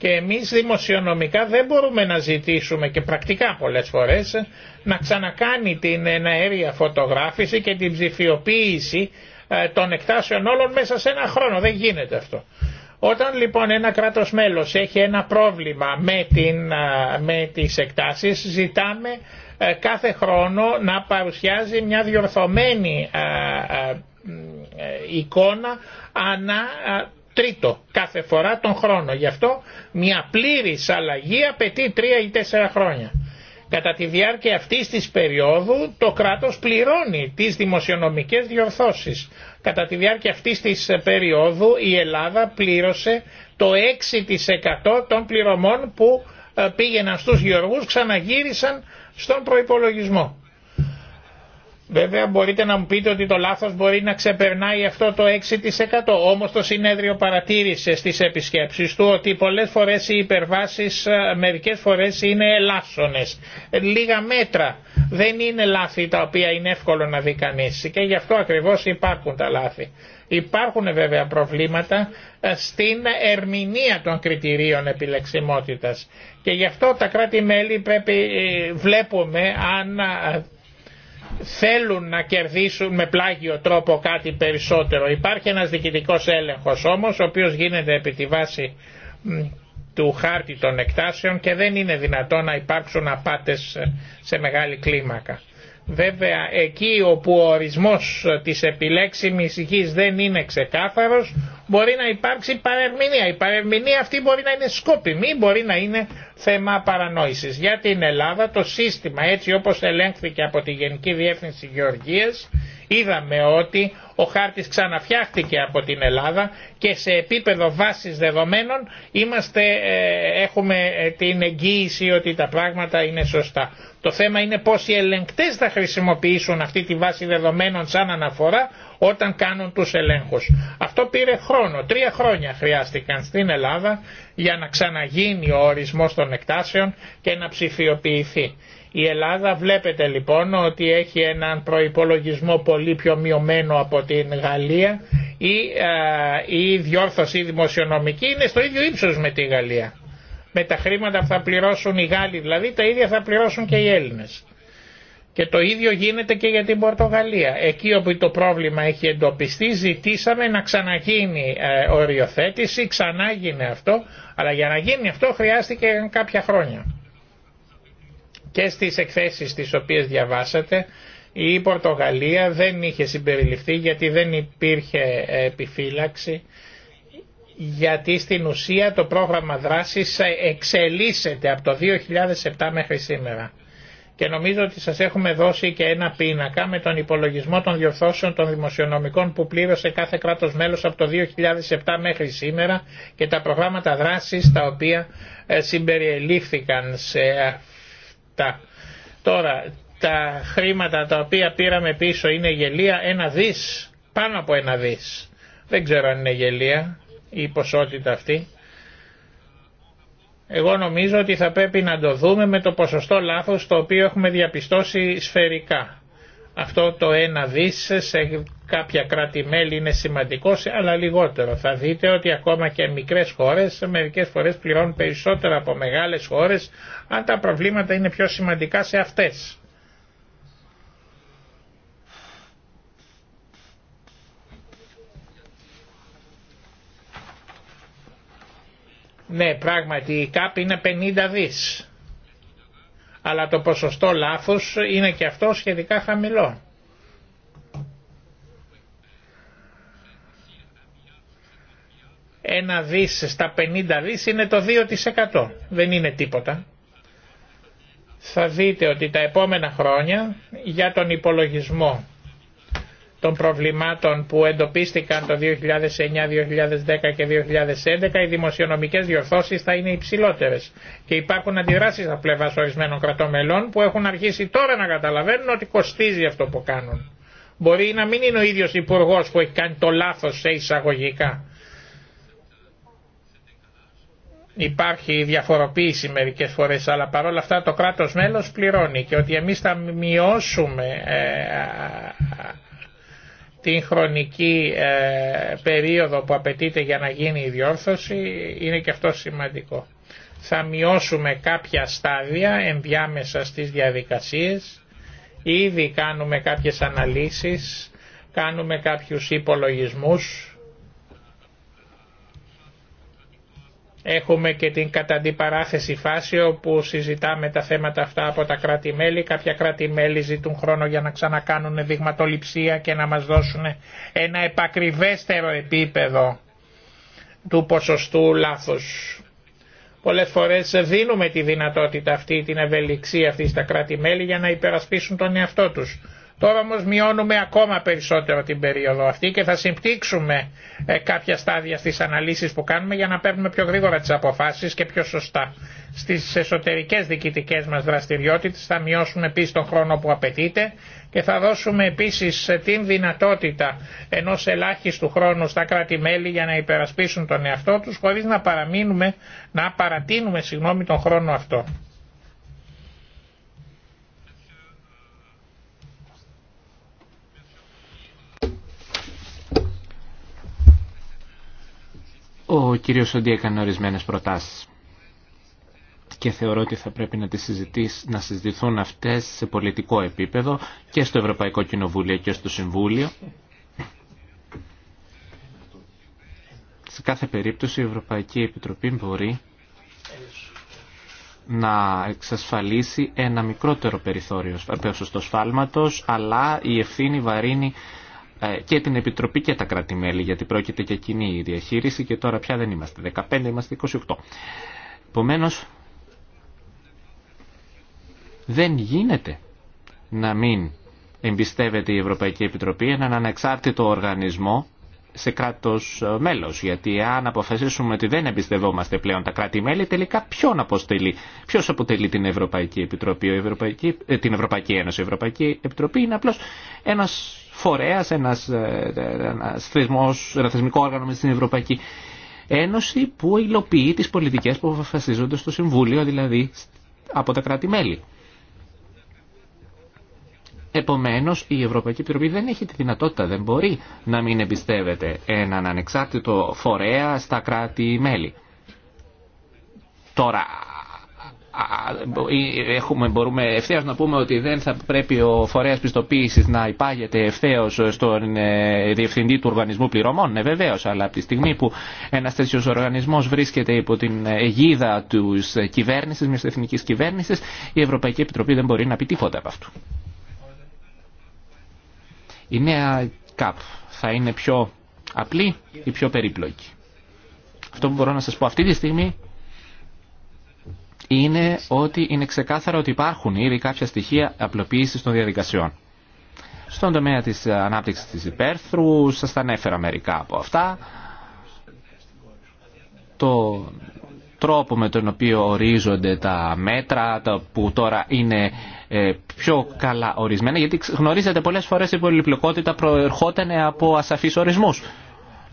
και εμείς δημοσιονομικά δεν μπορούμε να ζητήσουμε και πρακτικά πολλές φορές να ξανακάνει την εναέρια φωτογράφηση και την ψηφιοποίηση ε, των εκτάσεων όλων μέσα σε ένα χρόνο. Δεν γίνεται αυτό. Όταν λοιπόν ένα κράτος μέλος έχει ένα πρόβλημα με, την, ε, με τις εκτάσεις ζητάμε ε, κάθε χρόνο να παρουσιάζει μια διορθωμένη εικόνα ανά τρίτο κάθε φορά τον χρόνο. Γι' αυτό μια πλήρης αλλαγή απαιτεί τρία ή τέσσερα χρόνια. Κατά τη διάρκεια αυτής της περίοδου το κράτος πληρώνει τις δημοσιονομικές διορθώσεις. Κατά τη διάρκεια αυτής της περίοδου η Ελλάδα πλήρωσε το 6% των πληρωμών που ε, πήγαιναν στους γεωργούς, ξαναγύρισαν στον προϋπολογισμό. Βέβαια μπορείτε να μου πείτε ότι το λάθος μπορεί να ξεπερνάει αυτό το 6%. Όμως το συνέδριο παρατήρησε στις επισκέψεις του ότι πολλές φορές οι υπερβάσεις ε, μερικές φορές είναι ελάσσονες. Λίγα μέτρα. Δεν είναι λάθη τα οποία είναι εύκολο να δει κανείς. Και γι' αυτό ακριβώς υπάρχουν τα λάθη. Υπάρχουν βέβαια προβλήματα ε, στην ερμηνεία των κριτηρίων επιλεξιμότητας. Και γι' αυτό τα κράτη-μέλη πρέπει ε, βλέπουμε αν θέλουν να κερδίσουν με πλάγιο τρόπο κάτι περισσότερο. Υπάρχει ένας διοικητικός έλεγχος όμως, ο οποίος γίνεται επί τη βάση του χάρτη των εκτάσεων και δεν είναι δυνατό να υπάρξουν απάτες σε μεγάλη κλίμακα. Βέβαια εκεί όπου ο ορισμός ε, της επιλέξιμης ηχής δεν είναι ξεκάθαρος μπορεί να υπάρξει παρερμηνία. Η παρερμηνία αυτή μπορεί να είναι σκόπιμη, μπορεί να είναι θέμα παρανόησης. Για την Ελλάδα το σύστημα έτσι όπως ελέγχθηκε από τη Γενική Διεύθυνση Γεωργίας είδαμε ότι ο χάρτης ξαναφτιάχτηκε από την Ελλάδα και σε επίπεδο βάσης δεδομένων είμαστε, ε, έχουμε ε, την εγγύηση ότι τα πράγματα είναι σωστά. Το θέμα είναι πώς οι ελεγκτές θα χρησιμοποιήσουν αυτή τη βάση δεδομένων σαν αναφορά όταν κάνουν τους ελέγχους. Αυτό πήρε χρόνο. Τρία χρόνια χρειάστηκαν στην Ελλάδα για να ξαναγίνει ο ορισμός των εκτάσεων και να ψηφιοποιηθεί. Η Ελλάδα βλέπετε λοιπόν ότι έχει έναν προϋπολογισμό πολύ πιο μειωμένο από την Γαλλία ή ε, η διόρθωση δημοσιονομική είναι στο ίδιο ύψος με τη Γαλλία με τα χρήματα που θα πληρώσουν οι Γάλλοι δηλαδή τα ίδια θα πληρώσουν και οι Έλληνες. Και το ίδιο γίνεται και για την Πορτογαλία. Εκεί όπου το πρόβλημα έχει εντοπιστεί ζητήσαμε να ξαναγίνει ε, οριοθέτηση, ξανά αυτό, αλλά για να γίνει αυτό χρειάστηκε κάποια χρόνια. Και στις εκθέσεις τις οποίες διαβάσατε η Πορτογαλία δεν είχε συμπεριληφθεί γιατί δεν υπήρχε επιφύλαξη γιατί στην ουσία το πρόγραμμα δράσης εξελίσσεται από το 2007 μέχρι σήμερα. Και νομίζω ότι σας έχουμε δώσει και ένα πίνακα με τον υπολογισμό των διορθώσεων των δημοσιονομικών που πλήρωσε κάθε κράτος μέλος από το 2007 μέχρι σήμερα και τα προγράμματα δράσης τα οποία ε, συμπεριελήφθηκαν σε αυτά. Τώρα, τα χρήματα τα οποία πήραμε πίσω είναι γελία ένα δις, πάνω από ένα δις. Δεν ξέρω αν είναι γελία, η ποσότητα αυτή. Εγώ νομίζω ότι θα πρέπει να το δούμε με το ποσοστό λάθος το οποίο έχουμε διαπιστώσει σφαιρικά. Αυτό το ένα δις σε κάποια κράτη-μέλη είναι σημαντικό, αλλά λιγότερο. Θα δείτε ότι ακόμα και μικρές χώρες μερικές φορές πληρώνουν περισσότερα από μεγάλες χώρες αν τα προβλήματα είναι πιο σημαντικά σε αυτές. Ναι, πράγματι η ΚΑΠ είναι 50 δις. Αλλά το ποσοστό λάθος είναι και αυτό σχετικά χαμηλό. Ένα δις στα 50 δις είναι το 2%. Δεν είναι τίποτα. Θα δείτε ότι τα επόμενα χρόνια για τον υπολογισμό των προβλημάτων που εντοπίστηκαν το 2009, 2010 και 2011 οι δημοσιονομικές διορθώσεις θα είναι υψηλότερες. Και υπάρχουν αντιδράσεις από πλευρά ορισμένων κρατών μελών που έχουν αρχίσει τώρα να καταλαβαίνουν ότι κοστίζει αυτό που κάνουν. Μπορεί να μην είναι ο ίδιος υπουργό που έχει κάνει το λάθος σε εισαγωγικά. Υπάρχει διαφοροποίηση μερικές φορές, αλλά παρόλα αυτά το κράτος μέλος πληρώνει και ότι εμείς θα μειώσουμε ε, την χρονική ε, περίοδο που απαιτείται για να γίνει η διόρθωση είναι και αυτό σημαντικό. Θα μειώσουμε κάποια στάδια ενδιάμεσα στις διαδικασίες. Ήδη κάνουμε κάποιες αναλύσεις, κάνουμε κάποιους υπολογισμούς Έχουμε και την καταντιπαράθεση φάση όπου συζητάμε τα θέματα αυτά από τα κράτη-μέλη. Κάποια κράτη-μέλη ζητούν χρόνο για να ξανακάνουν δειγματοληψία και να μας δώσουν ένα επακριβέστερο επίπεδο του ποσοστού λάθους. Πολλές φορές δίνουμε τη δυνατότητα αυτή, την ευελιξία αυτή στα κράτη-μέλη για να υπερασπίσουν τον εαυτό τους. Τώρα όμως μειώνουμε ακόμα περισσότερο την περίοδο αυτή και θα συμπτύξουμε ε, κάποια στάδια στις αναλύσεις που κάνουμε για να παίρνουμε πιο γρήγορα τις αποφάσεις και πιο σωστά. Στις εσωτερικές διοικητικές μας δραστηριότητες θα μειώσουμε επίσης τον χρόνο που απαιτείται και θα δώσουμε επίσης ε, την δυνατότητα ενός ελάχιστου χρόνου στα κράτη-μέλη για να υπερασπίσουν τον εαυτό τους χωρίς να, παραμείνουμε, να παρατείνουμε συγγνώμη, τον χρόνο αυτό. Ο κύριος Σοντή έκανε ορισμένες προτάσεις και θεωρώ ότι θα πρέπει να, τις να συζητηθούν αυτές σε πολιτικό επίπεδο και στο Ευρωπαϊκό Κοινοβούλιο και στο Συμβούλιο. Σε κάθε περίπτωση η Ευρωπαϊκή Επιτροπή μπορεί να εξασφαλίσει ένα μικρότερο περιθώριο ε, ποσοστό σφάλματος, αλλά η ευθύνη βαρύνει ε, και την Επιτροπή και τα κρατη γιατί πρόκειται και κοινή η διαχείριση και τώρα πια δεν είμαστε 15, είμαστε 28. Επομένω, δεν γίνεται να μην εμπιστεύεται η Ευρωπαϊκή Επιτροπή έναν ανεξάρτητο οργανισμό σε κράτος ε, μέλος. Γιατί αν αποφασίσουμε ότι δεν εμπιστευόμαστε πλέον τα κράτη-μέλη, τελικά ποιον αποστελεί, ποιος αποτελεί την Ευρωπαϊκή Επιτροπή, Ευρωπαϊκή, ε, την Ευρωπαϊκή Ένωση. Η Ευρωπαϊκή Επιτροπή είναι απλώς ένας φορέας, ένας, ε, ένας θεσμός, ένα θεσμικό όργανο με Ευρωπαϊκή Ένωση που υλοποιεί τις πολιτικές που αποφασίζονται στο Συμβούλιο, δηλαδή από τα κράτη-μέλη. Επομένω, η Ευρωπαϊκή Επιτροπή δεν έχει τη δυνατότητα, δεν μπορεί να μην εμπιστεύεται έναν ανεξάρτητο φορέα στα κράτη-μέλη. Τώρα, έχουμε, μπορούμε ευθέως να πούμε ότι δεν θα πρέπει ο φορέας πιστοποίησης να υπάγεται ευθέως στον ε, διευθυντή του οργανισμού πληρωμών. Ναι βεβαίως, αλλά από τη στιγμή που ένας τέτοιος οργανισμός βρίσκεται υπό την αιγίδα της κυβέρνησης, μιας εθνικής κυβέρνησης, η Ευρωπαϊκή Επιτροπή δεν μπορεί να πει τίποτα από αυτού. Η νέα ΚΑΠ θα είναι πιο απλή ή πιο περίπλοκη. Αυτό που μπορώ να σας πω αυτή τη στιγμή είναι ότι είναι ξεκάθαρο ότι υπάρχουν ήδη κάποια στοιχεία απλοποίησης των διαδικασιών. Στον τομέα της ανάπτυξης της υπέρθρου σας τα ανέφερα μερικά από αυτά τρόπο με τον οποίο ορίζονται τα μέτρα, τα που τώρα είναι ε, πιο καλά ορισμένα, γιατί γνωρίζετε πολλές φορές η πολυπλοκότητα προερχόταν από ασαφείς ορισμούς.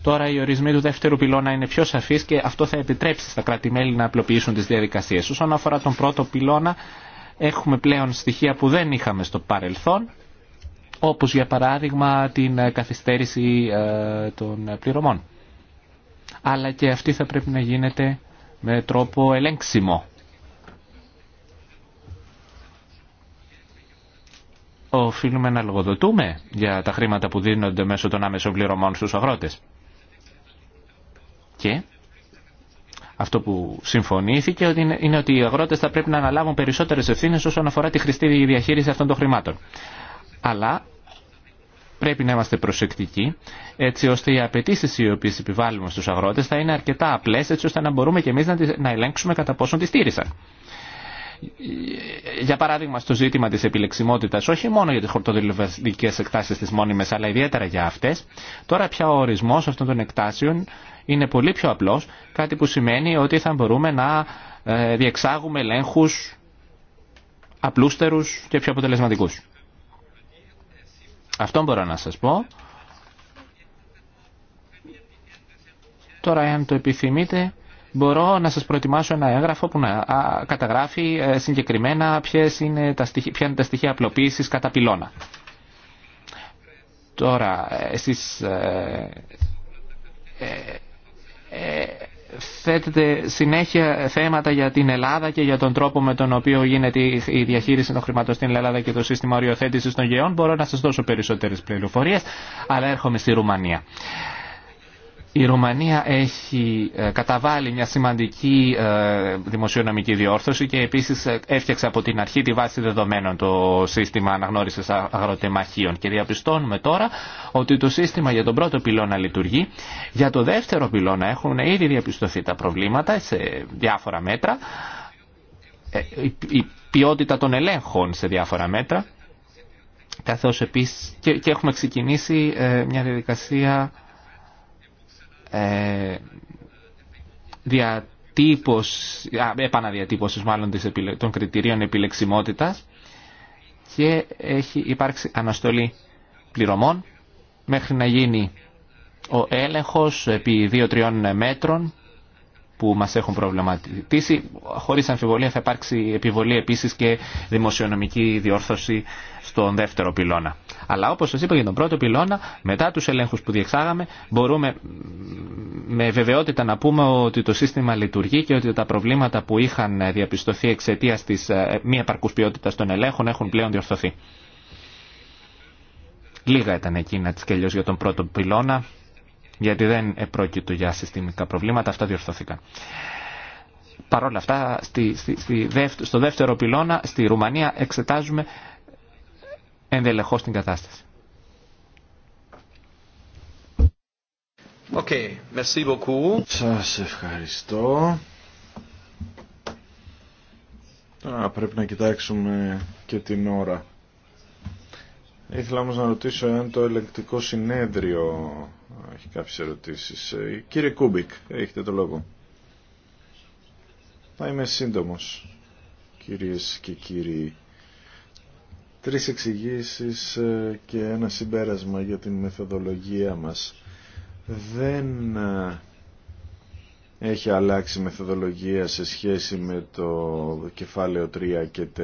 Τώρα οι ορισμοί του δεύτερου πυλώνα είναι πιο σαφείς και αυτό θα επιτρέψει στα κράτη-μέλη να απλοποιήσουν τις διαδικασίες. Όσον αφορά τον πρώτο πυλώνα, έχουμε πλέον στοιχεία που δεν είχαμε στο παρελθόν, όπως για παράδειγμα την καθυστέρηση ε, των πληρωμών. Αλλά και αυτή θα πρέπει να γίνεται με τρόπο ελέγξιμο. Οφείλουμε να λογοδοτούμε για τα χρήματα που δίνονται μέσω των άμεσων πληρωμών στους αγρότες. Και αυτό που συμφωνήθηκε είναι ότι οι αγρότες θα πρέπει να αναλάβουν περισσότερες ευθύνες όσον αφορά τη χρηστή διαχείριση αυτών των χρημάτων. Αλλά πρέπει να είμαστε προσεκτικοί, έτσι ώστε οι απαιτήσει οι οποίε επιβάλλουμε στου αγρότε θα είναι αρκετά απλέ, έτσι ώστε να μπορούμε και εμεί να ελέγξουμε κατά πόσον τη στήρισαν. Για παράδειγμα, στο ζήτημα τη επιλεξιμότητα, όχι μόνο για τι χορτοδηλευαστικέ εκτάσει τη μόνιμε, αλλά ιδιαίτερα για αυτέ, τώρα πια ο ορισμό αυτών των εκτάσεων είναι πολύ πιο απλό, κάτι που σημαίνει ότι θα μπορούμε να ε, διεξάγουμε ελέγχου απλούστερου και πιο αποτελεσματικού. Αυτό μπορώ να σας πω. Τώρα, αν το επιθυμείτε, μπορώ να σας προετοιμάσω ένα έγγραφο που να καταγράφει ε, συγκεκριμένα ποιες είναι τα στοιχεία, ποια είναι τα στοιχεία απλοποίησης κατά πυλώνα. Τώρα, εσείς ε, ε, ε θέτεται συνέχεια θέματα για την Ελλάδα και για τον τρόπο με τον οποίο γίνεται η διαχείριση των χρηματών στην Ελλάδα και το σύστημα οριοθέτηση των γεών. Μπορώ να σας δώσω περισσότερες πληροφορίες, αλλά έρχομαι στη Ρουμανία. Η Ρουμανία έχει ε, καταβάλει μια σημαντική ε, δημοσιονομική διόρθωση και επίσης ε, έφτιαξε από την αρχή τη βάση δεδομένων το σύστημα αναγνώρισης αγροτεμαχίων και διαπιστώνουμε τώρα ότι το σύστημα για τον πρώτο πυλώνα λειτουργεί. Για το δεύτερο πυλώνα έχουν ήδη διαπιστωθεί τα προβλήματα σε διάφορα μέτρα, η ποιότητα των ελέγχων σε διάφορα μέτρα και έχουμε ξεκινήσει μια διαδικασία ε, διατύπωση, επαναδιατύπωσης μάλλον των κριτηρίων επιλεξιμότητας και έχει υπάρξει αναστολή πληρωμών μέχρι να γίνει ο έλεγχος επί 2-3 μέτρων που μας έχουν προβληματίσει. Χωρίς αμφιβολία θα υπάρξει επιβολή επίσης και δημοσιονομική διόρθωση στον δεύτερο πυλώνα. Αλλά όπως σας είπα για τον πρώτο πυλώνα, μετά τους ελέγχους που διεξάγαμε, μπορούμε με βεβαιότητα να πούμε ότι το σύστημα λειτουργεί και ότι τα προβλήματα που είχαν διαπιστωθεί εξαιτία τη ε, μη επαρκούς ποιότητας των ελέγχων έχουν πλέον διορθωθεί. Λίγα ήταν εκείνα της κελιός για τον πρώτο πυλώνα γιατί δεν επρόκειτο για συστημικά προβλήματα, αυτά διορθώθηκαν. Παρ' όλα αυτά, στη, στη, στο δεύτερο πυλώνα, στη Ρουμανία, εξετάζουμε ενδελεχώς την κατάσταση. Okay, merci Σας ευχαριστώ. Α, πρέπει να κοιτάξουμε και την ώρα. Ήθελα όμως να ρωτήσω αν το ελεγκτικό συνέδριο έχει κάποιες ερωτήσεις. Ε, κύριε Κούμπικ, έχετε το λόγο. Θα είμαι σύντομος, κυρίες και κύριοι. Τρεις εξηγήσεις ε, και ένα συμπέρασμα για την μεθοδολογία μας. Δεν ε, έχει αλλάξει μεθοδολογία σε σχέση με το κεφάλαιο 3 και 4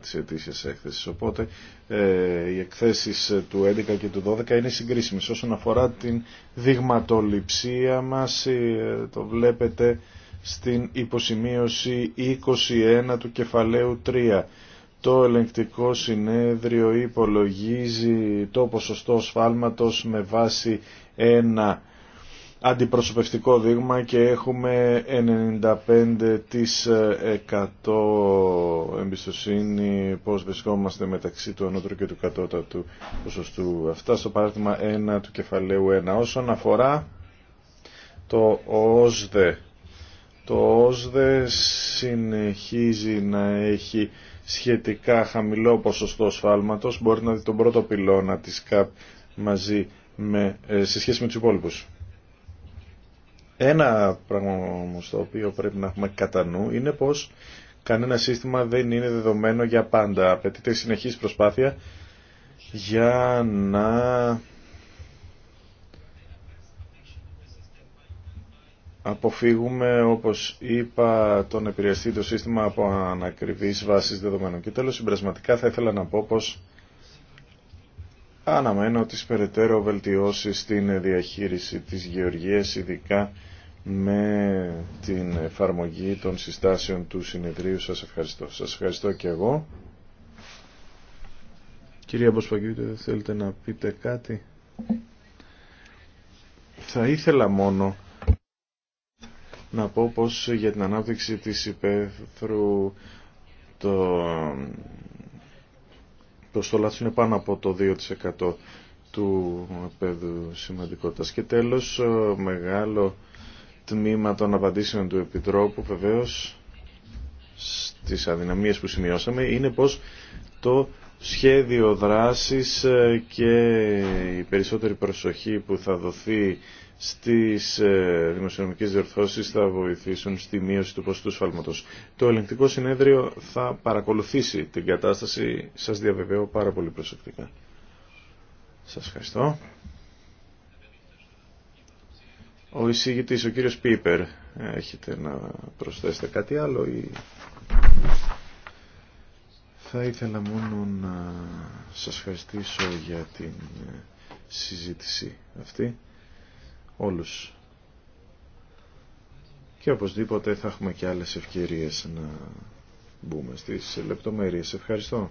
της ετήσιας έκθεσης. Οπότε ε, οι εκθέσεις του 11 και του 12 είναι συγκρίσιμες. Όσον αφορά την δειγματοληψία μας, ε, το βλέπετε στην υποσημείωση 21 του κεφαλαίου 3. Το ελεγκτικό συνέδριο υπολογίζει το ποσοστό σφάλματος με βάση ένα αντιπροσωπευτικό δείγμα και έχουμε 95% εμπιστοσύνη πώς βρισκόμαστε μεταξύ του ανώτερου και του κατώτατου ποσοστού. Αυτά στο παράδειγμα 1 του κεφαλαίου 1. Όσον αφορά το ΟΣΔΕ. Το ΟΣΔΕ συνεχίζει να έχει σχετικά χαμηλό ποσοστό σφάλματος. Μπορεί να δει τον πρώτο πυλώνα της ΚΑΠ μαζί με, ε, σε σχέση με τους υπόλοιπους. Ένα πράγμα όμω το οποίο πρέπει να έχουμε κατά νου είναι πως κανένα σύστημα δεν είναι δεδομένο για πάντα. Απαιτείται συνεχής προσπάθεια για να αποφύγουμε, όπως είπα, τον επηρεαστεί το σύστημα από ανακριβείς βάσεις δεδομένων. Και τέλος, συμπρασματικά θα ήθελα να πω πως αναμένω τις περαιτέρω βελτιώσεις στην διαχείριση της γεωργίας, ειδικά με την εφαρμογή των συστάσεων του συνεδρίου. Σας ευχαριστώ. Σας ευχαριστώ και εγώ. Κυρία δεν θέλετε να πείτε κάτι. Θα ήθελα μόνο να πω πως για την ανάπτυξη της υπαίθρου το το είναι πάνω από το 2% του επέδου σημαντικότητας. Και τέλος, ε, μεγάλο τμήμα των απαντήσεων του Επιτρόπου βεβαίως στις αδυναμίες που σημειώσαμε είναι πως το σχέδιο δράσης ε, και η περισσότερη προσοχή που θα δοθεί στις ε, δημοσιονομικές διορθώσεις θα βοηθήσουν στη μείωση του ποστού σφάλματος. Το ελεγκτικό συνέδριο θα παρακολουθήσει την κατάσταση, σας διαβεβαιώ πάρα πολύ προσεκτικά. Σας ευχαριστώ. Ο εισηγητής, ο κύριος Πίπερ, έχετε να προσθέσετε κάτι άλλο ή... Θα ήθελα μόνο να σας ευχαριστήσω για την ε, συζήτηση αυτή όλους. Και οπωσδήποτε θα έχουμε και άλλες ευκαιρίες να μπούμε στις λεπτομέρειες. Ευχαριστώ.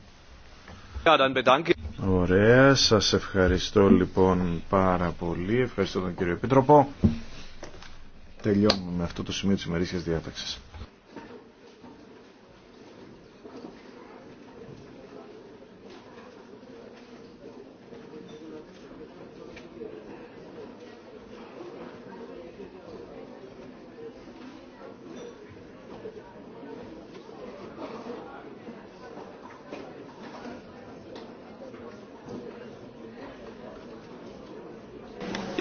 Ωραία, σας ευχαριστώ λοιπόν πάρα πολύ. Ευχαριστώ τον κύριο Επίτροπο. Τελειώνουμε με αυτό το σημείο της ημερήσιας διάταξης.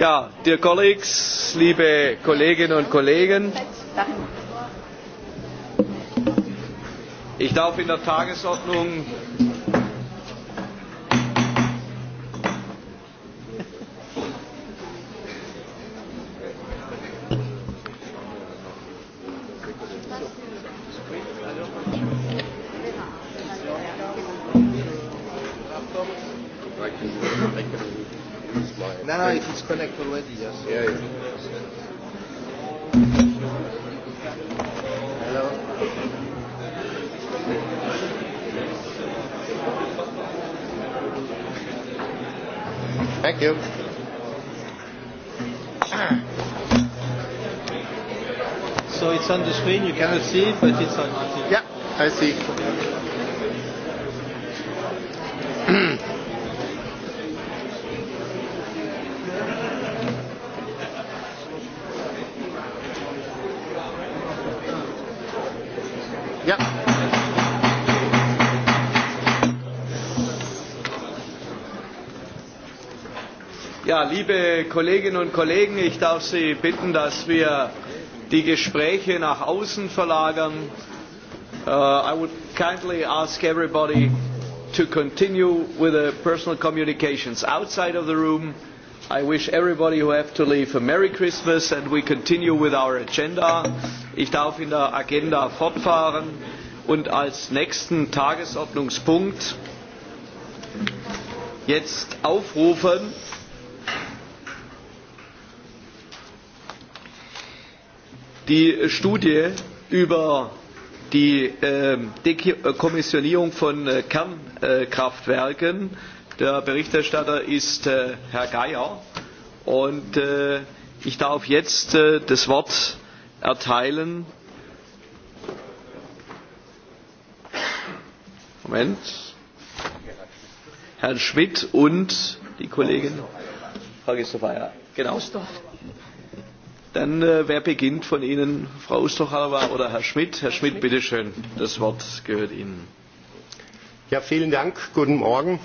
Ja, dear colleagues, liebe Kolleginnen und Kollegen, ich darf in der Tagesordnung screen. You cannot see it, but it's on. Yeah, I see. yeah. Ja, liebe Kolleginnen und Kollegen, ich darf Sie bitten, dass wir die Gespräche nach außen verlagern. I would kindly ask everybody to continue with the personal communications outside of the room. I wish everybody who have to leave a Merry Christmas and we continue with our agenda. Ich darf in der Agenda fortfahren und als nächsten Tagesordnungspunkt jetzt aufrufen die studie über die dekommissionierung von kernkraftwerken der berichterstatter ist herr geier und ich darf jetzt das wort erteilen moment herrn schmidt und die kollegin frau genau Dann wer beginnt von Ihnen, Frau Ustochalowa oder Herr Schmidt? Herr Schmidt, bitte schön, das Wort gehört Ihnen. Ja, vielen Dank, guten Morgen.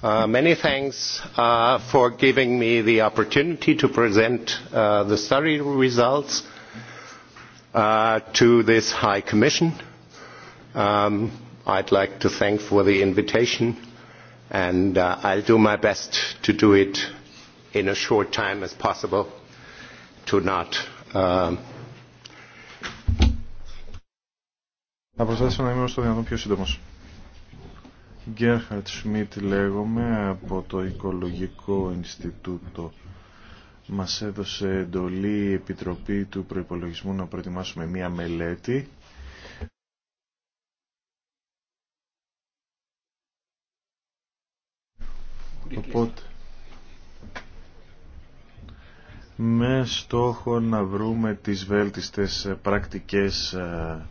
Many thanks for giving me the opportunity to present the study results to this High Commission. I'd like to thank for the invitation and I'll do my best to do it in as short time as possible to not. Θα uh, προσθέσω να είμαι στο δυνατόν πιο σύντομος. Γκέρχαρτ Σμιτ λέγομαι από το Οικολογικό Ινστιτούτο. Μας έδωσε εντολή η Επιτροπή του Προϋπολογισμού να προετοιμάσουμε μία μελέτη Οπότε με στόχο να βρούμε τις βέλτιστες πρακτικές ε,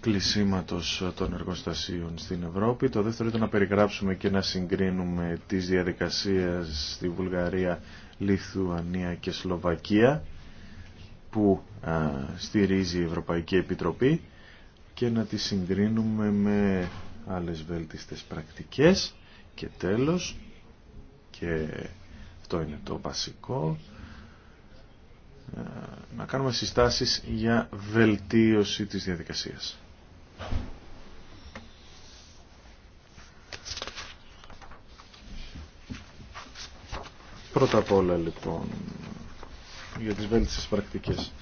κλεισίματος των εργοστασίων στην Ευρώπη. Το δεύτερο ήταν να περιγράψουμε και να συγκρίνουμε τις διαδικασίες στη Βουλγαρία, Λιθουανία και Σλοβακία που ε, στηρίζει η Ευρωπαϊκή Επιτροπή και να τις συγκρίνουμε με άλλες βέλτιστες πρακτικές και τέλος και είναι το βασικό. Ε, να κάνουμε συστάσεις για βελτίωση της διαδικασίας. Πρώτα απ' όλα λοιπόν για τις βέλτιστες πρακτικές.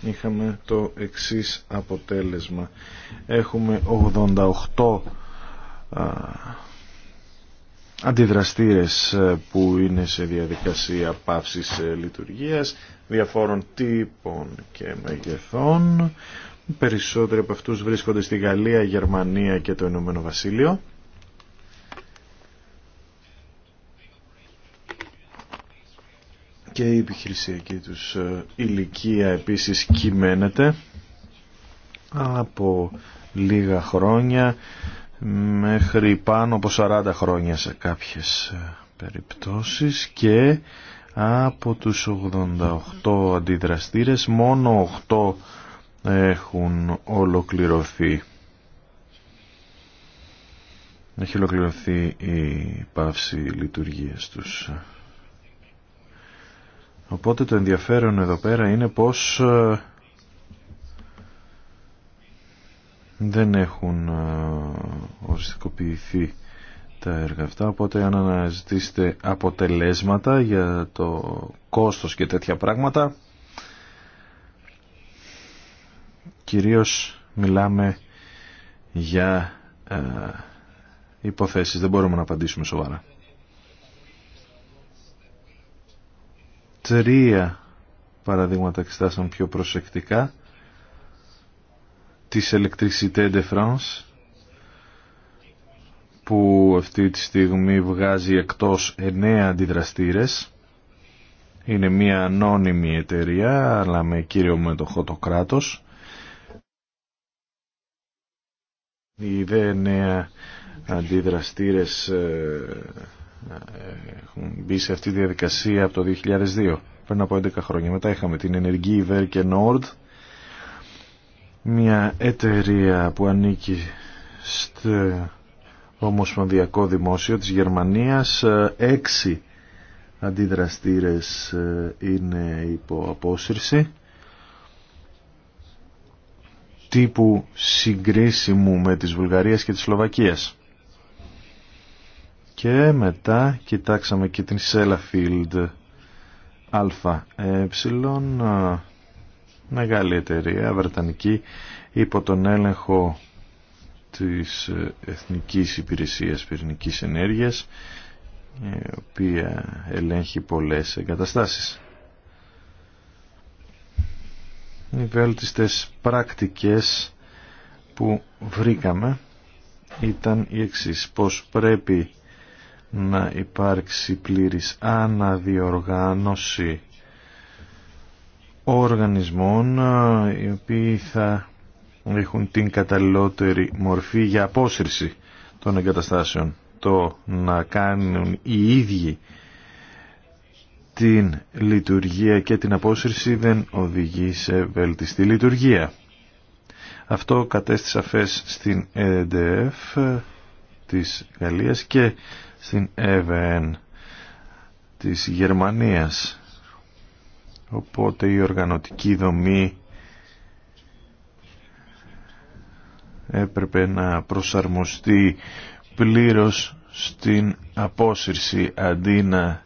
Είχαμε το εξής αποτέλεσμα. Έχουμε 88 αντιδραστήρες ε, που είναι σε διαδικασία πάυσης ε, λειτουργίας διαφόρων τύπων και μεγεθών. Περισσότεροι από αυτούς βρίσκονται στη Γαλλία, Γερμανία και το Ηνωμένο Βασίλειο. Και η επιχειρησιακή τους ε, ηλικία επίσης κυμαίνεται από λίγα χρόνια μέχρι πάνω από 40 χρόνια σε κάποιες ε, περιπτώσεις και από τους 88 αντιδραστήρες μόνο 8 έχουν ολοκληρωθεί. Έχει ολοκληρωθεί η πάυση λειτουργίας τους. Οπότε το ενδιαφέρον εδώ πέρα είναι πως ε, δεν έχουν ε, οριστικοποιηθεί τα έργα αυτά, οπότε αν αναζητήσετε αποτελέσματα για το κόστος και τέτοια πράγματα, κυρίως μιλάμε για υποθέσει. υποθέσεις, δεν μπορούμε να απαντήσουμε σοβαρά. Τρία παραδείγματα εξετάσαμε πιο προσεκτικά της Electricité de France που αυτή τη στιγμή βγάζει εκτός εννέα αντιδραστήρες. Είναι μια ανώνυμη εταιρεία, αλλά με κύριο μετοχό το κράτος. Οι δε νέα αντιδραστήρες ε, έχουν μπει σε αυτή τη διαδικασία από το 2002, πριν από 11 χρόνια. Μετά είχαμε την Ενεργή Ιβέρ και Νόρντ, μια εταιρεία που ανήκει στο Ομοσπονδιακό Δημόσιο της Γερμανίας. Ε, έξι αντιδραστήρες ε, είναι υπό απόσυρση τύπου συγκρίσιμου με τις Βουλγαρίας και τις Σλοβακίας. Και μετά κοιτάξαμε και την Σέλαφιλντ ΑΕ ε, μεγάλη εταιρεία βρετανική υπό τον έλεγχο της ε, Εθνικής Υπηρεσίας Πυρηνικής Ενέργειας η οποία ελέγχει πολλές εγκαταστάσεις. Οι βέλτιστες πράκτικες που βρήκαμε ήταν οι εξής, πως πρέπει να υπάρξει πλήρης αναδιοργάνωση οργανισμών οι οποίοι θα έχουν την καταλληλότερη μορφή για απόσυρση των εγκαταστάσεων. Το να κάνουν οι ίδιοι την λειτουργία και την απόσυρση δεν οδηγεί σε βελτιστή λειτουργία. Αυτό κατέστη σαφές στην ΕΔΕΦ της Γαλλίας και στην ΕΒΕΝ της Γερμανίας Οπότε η οργανωτική δομή έπρεπε να προσαρμοστεί πλήρως στην απόσυρση αντί να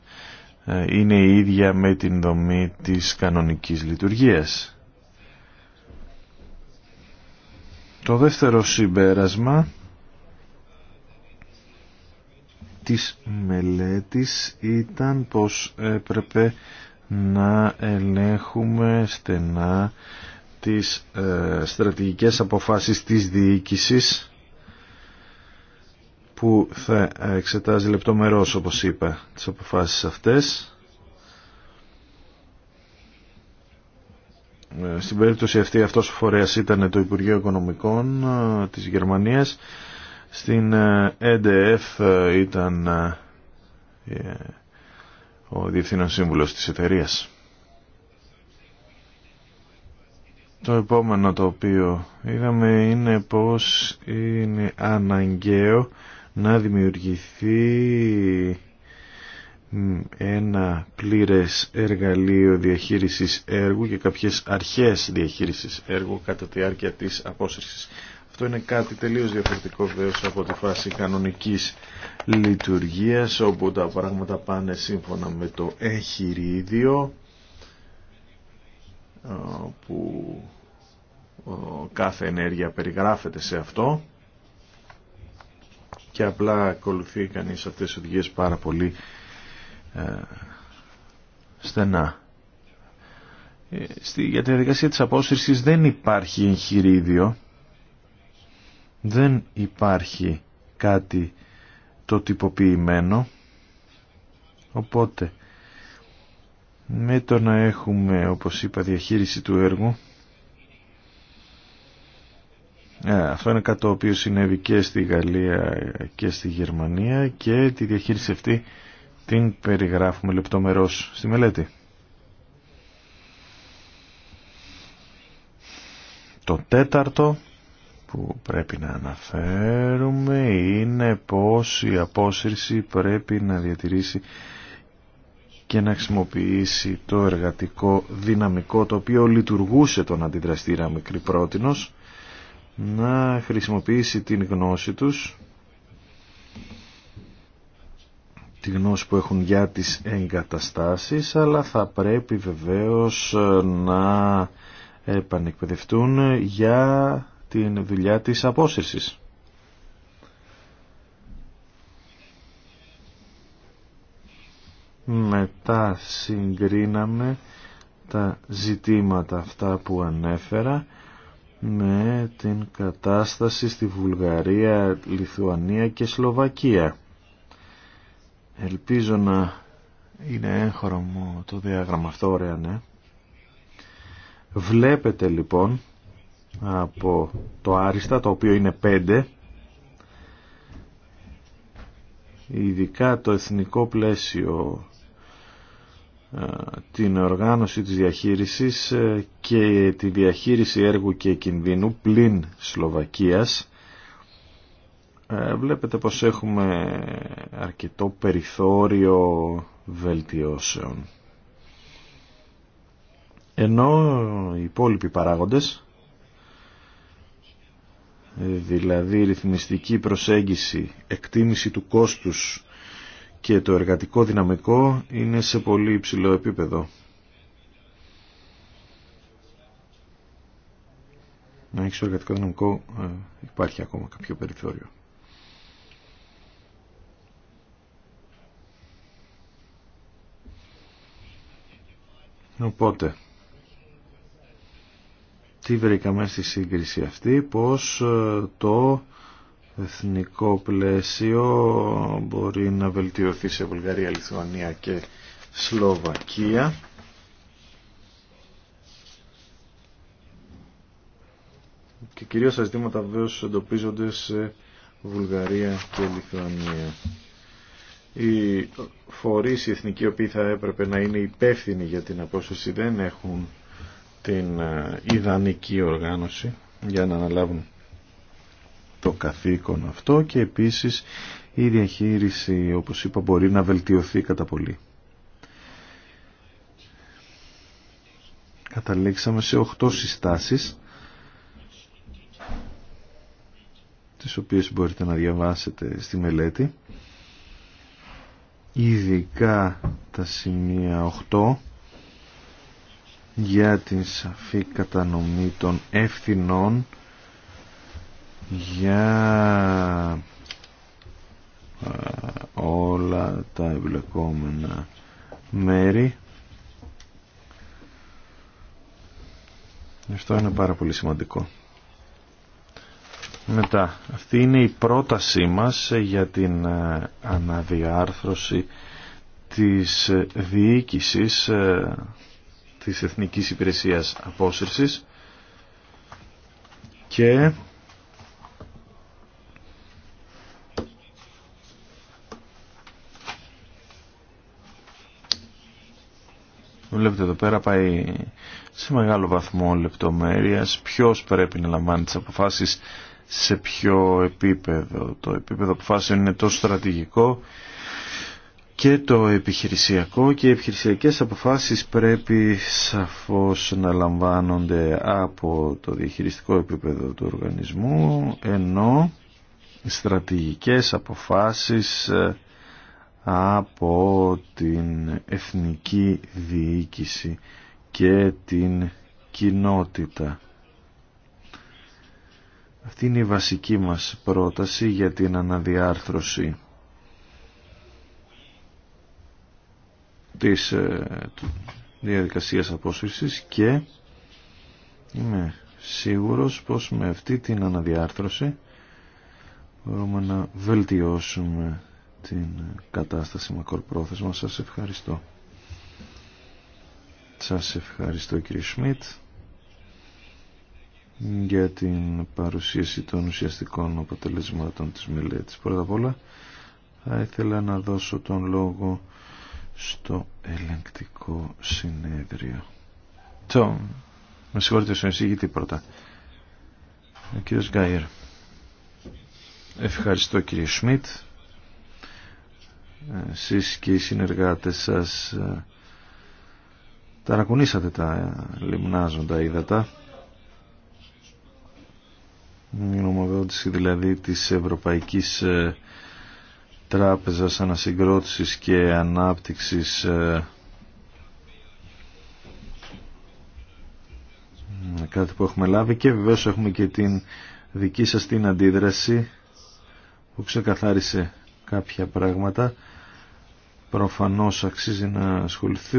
ε, είναι η ίδια με την δομή της κανονικής λειτουργίας. Το δεύτερο συμπέρασμα της μελέτης ήταν πως έπρεπε να ελέγχουμε στενά τις ε, στρατηγικές αποφάσεις της διοίκησης που θα εξετάζει λεπτομερώς όπως είπα τις αποφάσεις αυτές ε, στην περίπτωση αυτή αυτός ο φορέας ήταν το Υπουργείο Οικονομικών ε, της Γερμανίας στην EDF ε, ήταν ο Διευθύνων Σύμβουλος της εταιρείας. Το επόμενο το οποίο είδαμε είναι πως είναι αναγκαίο να δημιουργηθεί ένα πλήρες εργαλείο διαχείρισης έργου και κάποιες αρχές διαχείρισης έργου κατά τη διάρκεια της απόσυρσης. Αυτό είναι κάτι τελείως διαφορετικό βέβαια από τη φάση κανονικής λειτουργίας όπου τα πράγματα πάνε σύμφωνα με το εχειρίδιο ε, που ε, κάθε ενέργεια περιγράφεται σε αυτό και απλά ακολουθεί κανείς αυτές τις οδηγίες πάρα πολύ ε, στενά. Στη, για τη διαδικασία της απόσυρσης δεν υπάρχει εγχειρίδιο, δεν υπάρχει κάτι το τυποποιημένο οπότε με το να έχουμε όπως είπα διαχείριση του έργου αυτό είναι κάτι το οποίο συνέβη και στη Γαλλία και στη Γερμανία και τη διαχείριση αυτή την περιγράφουμε λεπτομερώς στη μελέτη. Το τέταρτο που πρέπει να αναφέρουμε είναι πως η απόσυρση πρέπει να διατηρήσει και να χρησιμοποιήσει το εργατικό δυναμικό το οποίο λειτουργούσε τον αντιδραστήρα μικρή πρότινος να χρησιμοποιήσει την γνώση τους τη γνώση που έχουν για τις εγκαταστάσεις αλλά θα πρέπει βεβαίως να επανεκπαιδευτούν για την δουλειά της απόσυρσης. Μετά συγκρίναμε τα ζητήματα αυτά που ανέφερα με την κατάσταση στη Βουλγαρία, Λιθουανία και Σλοβακία. Ελπίζω να είναι έγχρωμο το διάγραμμα αυτό, ωραία ναι. Βλέπετε λοιπόν από το άριστα, το οποίο είναι 5, ειδικά το εθνικό πλαίσιο, ε, την οργάνωση της διαχείρισης ε, και τη διαχείριση έργου και κινδύνου πλην Σλοβακίας, ε, βλέπετε πως έχουμε αρκετό περιθώριο βελτιώσεων. Ενώ οι υπόλοιποι παράγοντες δηλαδή ρυθμιστική προσέγγιση, εκτίμηση του κόστους και το εργατικό δυναμικό είναι σε πολύ υψηλό επίπεδο. Να έχει εργατικό δυναμικό ε, υπάρχει ακόμα κάποιο περιθώριο. Οπότε, τι βρήκαμε στη σύγκριση αυτή, πως ε, το εθνικό πλαίσιο μπορεί να βελτιωθεί σε Βουλγαρία, Λιθουανία και Σλοβακία. Και κυρίως τα ζητήματα βεβαίως εντοπίζονται σε Βουλγαρία και Λιθουανία. Οι φορείς οι εθνικοί οποίοι θα έπρεπε να είναι υπεύθυνοι για την απόσταση δεν έχουν την ε, ιδανική οργάνωση για να αναλάβουν το καθήκον αυτό και επίσης η διαχείριση όπως είπα μπορεί να βελτιωθεί κατά πολύ. Καταλήξαμε σε 8 συστάσεις τις οποίες μπορείτε να διαβάσετε στη μελέτη ειδικά τα σημεία 8 για την σαφή κατανομή των ευθυνών για ε, όλα τα εμπλεκόμενα μέρη. Αυτό είναι πάρα πολύ σημαντικό. Μετά, αυτή είναι η πρότασή μας για την ε, αναδιάρθρωση της ε, διοίκησης της Εθνικής Υπηρεσίας Απόσυρσης και Βλέπετε εδώ πέρα πάει σε μεγάλο βαθμό λεπτομέρειας ποιος πρέπει να λαμβάνει τις αποφάσεις σε ποιο επίπεδο. Το επίπεδο αποφάσεων είναι τόσο στρατηγικό και το επιχειρησιακό και οι επιχειρησιακές αποφάσεις πρέπει σαφώς να λαμβάνονται από το διαχειριστικό επίπεδο του οργανισμού ενώ οι στρατηγικές αποφάσεις ε, από την εθνική διοίκηση και την κοινότητα. Αυτή είναι η βασική μας πρόταση για την αναδιάρθρωση της ε, διαδικασίας απόσυρσης και είμαι σίγουρος πως με αυτή την αναδιάρθρωση μπορούμε να βελτιώσουμε την κατάσταση μακροπρόθεσμα. Σας ευχαριστώ. Σας ευχαριστώ κύριε Σμιτ για την παρουσίαση των ουσιαστικών αποτελεσμάτων της μελέτης. Πρώτα απ' όλα θα ήθελα να δώσω τον λόγο στο ελεγκτικό συνέδριο. Το, με συγχωρείτε στον εισηγητή πρώτα. Ο κύριος Γκάιερ. Ευχαριστώ κύριε Σμιτ. Εσείς και οι συνεργάτες σας ε, ταρακουνήσατε τα λιμνάζοντα ύδατα. Η νομοδότηση δηλαδή της Ευρωπαϊκής ε, Τράπεζας Ανασυγκρότησης και Ανάπτυξης ε, κάτι που έχουμε λάβει και βεβαίως έχουμε και την δική σας την αντίδραση που ξεκαθάρισε κάποια πράγματα προφανώς αξίζει να ασχοληθεί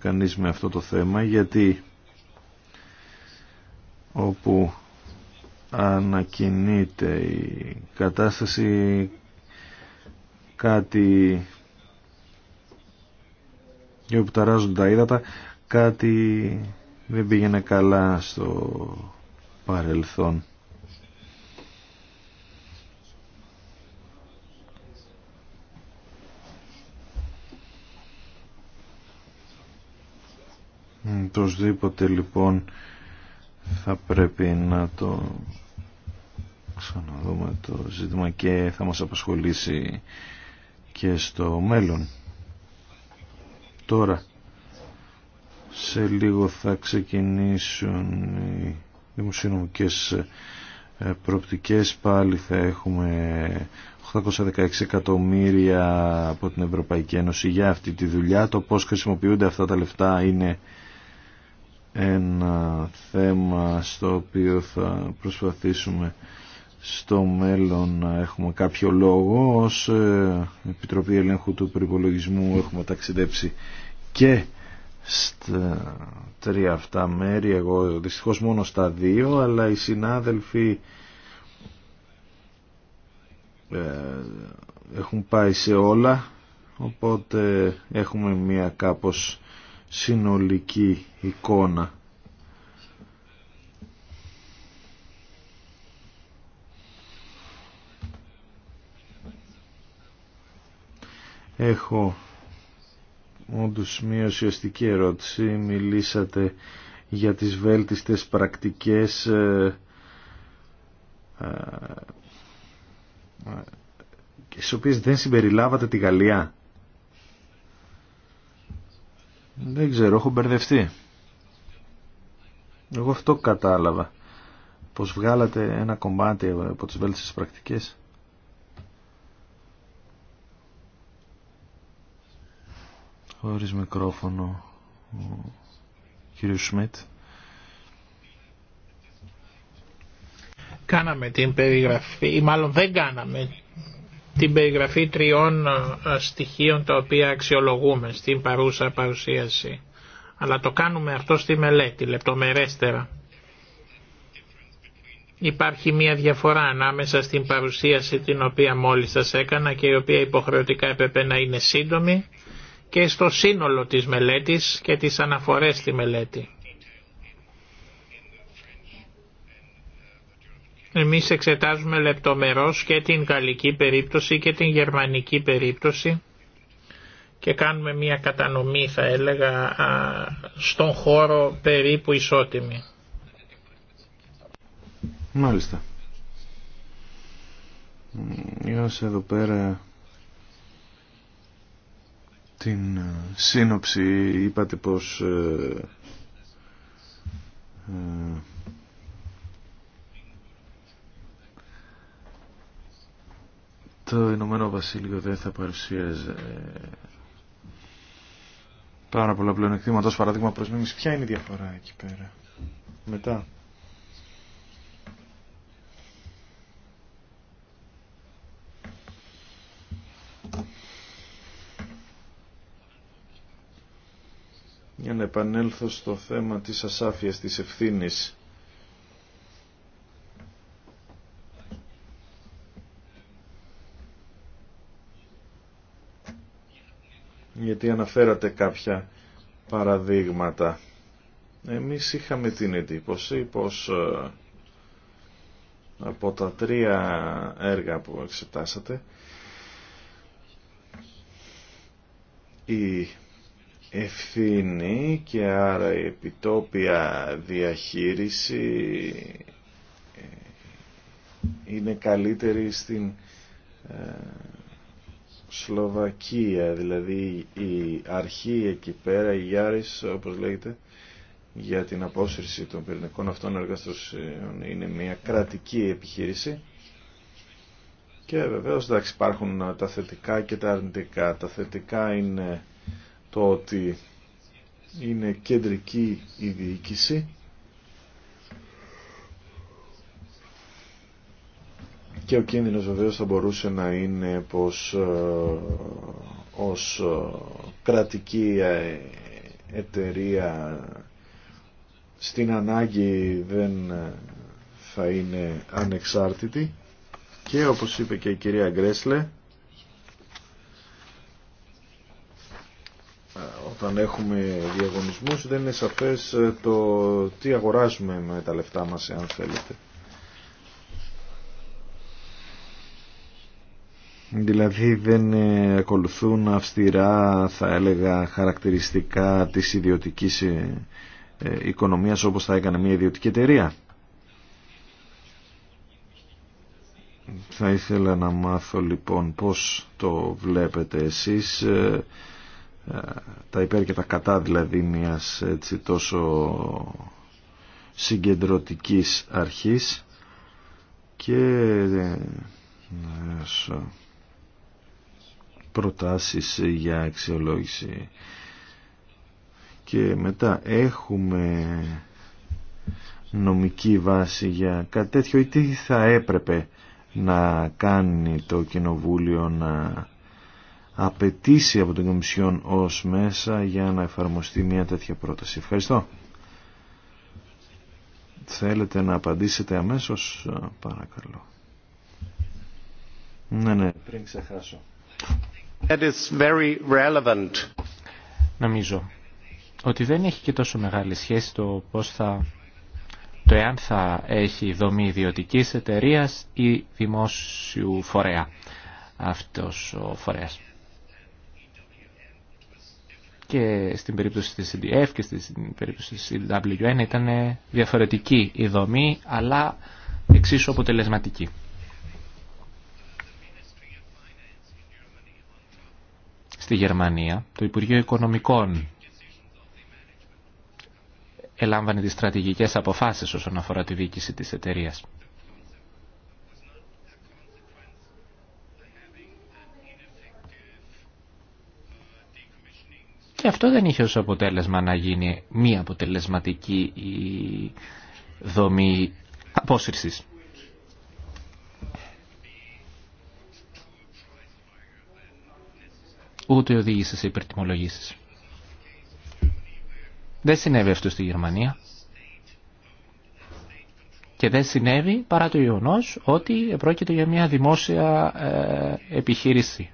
κανείς με αυτό το θέμα γιατί όπου ανακοινείται η κατάσταση κάτι που όπου ταράζουν τα ύδατα κάτι δεν πήγαινε καλά στο παρελθόν. Προσδήποτε λοιπόν θα πρέπει να το ξαναδούμε το ζήτημα και θα μας απασχολήσει και στο μέλλον. Τώρα, σε λίγο θα ξεκινήσουν οι δημοσιονομικές ε, προοπτικές. Πάλι θα έχουμε 816 εκατομμύρια από την Ευρωπαϊκή Ένωση για αυτή τη δουλειά. Το πώς χρησιμοποιούνται αυτά τα λεφτά είναι ένα θέμα στο οποίο θα προσπαθήσουμε στο μέλλον να έχουμε κάποιο λόγο. Ως ε, Επιτροπή Ελέγχου του Περιπολογισμού έχουμε ταξιδέψει και στα τρία αυτά μέρη, εγώ δυστυχώς μόνο στα δύο, αλλά οι συνάδελφοι ε, έχουν πάει σε όλα, οπότε έχουμε μία κάπως συνολική εικόνα Έχω όντως μια ουσιαστική ερώτηση. Μιλήσατε για τις βέλτιστες πρακτικές ε, ε, στις οποίες δεν συμπεριλάβατε τη Γαλλία. Δεν ξέρω, έχω μπερδευτεί. Εγώ αυτό κατάλαβα. Πως βγάλατε ένα κομμάτι από τις βέλτιστες πρακτικές χωρίς μικρόφωνο ο Σμιτ. Κάναμε την περιγραφή, ή μάλλον δεν κάναμε την περιγραφή τριών ε, στοιχείων τα οποία αξιολογούμε στην παρούσα παρουσίαση. Αλλά το κάνουμε αυτό στη μελέτη, λεπτομερέστερα. Υπάρχει μια διαφορά ανάμεσα στην παρουσίαση την οποία μόλις σας έκανα και η οποία υποχρεωτικά έπρεπε να είναι σύντομη και στο σύνολο της μελέτης και τις αναφορές στη μελέτη. Εμείς εξετάζουμε λεπτομερώς και την γαλλική περίπτωση και την γερμανική περίπτωση και κάνουμε μια κατανομή θα έλεγα στον χώρο περίπου ισότιμη. Μάλιστα. Είμαστε εδώ πέρα την ε, σύνοψη είπατε πως ε, ε, το Ηνωμένο Βασίλειο δεν θα παρουσίαζε ε, πάρα πολλά πλεονεκτήματα ως παράδειγμα προς Ποια είναι η διαφορά εκεί πέρα. Μετά. για να επανέλθω στο θέμα της ασάφειας της ευθύνης. Γιατί αναφέρατε κάποια παραδείγματα. Εμείς είχαμε την εντύπωση πως ε, από τα τρία έργα που εξετάσατε η ευθύνη και άρα η επιτόπια διαχείριση ε, είναι καλύτερη στην ε, Σλοβακία, δηλαδή η αρχή εκεί πέρα, η Γιάρης, όπως λέγεται, για την απόσυρση των πυρηνικών αυτών εργαστοσύνων είναι μια κρατική επιχείρηση και βεβαίως εντάξει, υπάρχουν τα θετικά και τα αρνητικά. Τα θετικά είναι το ότι είναι κεντρική η διοίκηση και ο κίνδυνος βεβαίως θα μπορούσε να είναι πως ε, ως ε, κρατική ε, εταιρεία στην ανάγκη δεν θα είναι ανεξάρτητη και όπως είπε και η κυρία Γκρέσλε όταν έχουμε διαγωνισμούς δεν είναι σαφές ε, το τι αγοράζουμε με τα λεφτά μας αν θέλετε. Δηλαδή δεν ε, ακολουθούν αυστηρά θα έλεγα χαρακτηριστικά της ιδιωτικής ε, οικονομίας όπως θα έκανε μια ιδιωτική εταιρεία. Θα ήθελα να μάθω λοιπόν πώς το βλέπετε εσείς ε, τα υπέρ και τα κατά δηλαδή μιας έτσι τόσο συγκεντρωτικής αρχής και ε, προτάσεις για αξιολόγηση και μετά έχουμε νομική βάση για κάτι τέτοιο ή τι θα έπρεπε να κάνει το κοινοβούλιο να απαιτήσει από την Κομισιόν ως μέσα για να εφαρμοστεί μια τέτοια πρόταση. Ευχαριστώ. Θέλετε να απαντήσετε αμέσως, παρακαλώ. Ναι, ναι, πριν ξεχάσω. That is very relevant. Νομίζω ότι δεν έχει και τόσο μεγάλη σχέση το πώς θα το εάν θα έχει δομή ιδιωτική εταιρεία ή δημόσιου φορέα αυτός ο φορέας και στην περίπτωση της CDF και στην περίπτωση της CWN ήταν διαφορετική η δομή αλλά εξίσου αποτελεσματική. Στη Γερμανία το Υπουργείο Οικονομικών ελάμβανε τις στρατηγικές αποφάσεις όσον αφορά τη διοίκηση της εταιρείας. και αυτό δεν είχε ως αποτέλεσμα να γίνει μη αποτελεσματική η δομή απόσυρσης. Ούτε οδήγησε σε υπερτιμολογήσεις. Δεν συνέβη αυτό στη Γερμανία. Και δεν συνέβη παρά το γεγονό ότι πρόκειται για μια δημόσια ε, επιχείρηση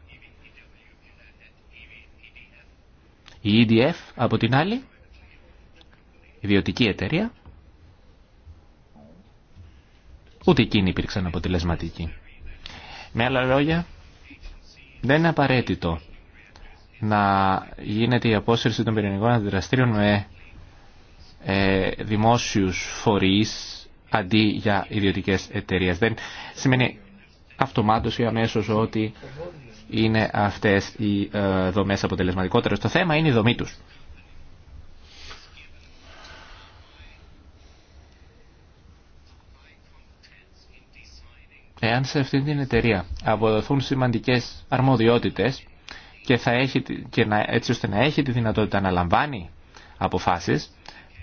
Η EDF από την άλλη, ιδιωτική εταιρεία, ούτε εκείνη υπήρξαν αποτελεσματική. Με άλλα λόγια, δεν είναι απαραίτητο να γίνεται η απόσυρση των πυρηνικών αντιδραστήριων με ε, δημόσιους φορείς αντί για ιδιωτικές εταιρείες. Δεν σημαίνει αυτομάτως ή αμέσως ότι είναι αυτές οι ε, δομές αποτελεσματικότερες. Το θέμα είναι η δομή τους. Εάν σε αυτή την εταιρεία αποδοθούν σημαντικές αρμοδιότητες και, θα έχει, και να, έτσι ώστε να έχει τη δυνατότητα να λαμβάνει αποφάσεις,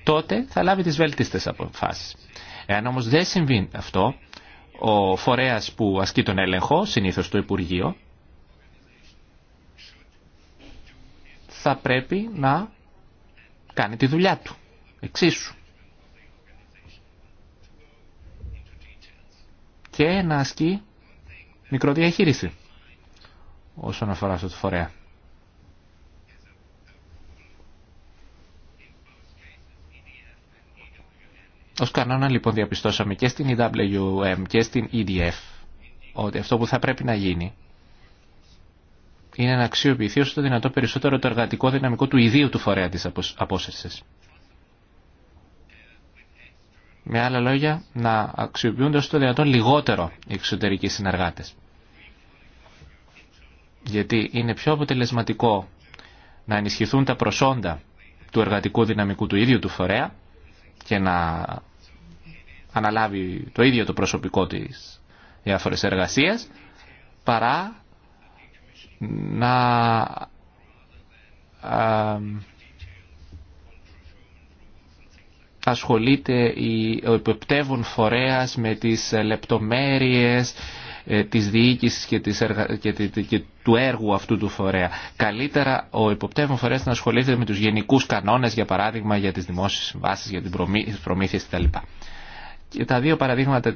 τότε θα λάβει τις βέλτιστες αποφάσεις. Εάν όμως δεν συμβεί αυτό, ο φορέας που ασκεί τον έλεγχο, συνήθως το Υπουργείο, θα πρέπει να κάνει τη δουλειά του εξίσου. Και να ασκεί μικροδιαχείριση όσον αφορά αυτό το φορέα. Ως κανόνα λοιπόν διαπιστώσαμε και στην EWM και στην EDF ότι αυτό που θα πρέπει να γίνει είναι να αξιοποιηθεί όσο το δυνατό περισσότερο το εργατικό δυναμικό του ιδίου του φορέα της απόσυρσης. Με άλλα λόγια, να αξιοποιούνται όσο το δυνατόν λιγότερο οι εξωτερικοί συνεργάτες. Γιατί είναι πιο αποτελεσματικό να ενισχυθούν τα προσόντα του εργατικού δυναμικού του ίδιου του φορέα και να αναλάβει το ίδιο το προσωπικό της διάφορες εργασίες, παρά να ασχολείται ο υποπτεύων φορέας με τις λεπτομέρειες ε, της διοίκησης και, και, του έργου αυτού του φορέα. Καλύτερα ο υποπτεύων φορέας να ασχολείται με τους γενικούς κανόνες, για παράδειγμα, για τις δημόσιες συμβάσεις, για την προμήθειες κτλ. Και τα δύο παραδείγματα,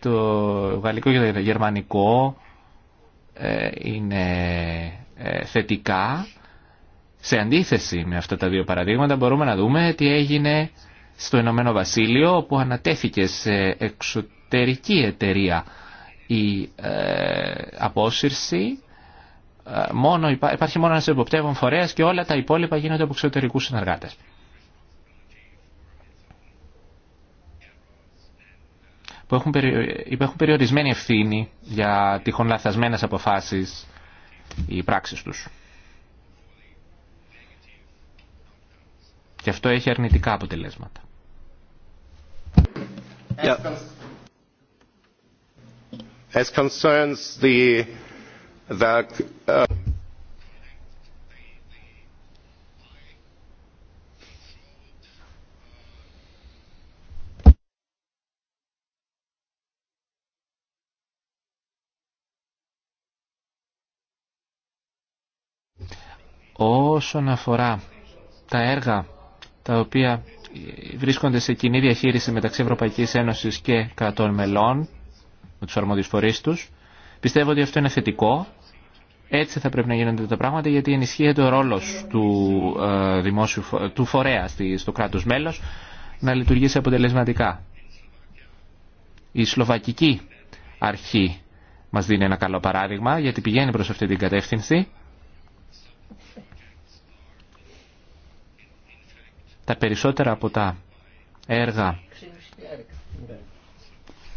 το γαλλικό και το γερμανικό, ε, είναι ε, θετικά. Σε αντίθεση με αυτά τα δύο παραδείγματα μπορούμε να δούμε τι έγινε στο Ηνωμένο Βασίλειο όπου ανατέθηκε σε εξωτερική εταιρεία η ε, απόσυρση. Μόνο, υπάρχει μόνο ένας εμποπτεύων φορέας και όλα τα υπόλοιπα γίνονται από εξωτερικούς συνεργάτες. που έχουν, περιορισμένη ευθύνη για τυχόν λαθασμένες αποφάσεις ή πράξεις τους. Και αυτό έχει αρνητικά αποτελέσματα. concerns uh, όσον αφορά τα έργα τα οποία βρίσκονται σε κοινή διαχείριση μεταξύ Ευρωπαϊκής Ένωσης και κρατών μελών, με τους αρμόδιους φορείς τους. Πιστεύω ότι αυτό είναι θετικό. Έτσι θα πρέπει να γίνονται τα πράγματα γιατί ενισχύεται ο ρόλος του, ε, δημόσιου, του φορέα στο κράτος μέλος να λειτουργήσει αποτελεσματικά. Η Σλοβακική αρχή μας δίνει ένα καλό παράδειγμα γιατί πηγαίνει προς αυτή την κατεύθυνση τα περισσότερα από τα έργα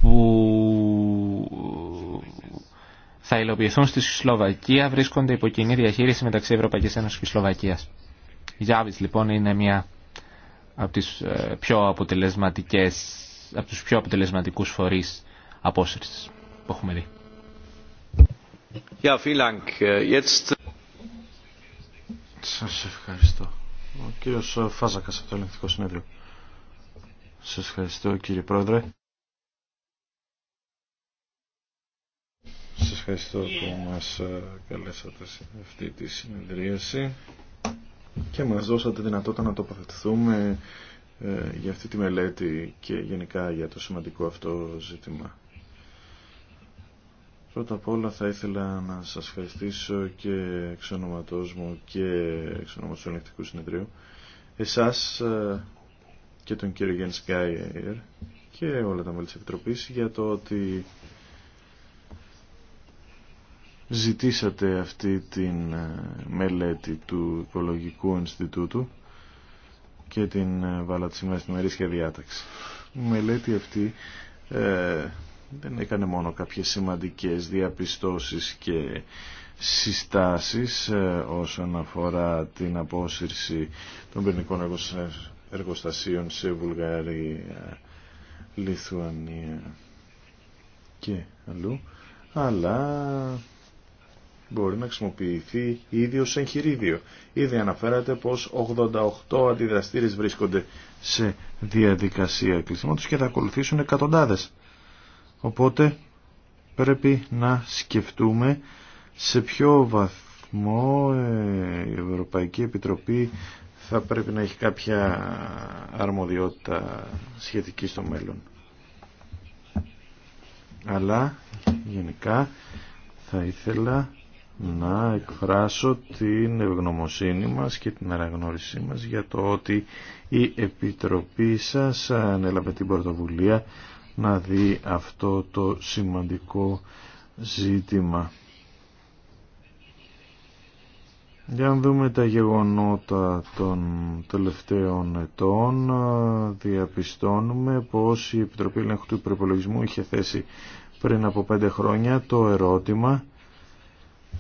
που θα υλοποιηθούν στη Σλοβακία βρίσκονται υπό κοινή διαχείριση μεταξύ Ευρωπαϊκής Ένωσης και Σλοβακίας. Η Γιάβης λοιπόν είναι μια από τις ε, πιο αποτελεσματικές από τους πιο αποτελεσματικούς φορείς απόσυρσης που έχουμε δει. Ja, vielen Dank. Jetzt... Σας ευχαριστώ. Ο κύριος Φάζακας από το Ελληνικό Συνέδριο. Σας ευχαριστώ κύριε Πρόεδρε. Σας ευχαριστώ που μας ε, καλέσατε σε αυτή τη συνεδρίαση και μας δώσατε δυνατότητα να τοποθετηθούμε ε, για αυτή τη μελέτη και γενικά για το σημαντικό αυτό ζήτημα. Πρώτα απ' όλα θα ήθελα να σας ευχαριστήσω και εξ μου και εξ ονοματός του Ελεκτικού Συνεδρίου εσάς ε, και τον κύριο Γιάννη Σκάιερ και όλα τα μέλη της Επιτροπής για το ότι ζητήσατε αυτή την ε, μελέτη του Οικολογικού Ινστιτούτου και την ε, βάλατε σήμερα στην μερίσια διάταξη. μελέτη αυτή δεν έκανε μόνο κάποιες σημαντικές διαπιστώσεις και συστάσεις ε, όσον αφορά την απόσυρση των πυρνικών εργοστασίων σε Βουλγαρία, Λιθουανία και αλλού, αλλά μπορεί να χρησιμοποιηθεί ήδη ως εγχειρίδιο. Ήδη αναφέρατε πως 88 αντιδραστήρες βρίσκονται σε διαδικασία κλεισίματος και θα ακολουθήσουν εκατοντάδες. Οπότε πρέπει να σκεφτούμε σε ποιο βαθμό ε, η Ευρωπαϊκή Επιτροπή θα πρέπει να έχει κάποια αρμοδιότητα σχετική στο μέλλον. Αλλά γενικά θα ήθελα να εκφράσω την ευγνωμοσύνη μας και την αναγνώρισή μας για το ότι η Επιτροπή σας ανέλαβε την πρωτοβουλία να δει αυτό το σημαντικό ζήτημα. Για να δούμε τα γεγονότα των τελευταίων ετών, διαπιστώνουμε πως η Επιτροπή Ελέγχου του Υπερπολογισμού είχε θέσει πριν από πέντε χρόνια το ερώτημα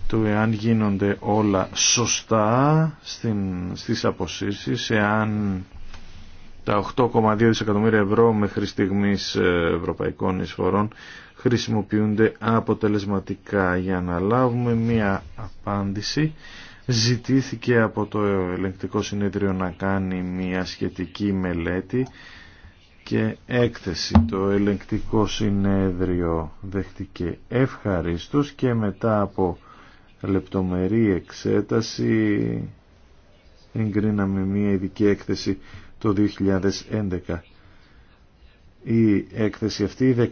του εάν γίνονται όλα σωστά στην, στις αποσύσεις, εάν τα 8,2 δισεκατομμύρια ευρώ μέχρι στιγμής ε, ευρωπαϊκών εισφορών χρησιμοποιούνται αποτελεσματικά για να λάβουμε μία απάντηση. Ζητήθηκε από το ελεγκτικό συνέδριο να κάνει μία σχετική μελέτη και έκθεση. Το ελεγκτικό συνέδριο δέχτηκε ευχαρίστως και μετά από λεπτομερή εξέταση εγκρίναμε μία ειδική έκθεση το 2011. Η έκθεση αυτή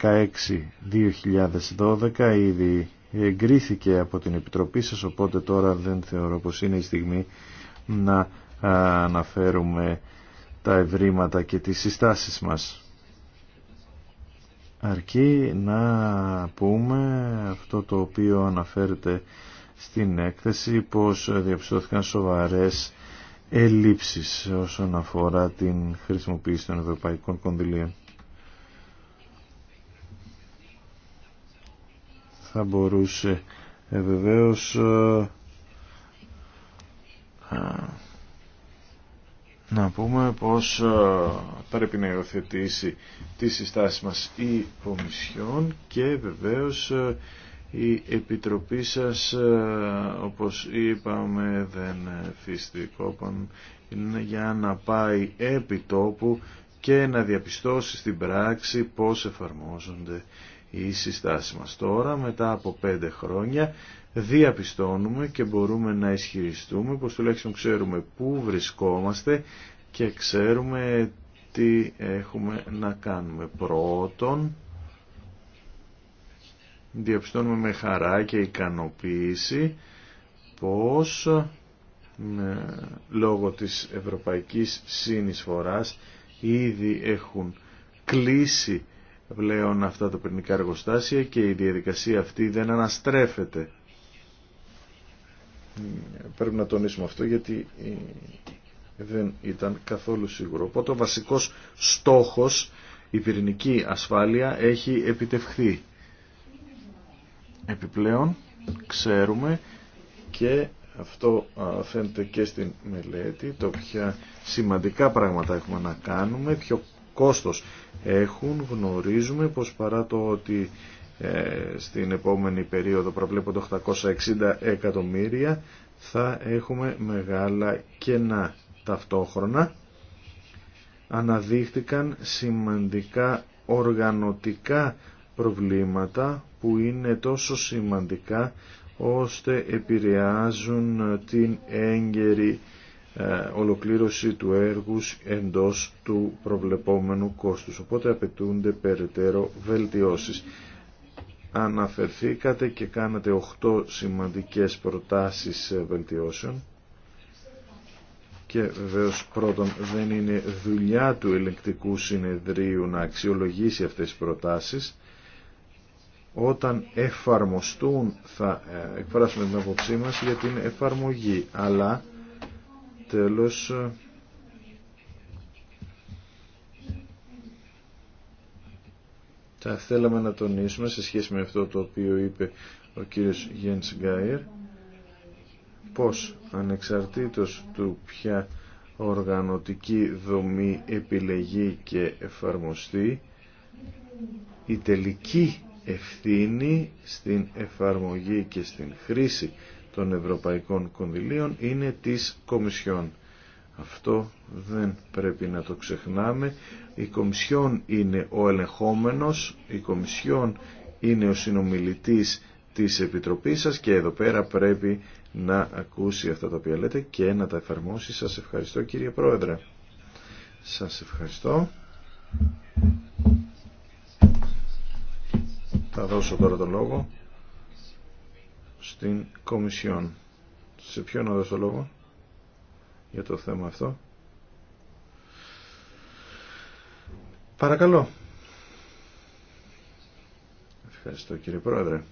16-2012 ήδη εγκρίθηκε από την Επιτροπή σας οπότε τώρα δεν θεωρώ πως είναι η στιγμή να αναφέρουμε τα ευρήματα και τις συστάσεις μας. Αρκεί να πούμε αυτό το οποίο αναφέρεται στην έκθεση πως διαπιστώθηκαν σοβαρές ελλείψεις όσον αφορά την χρησιμοποίηση των ευρωπαϊκών κονδυλίων. Θα μπορούσε ε, βεβαίως ε, να πούμε πως ε, πρέπει να υιοθετήσει τις συστάσεις μας η Κομισιόν και βεβαίως ε, η Επιτροπή σας, ε, όπως είπαμε, δεν κόπον είναι για να πάει επί τόπου και να διαπιστώσει στην πράξη πώς εφαρμόζονται οι συστάσεις μας. Τώρα, μετά από πέντε χρόνια, διαπιστώνουμε και μπορούμε να ισχυριστούμε πως τουλάχιστον ξέρουμε πού βρισκόμαστε και ξέρουμε τι έχουμε να κάνουμε. Πρώτον, διαπιστώνουμε με χαρά και ικανοποίηση πως με, λόγω της ευρωπαϊκής συνεισφοράς ήδη έχουν κλείσει πλέον αυτά τα πυρηνικά εργοστάσια και η διαδικασία αυτή δεν αναστρέφεται. Πρέπει να τονίσουμε αυτό γιατί δεν ήταν καθόλου σίγουρο. Οπότε ο βασικός στόχος, η πυρηνική ασφάλεια, έχει επιτευχθεί. Επιπλέον ξέρουμε και αυτό φαίνεται και στην μελέτη το ποια σημαντικά πράγματα έχουμε να κάνουμε, ποιο κόστος έχουν, γνωρίζουμε πως παρά το ότι ε, στην επόμενη περίοδο προβλέπονται 860 εκατομμύρια θα έχουμε μεγάλα κενά ταυτόχρονα αναδείχτηκαν σημαντικά οργανωτικά προβλήματα που είναι τόσο σημαντικά ώστε επηρεάζουν την έγκαιρη ε, ολοκλήρωση του έργου εντός του προβλεπόμενου κόστους. Οπότε απαιτούνται περαιτέρω βελτιώσεις. Αναφερθήκατε και κάνατε 8 σημαντικές προτάσεις ε, βελτιώσεων και βεβαίως πρώτον δεν είναι δουλειά του Ελεκτικού συνεδρίου να αξιολογήσει αυτές τις προτάσεις όταν εφαρμοστούν θα ε, εκφράσουμε την απόψή μας για την εφαρμογή αλλά τέλος ε, θα θέλαμε να τονίσουμε σε σχέση με αυτό το οποίο είπε ο κύριος Γιέντς Γκάιερ πως ανεξαρτήτως του ποια οργανωτική δομή επιλεγεί και εφαρμοστεί η τελική ευθύνη στην εφαρμογή και στην χρήση των ευρωπαϊκών κονδυλίων είναι της Κομισιόν. Αυτό δεν πρέπει να το ξεχνάμε. Η Κομισιόν είναι ο ελεγχόμενος, η Κομισιόν είναι ο συνομιλητής της Επιτροπής σας και εδώ πέρα πρέπει να ακούσει αυτά τα οποία λέτε και να τα εφαρμόσει. Σας ευχαριστώ κύριε Πρόεδρε. Σας ευχαριστώ. Θα δώσω τώρα το λόγο στην Κομισιόν. Σε ποιον να δώσω λόγο για το θέμα αυτό. Παρακαλώ. Ευχαριστώ κύριε Πρόεδρε.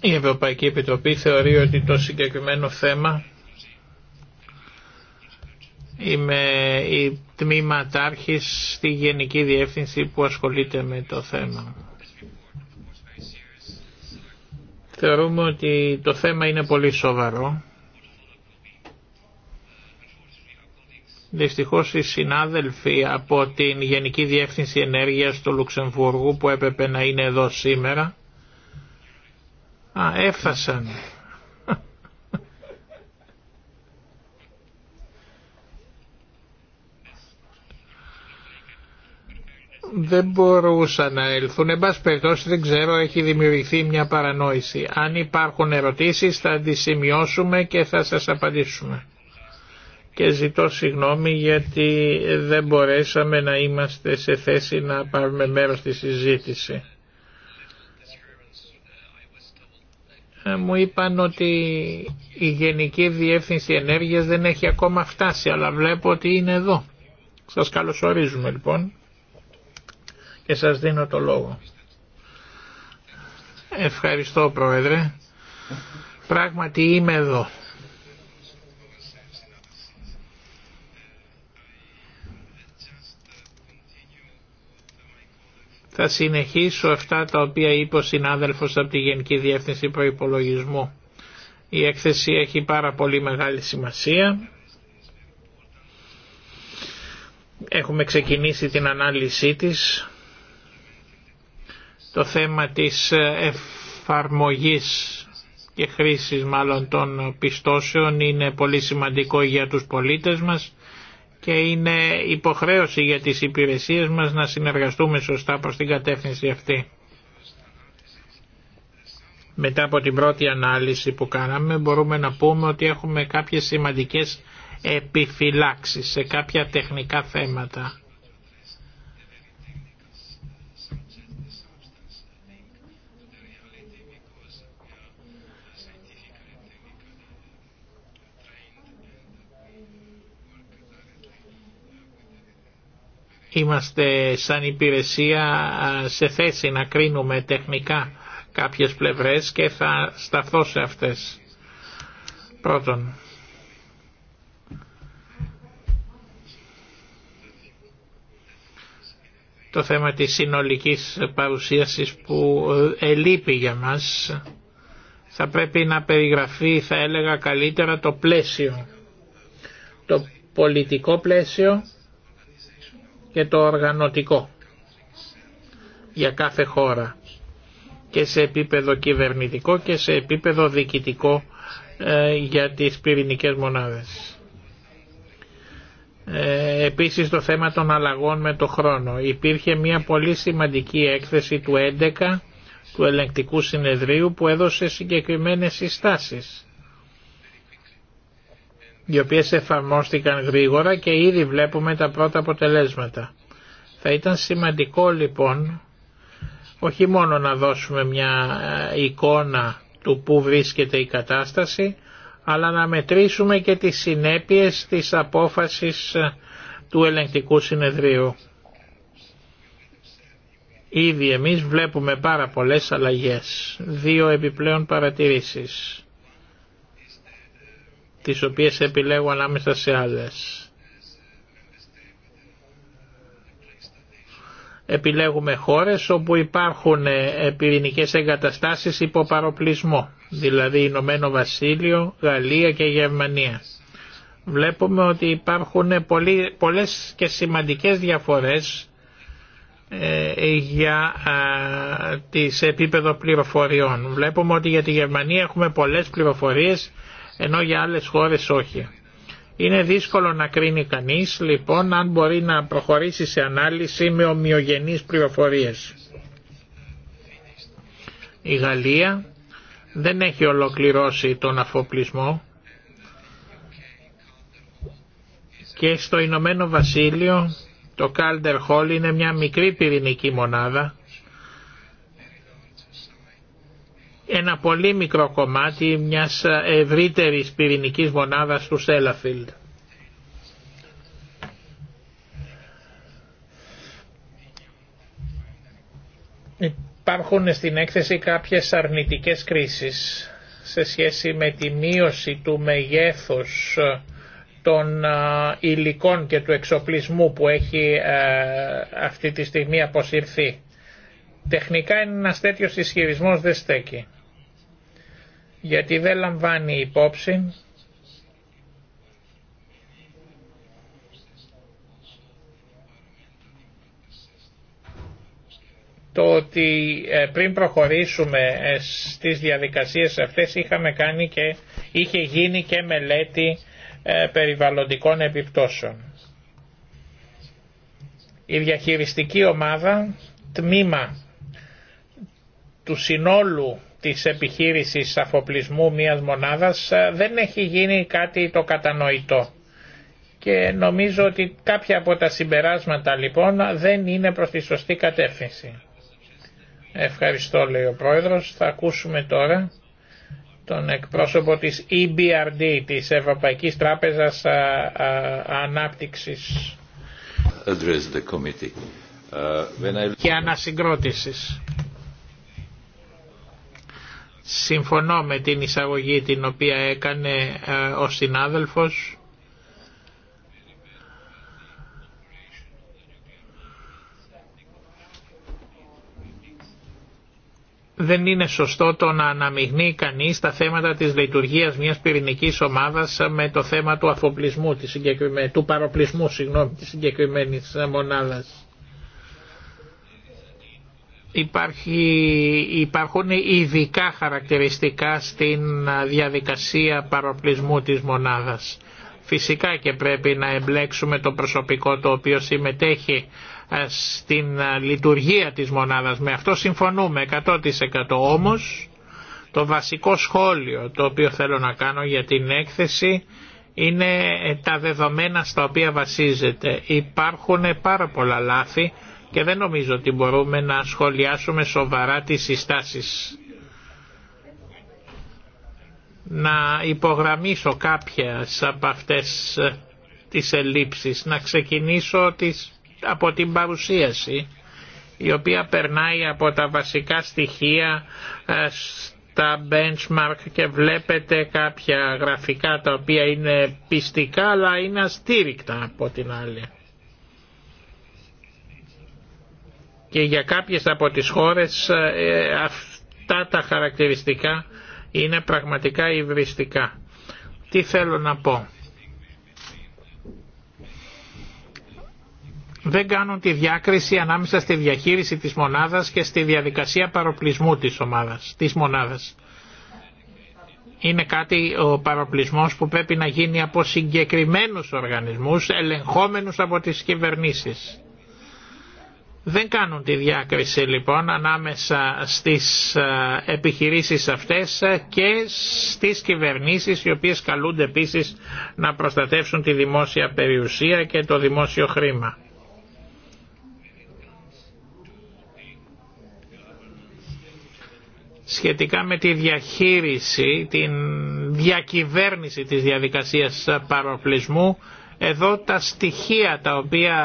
Η Ευρωπαϊκή Επιτροπή θεωρεί ότι το συγκεκριμένο θέμα Είμαι η Τάρχης στη Γενική Διεύθυνση που ασχολείται με το θέμα. Θεωρούμε ότι το θέμα είναι πολύ σοβαρό. Δυστυχώς οι συνάδελφοι από την Γενική Διεύθυνση Ενέργειας του Λουξεμβούργου που έπρεπε να είναι εδώ σήμερα, α, έφτασαν δεν μπορούσαν να έλθουν. Εν περιπτώσει δεν ξέρω, έχει δημιουργηθεί μια παρανόηση. Αν υπάρχουν ερωτήσεις θα τις σημειώσουμε και θα σας απαντήσουμε. Και ζητώ συγγνώμη γιατί δεν μπορέσαμε να είμαστε σε θέση να πάρουμε μέρος στη συζήτηση. Ε, μου είπαν ότι η Γενική Διεύθυνση Ενέργειας δεν έχει ακόμα φτάσει, αλλά βλέπω ότι είναι εδώ. Σας καλωσορίζουμε λοιπόν και σας δίνω το λόγο. Ευχαριστώ Πρόεδρε. Πράγματι είμαι εδώ. Θα συνεχίσω αυτά τα οποία είπε ο συνάδελφος από τη Γενική Διεύθυνση Προϋπολογισμού. Η έκθεση έχει πάρα πολύ μεγάλη σημασία. Έχουμε ξεκινήσει την ανάλυση της το θέμα της εφαρμογής και χρήσης μάλλον των πιστώσεων είναι πολύ σημαντικό για τους πολίτες μας και είναι υποχρέωση για τις υπηρεσίες μας να συνεργαστούμε σωστά προς την κατεύθυνση αυτή. Μετά από την πρώτη ανάλυση που κάναμε μπορούμε να πούμε ότι έχουμε κάποιες σημαντικές επιφυλάξεις σε κάποια τεχνικά θέματα. είμαστε σαν υπηρεσία σε θέση να κρίνουμε τεχνικά κάποιες πλευρές και θα σταθώ σε αυτές. Πρώτον, το θέμα της συνολικής παρουσίασης που ε, ελείπει για μας θα πρέπει να περιγραφεί θα έλεγα καλύτερα το πλαίσιο το πολιτικό πλαίσιο και το οργανωτικό για κάθε χώρα και σε επίπεδο κυβερνητικό και σε επίπεδο διοικητικό ε, για τις πυρηνικές μονάδες. Ε, επίσης το θέμα των αλλαγών με το χρόνο. Υπήρχε μια πολύ σημαντική έκθεση του 11 του ελεγκτικού συνεδρίου που έδωσε συγκεκριμένες συστάσεις οι οποίες εφαρμόστηκαν γρήγορα και ήδη βλέπουμε τα πρώτα αποτελέσματα. Θα ήταν σημαντικό λοιπόν όχι μόνο να δώσουμε μια ε, εικόνα του πού βρίσκεται η κατάσταση, αλλά να μετρήσουμε και τις συνέπειες της απόφασης ε, του ελεγκτικού συνεδρίου. Ήδη εμείς βλέπουμε πάρα πολλές αλλαγές. Δύο επιπλέον παρατηρήσεις τις οποίες επιλέγω ανάμεσα σε άλλες. Επιλέγουμε χώρες όπου υπάρχουν ε, πυρηνικές εγκαταστάσεις υπό παροπλισμό, δηλαδή Ηνωμένο Βασίλειο, Γαλλία και Γερμανία. Βλέπουμε ότι υπάρχουν πολλές και σημαντικές διαφορές ε, για τις επίπεδο πληροφοριών. Βλέπουμε ότι για τη Γερμανία έχουμε πολλές πληροφορίες ενώ για άλλες χώρες όχι. Είναι δύσκολο να κρίνει κανείς λοιπόν αν μπορεί να προχωρήσει σε ανάλυση με ομοιογενείς πληροφορίες. Η Γαλλία δεν έχει ολοκληρώσει τον αφοπλισμό και στο Ηνωμένο Βασίλειο το Calder Hall είναι μια μικρή πυρηνική μονάδα ένα πολύ μικρό κομμάτι μιας ευρύτερης πυρηνικής μονάδας του Σέλαφιλντ. Υπάρχουν στην έκθεση κάποιες αρνητικές κρίσεις σε σχέση με τη μείωση του μεγέθους των υλικών και του εξοπλισμού που έχει αυτή τη στιγμή αποσυρθεί. Τεχνικά ένας τέτοιος ισχυρισμός δεν στέκει γιατί δεν λαμβάνει υπόψη το ότι ε, πριν προχωρήσουμε ε, στις διαδικασίες αυτές είχαμε κάνει και είχε γίνει και μελέτη ε, περιβαλλοντικών επιπτώσεων. Η διαχειριστική ομάδα τμήμα του συνόλου της επιχείρησης αφοπλισμού μιας μονάδας ε, δεν έχει γίνει κάτι το κατανοητό. Και νομίζω ότι κάποια από τα συμπεράσματα λοιπόν δεν είναι προς τη σωστή κατεύθυνση. Ευχαριστώ λέει ο Πρόεδρος. Θα ακούσουμε τώρα τον εκπρόσωπο της EBRD, της Ευρωπαϊκής Τράπεζας ε, ε, Ανάπτυξης και Ανασυγκρότησης. Συμφωνώ με την εισαγωγή την οποία έκανε ε, ο συνάδελφος. δεν είναι σωστό το να αναμειγνύει κανείς τα θέματα της λειτουργίας μιας πυρηνικής ομάδας με το θέμα του αφοπλισμού, του παροπλισμού συγγνώμη, της συγκεκριμένης μονάδας. Υπάρχει, υπάρχουν ειδικά χαρακτηριστικά στην διαδικασία παροπλισμού της μονάδας. Φυσικά και πρέπει να εμπλέξουμε το προσωπικό το οποίο συμμετέχει ε, στην ε, λειτουργία της μονάδας. Με αυτό συμφωνούμε 100% όμως το βασικό σχόλιο το οποίο θέλω να κάνω για την έκθεση είναι ε, τα δεδομένα στα οποία βασίζεται. Υπάρχουν πάρα πολλά λάθη και δεν νομίζω ότι μπορούμε να σχολιάσουμε σοβαρά τις συστάσεις. Να υπογραμμίσω κάποια από αυτές ε, τις ελλείψεις, να ξεκινήσω τις, από την παρουσίαση η οποία περνάει από τα βασικά στοιχεία ε, στα benchmark και βλέπετε κάποια γραφικά τα οποία είναι πιστικά αλλά είναι αστήρικτα από την άλλη. και για κάποιες από τις χώρες ε, αυτά τα χαρακτηριστικά είναι πραγματικά υβριστικά. Τι θέλω να πω. δεν κάνουν τη διάκριση ανάμεσα στη διαχείριση της μονάδας και στη διαδικασία παροπλισμού της, ομάδας, της μονάδας. Είναι κάτι ο παροπλισμός που πρέπει να γίνει από συγκεκριμένους οργανισμούς ελεγχόμενους από τις κυβερνήσεις. Δεν κάνουν τη διάκριση λοιπόν ανάμεσα στις ε, επιχειρήσεις αυτές και στις κυβερνήσεις οι οποίες καλούνται επίσης να προστατεύσουν τη δημόσια περιουσία και το δημόσιο χρήμα. σχετικά με τη διαχείριση, την διακυβέρνηση της διαδικασίας παροπλισμού εδώ τα στοιχεία τα οποία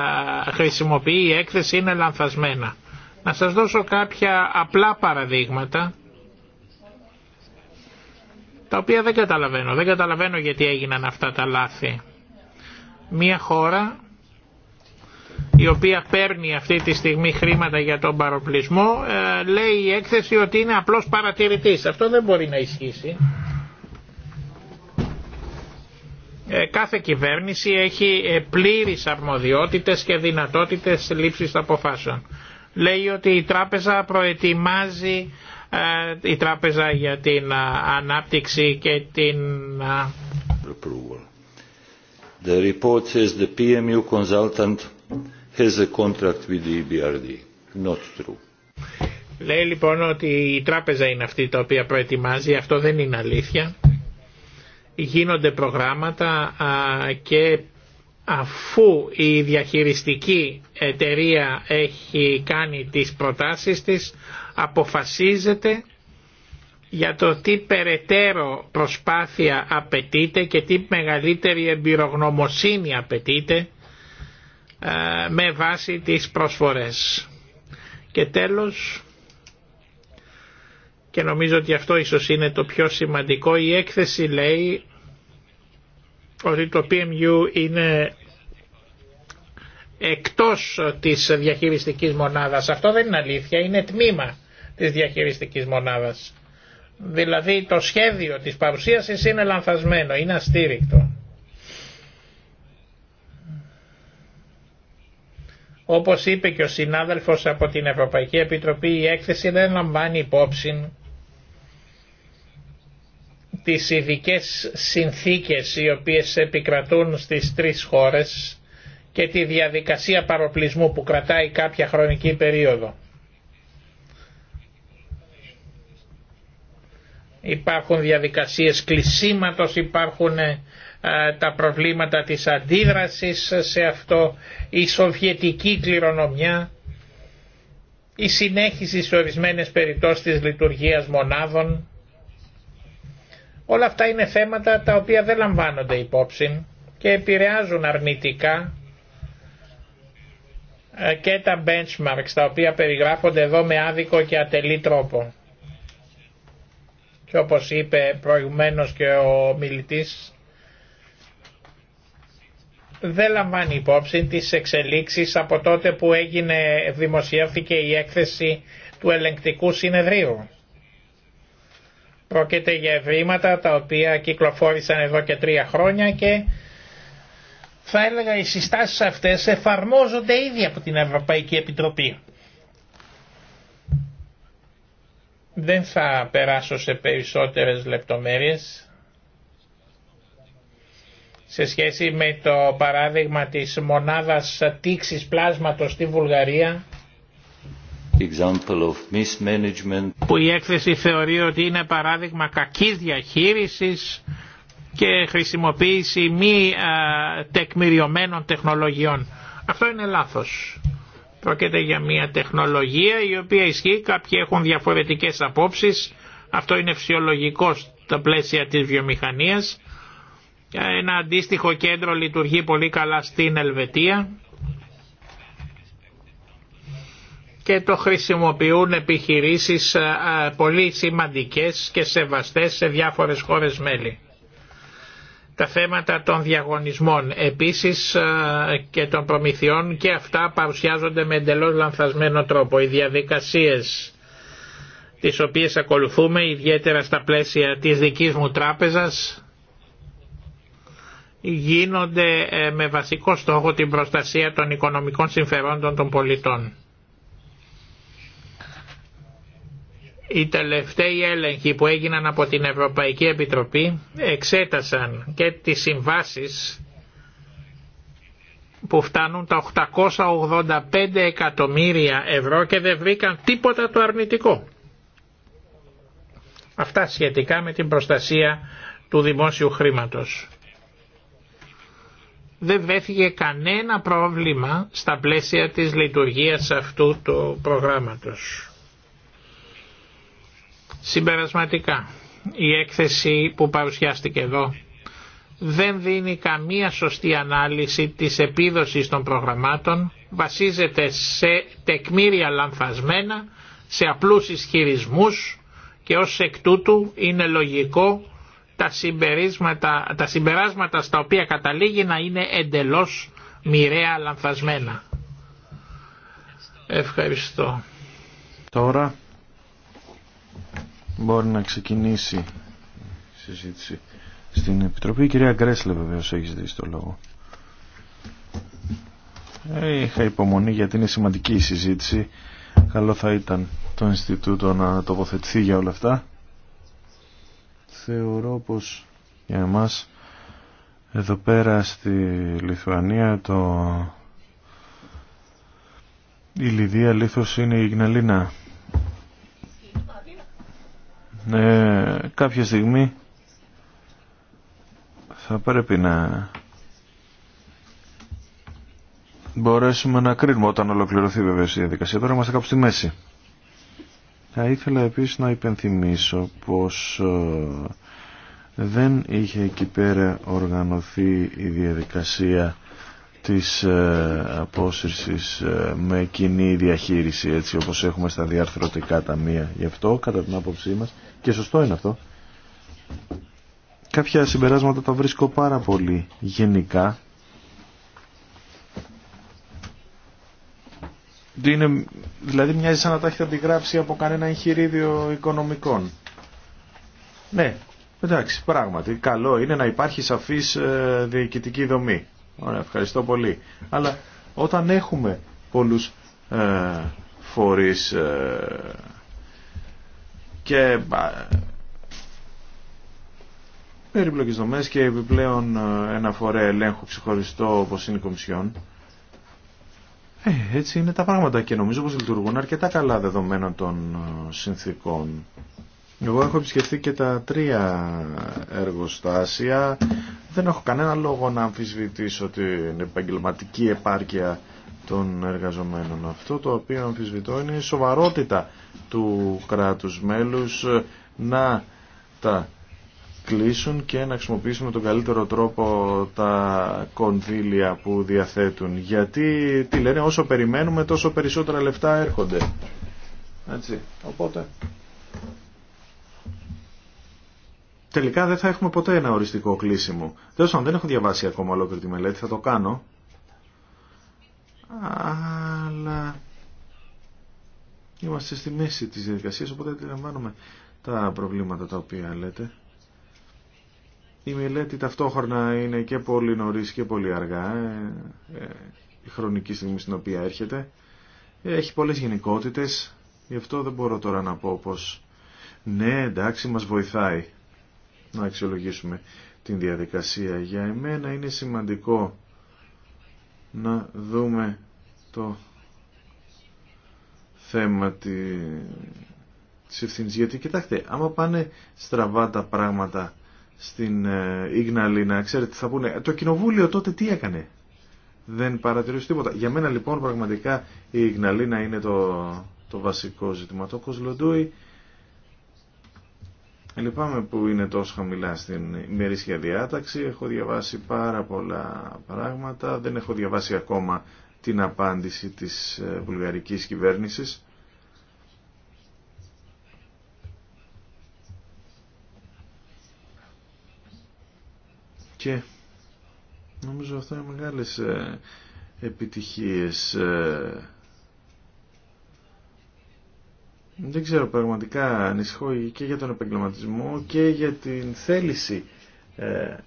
χρησιμοποιεί η έκθεση είναι λανθασμένα. Να σας δώσω κάποια απλά παραδείγματα τα οποία δεν καταλαβαίνω. Δεν καταλαβαίνω γιατί έγιναν αυτά τα λάθη. Μία χώρα η οποία παίρνει αυτή τη στιγμή χρήματα για τον παροπλισμό ε, λέει η έκθεση ότι είναι απλώς παρατηρητής. Αυτό δεν μπορεί να ισχύσει. Ε, κάθε κυβέρνηση έχει ε, πλήρεις αρμοδιότητες και δυνατότητες λήψης αποφάσεων. Λέει ότι η τράπεζα προετοιμάζει ε, η τράπεζα για την ανάπτυξη και την... The report says the PMU consultant has a contract with the EBRD. Not true. Λέει λοιπόν ότι η τράπεζα είναι αυτή τα οποία προετοιμάζει, αυτό δεν είναι αλήθεια γίνονται προγράμματα και αφού η διαχειριστική εταιρεία έχει κάνει τις προτάσεις της αποφασίζεται για το τι περαιτέρω προσπάθεια απαιτείται και τι μεγαλύτερη εμπειρογνωμοσύνη απαιτείται με βάση τις προσφορές. Και τέλος και νομίζω ότι αυτό ίσως είναι το πιο σημαντικό. Η έκθεση λέει ότι το PMU είναι εκτός της διαχειριστικής μονάδας. Αυτό δεν είναι αλήθεια, είναι τμήμα της διαχειριστικής μονάδας. Δηλαδή το σχέδιο της παρουσίασης είναι λανθασμένο, είναι αστήρικτο. Όπως είπε και ο συνάδελφος από την Ευρωπαϊκή Επιτροπή, η έκθεση δεν λαμβάνει υπόψη τις ειδικέ συνθήκες οι οποίες επικρατούν στις τρεις χώρες και τη διαδικασία παροπλισμού που κρατάει κάποια χρονική περίοδο. Υπάρχουν διαδικασίες κλεισίματος, υπάρχουν ε, τα προβλήματα της αντίδρασης σε αυτό, η σοβιετική κληρονομιά, η συνέχιση σε ορισμένες περιπτώσεις της λειτουργίας μονάδων, Όλα αυτά είναι θέματα τα οποία δεν λαμβάνονται υπόψη και επηρεάζουν αρνητικά ε, και τα benchmarks τα οποία περιγράφονται εδώ με άδικο και ατελή τρόπο. Και όπως είπε προηγουμένως και ο μιλητής, δεν λαμβάνει υπόψη τις εξελίξεις από τότε που έγινε, δημοσιεύθηκε η έκθεση του ελεγκτικού συνεδρίου. Πρόκειται για ευρήματα τα οποία κυκλοφόρησαν εδώ και τρία χρόνια και θα έλεγα οι συστάσεις αυτές εφαρμόζονται ήδη από την Ευρωπαϊκή Επιτροπή. Δεν θα περάσω σε περισσότερες λεπτομέρειες σε σχέση με το παράδειγμα της μονάδας τήξης πλάσματος στη Βουλγαρία που η έκθεση θεωρεί ότι είναι παράδειγμα κακής διαχείρισης και χρησιμοποίηση μη τεκμηριωμένων τεχνολογιών. Αυτό είναι λάθος. Πρόκειται για μια τεχνολογία η οποία ισχύει, κάποιοι έχουν διαφορετικές απόψεις, αυτό είναι φυσιολογικό στα πλαίσια της βιομηχανίας. Ένα αντίστοιχο κέντρο λειτουργεί πολύ καλά στην Ελβετία και το χρησιμοποιούν επιχειρήσεις ε, ε, πολύ σημαντικές και σεβαστές σε διάφορες χώρες μέλη. Τα θέματα των διαγωνισμών επίσης ε, και των προμηθειών και αυτά παρουσιάζονται με εντελώς λανθασμένο τρόπο. Οι διαδικασίες τις οποίες ακολουθούμε ιδιαίτερα στα πλαίσια της δικής μου τράπεζας γίνονται με βασικό στόχο την προστασία των οικονομικών συμφερόντων των πολιτών. Οι τελευταίοι έλεγχοι που έγιναν από την Ευρωπαϊκή Επιτροπή εξέτασαν και τις συμβάσεις που φτάνουν τα 885 εκατομμύρια ευρώ και δεν βρήκαν τίποτα το αρνητικό. Αυτά σχετικά με την προστασία του δημόσιου χρήματος. Δεν βρέθηκε κανένα πρόβλημα στα πλαίσια της λειτουργίας αυτού του προγράμματος. Συμπερασματικά, η έκθεση που παρουσιάστηκε εδώ δεν δίνει καμία σωστή ανάλυση της επίδοσης των προγραμμάτων, βασίζεται σε τεκμήρια λανθασμένα, σε απλούς ισχυρισμούς και ως εκ τούτου είναι λογικό τα, συμπεράσματα, τα συμπεράσματα στα οποία καταλήγει να είναι εντελώς μοιραία λανθασμένα. Ευχαριστώ. Τώρα Μπορεί να ξεκινήσει η συζήτηση στην Επιτροπή. Η κυρία Γκρέσλε βεβαίω έχει ζητήσει το λόγο. Ε, είχα υπομονή γιατί είναι σημαντική η συζήτηση. Καλό θα ήταν το Ινστιτούτο να τοποθετηθεί για όλα αυτά. Θεωρώ πως για εμάς εδώ πέρα στη Λιθουανία το... η Λιδία Λίθος είναι η Γναλίνα ε, κάποια στιγμή θα πρέπει να μπορέσουμε να κρίνουμε όταν ολοκληρωθεί βέβαια η διαδικασία. Τώρα είμαστε κάπου στη μέση. Θα ήθελα επίσης να υπενθυμίσω πως ε, δεν είχε εκεί πέρα οργανωθεί η διαδικασία της ε, απόσυρσης ε, με κοινή διαχείριση έτσι όπως έχουμε στα διαρθρωτικά ταμεία. Γι' αυτό κατά την άποψή μας και σωστό είναι αυτό. Κάποια συμπεράσματα τα βρίσκω πάρα πολύ γενικά. Είναι, δηλαδή μοιάζει σαν να τα έχετε αντιγράψει από κανένα εγχειρίδιο οικονομικών. Ναι, εντάξει, πράγματι. Καλό είναι να υπάρχει σαφής ε, διοικητική δομή. Ωραία, ευχαριστώ πολύ. Αλλά όταν έχουμε πολλούς ε, φορείς... Ε, και περιπλοκές δομές και επιπλέον ε, ένα φορέ ελέγχου ξεχωριστό όπως είναι η Κομισιόν. Ε, έτσι είναι τα πράγματα και νομίζω πως λειτουργούν αρκετά καλά δεδομένα των ε, συνθήκων. Εγώ έχω επισκεφθεί και τα τρία εργοστάσια. Δεν έχω κανένα λόγο να αμφισβητήσω την επαγγελματική επάρκεια των εργαζομένων. Αυτό το οποίο αμφισβητώ είναι η σοβαρότητα του κράτους μέλους ε, να τα κλείσουν και να χρησιμοποιήσουν τον καλύτερο τρόπο τα κονδύλια που διαθέτουν. Γιατί, τι λένε, όσο περιμένουμε τόσο περισσότερα λεφτά έρχονται. Έτσι, οπότε... Τελικά δεν θα έχουμε ποτέ ένα οριστικό κλείσιμο. Τέλος αν δεν έχω διαβάσει ακόμα ολόκληρη τη μελέτη, θα το κάνω. Αλλά Είμαστε στη μέση της διαδικασίας, οπότε αντιλαμβάνουμε τα προβλήματα τα οποία λέτε. Η μελέτη ταυτόχρονα είναι και πολύ νωρίς και πολύ αργά, ε, ε, η χρονική στιγμή στην οποία έρχεται. Έχει πολλές γενικότητες, γι' αυτό δεν μπορώ τώρα να πω πως ναι εντάξει μας βοηθάει να αξιολογήσουμε την διαδικασία. Για εμένα είναι σημαντικό να δούμε το θέμα της ευθύνης. Γιατί κοιτάξτε, άμα πάνε στραβά τα πράγματα στην ε, Ιγναλίνα, ξέρετε θα πούνε, «Ε, το κοινοβούλιο τότε τι έκανε. Δεν παρατηρούσε τίποτα. Για μένα λοιπόν πραγματικά η Ιγναλίνα είναι το, το βασικό ζήτημα. Το Κοσλοντούι λυπάμαι που είναι τόσο χαμηλά στην ημερήσια διάταξη. Έχω διαβάσει πάρα πολλά πράγματα. Δεν έχω διαβάσει ακόμα την απάντηση της ε, βουλγαρικής κυβέρνησης. Και νομίζω αυτά είναι μεγάλες ε, επιτυχίες. Ε. Δεν ξέρω πραγματικά ανησυχώ και για τον επαγγελματισμό και για την θέληση.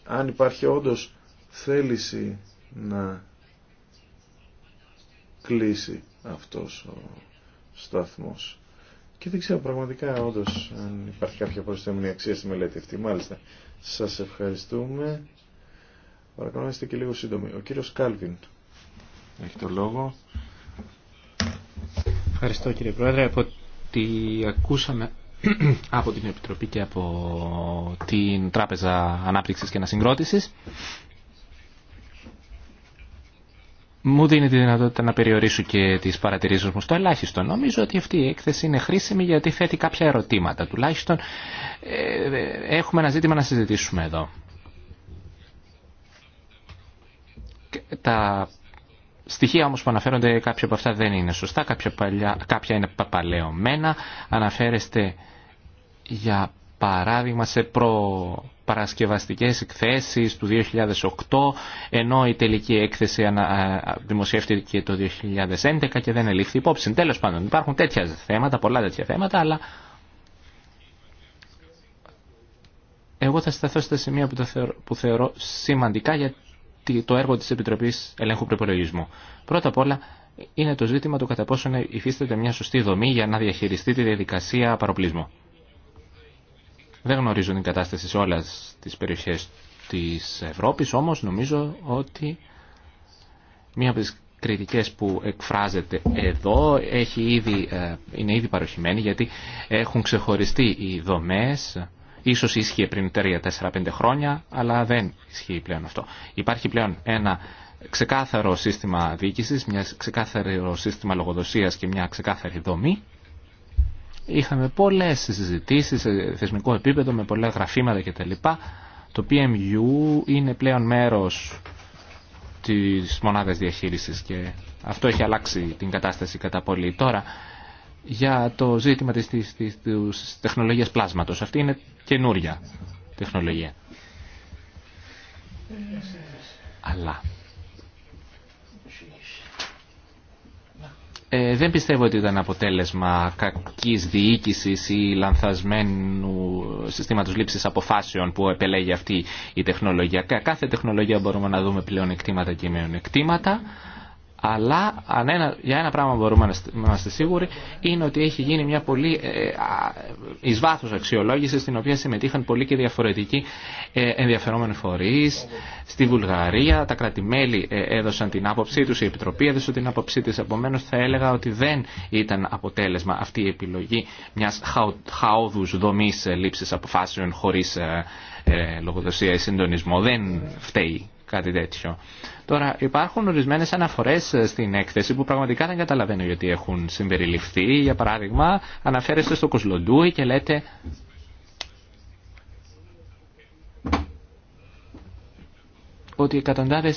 αν υπάρχει όντως θέληση να κλείσει αυτός ο σταθμός. Και δεν ξέρω πραγματικά όντω αν υπάρχει κάποια προσθέμενη αξία στη μελέτη αυτή. Μάλιστα. Σας ευχαριστούμε. Παρακαλώ να είστε και λίγο σύντομοι. Ο κύριος Κάλβιν έχει το λόγο. Ευχαριστώ κύριε Πρόεδρε. Από ό,τι ακούσαμε από την Επιτροπή και από την Τράπεζα Ανάπτυξης και Ανασυγκρότησης μου δίνει τη δυνατότητα να περιορίσω και τις παρατηρήσεις μου στο ελάχιστο. Νομίζω ότι αυτή η έκθεση είναι χρήσιμη γιατί θέτει κάποια ερωτήματα. Τουλάχιστον ε, έχουμε ένα ζήτημα να συζητήσουμε εδώ. Τα στοιχεία όμως που αναφέρονται κάποια από αυτά δεν είναι σωστά, κάποια, παλιά, κάποια είναι παπαλαιωμένα. Αναφέρεστε για παράδειγμα σε προ παρασκευαστικές εκθέσεις του 2008 ενώ η τελική έκθεση δημοσιεύτηκε το 2011 και δεν ελήφθη υπόψη. Τέλος πάντων υπάρχουν τέτοια θέματα, πολλά τέτοια θέματα αλλά εγώ θα σταθώ στα σημεία που, θεωρώ, σημαντικά για το έργο της Επιτροπής Ελέγχου Προπολογισμού. Πρώτα απ' όλα είναι το ζήτημα του κατά πόσο υφίσταται μια σωστή δομή για να διαχειριστεί τη διαδικασία παροπλισμού. Δεν γνωρίζουν την κατάσταση σε όλες τις περιοχές της Ευρώπης, όμως νομίζω ότι μία από τις κριτικές που εκφράζεται εδώ έχει ήδη, ε, είναι ήδη παροχημένη γιατί έχουν ξεχωριστεί οι δομές, ίσως ίσχυε πριν 3-4-5 χρόνια, αλλά δεν ισχύει πλέον αυτό. Υπάρχει πλέον ένα ξεκάθαρο σύστημα διοίκησης, μια ξεκάθαρο σύστημα λογοδοσίας και μια ξεκάθαρη δομή Είχαμε πολλές συζητήσεις σε θεσμικό επίπεδο με πολλά γραφήματα κτλ. Το PMU είναι πλέον μέρος της μονάδας διαχείρισης και αυτό έχει αλλάξει την κατάσταση κατά πολύ. Τώρα, για το ζήτημα της, της, της, τεχνολογίας πλάσματος. Αυτή είναι καινούρια τεχνολογία. Ε, Αλλά Ε, δεν πιστεύω ότι ήταν αποτέλεσμα κακής διοίκησης ή λανθασμένου συστήματος λήψης αποφάσεων που επελέγει αυτή η τεχνολογία. Κάθε τεχνολογία μπορούμε να δούμε πλέον εκτήματα και μειονεκτήματα αλλά αν ένα, για ένα πράγμα μπορούμε να είμαστε σίγουροι είναι ότι έχει γίνει μια πολύ ε, εις αξιολόγηση στην οποία συμμετείχαν πολλοί και διαφορετικοί ε, ενδιαφερόμενοι φορείς στη Βουλγαρία, τα κρατημέλη ε, έδωσαν την άποψή τους, η Επιτροπή έδωσε την άποψή της, επομένως θα έλεγα ότι δεν ήταν αποτέλεσμα αυτή η επιλογή μιας χαόδους δομής λήψης αποφάσεων χωρίς λογοδοσία ή συντονισμό, δεν φταίει κάτι τέτοιο. Τώρα υπάρχουν ορισμένε αναφορέ ε, στην έκθεση που πραγματικά δεν καταλαβαίνω γιατί έχουν συμπεριληφθεί. Για παράδειγμα, αναφέρεστε στο Κοσλοντούι και λέτε. ότι εκατοντάδε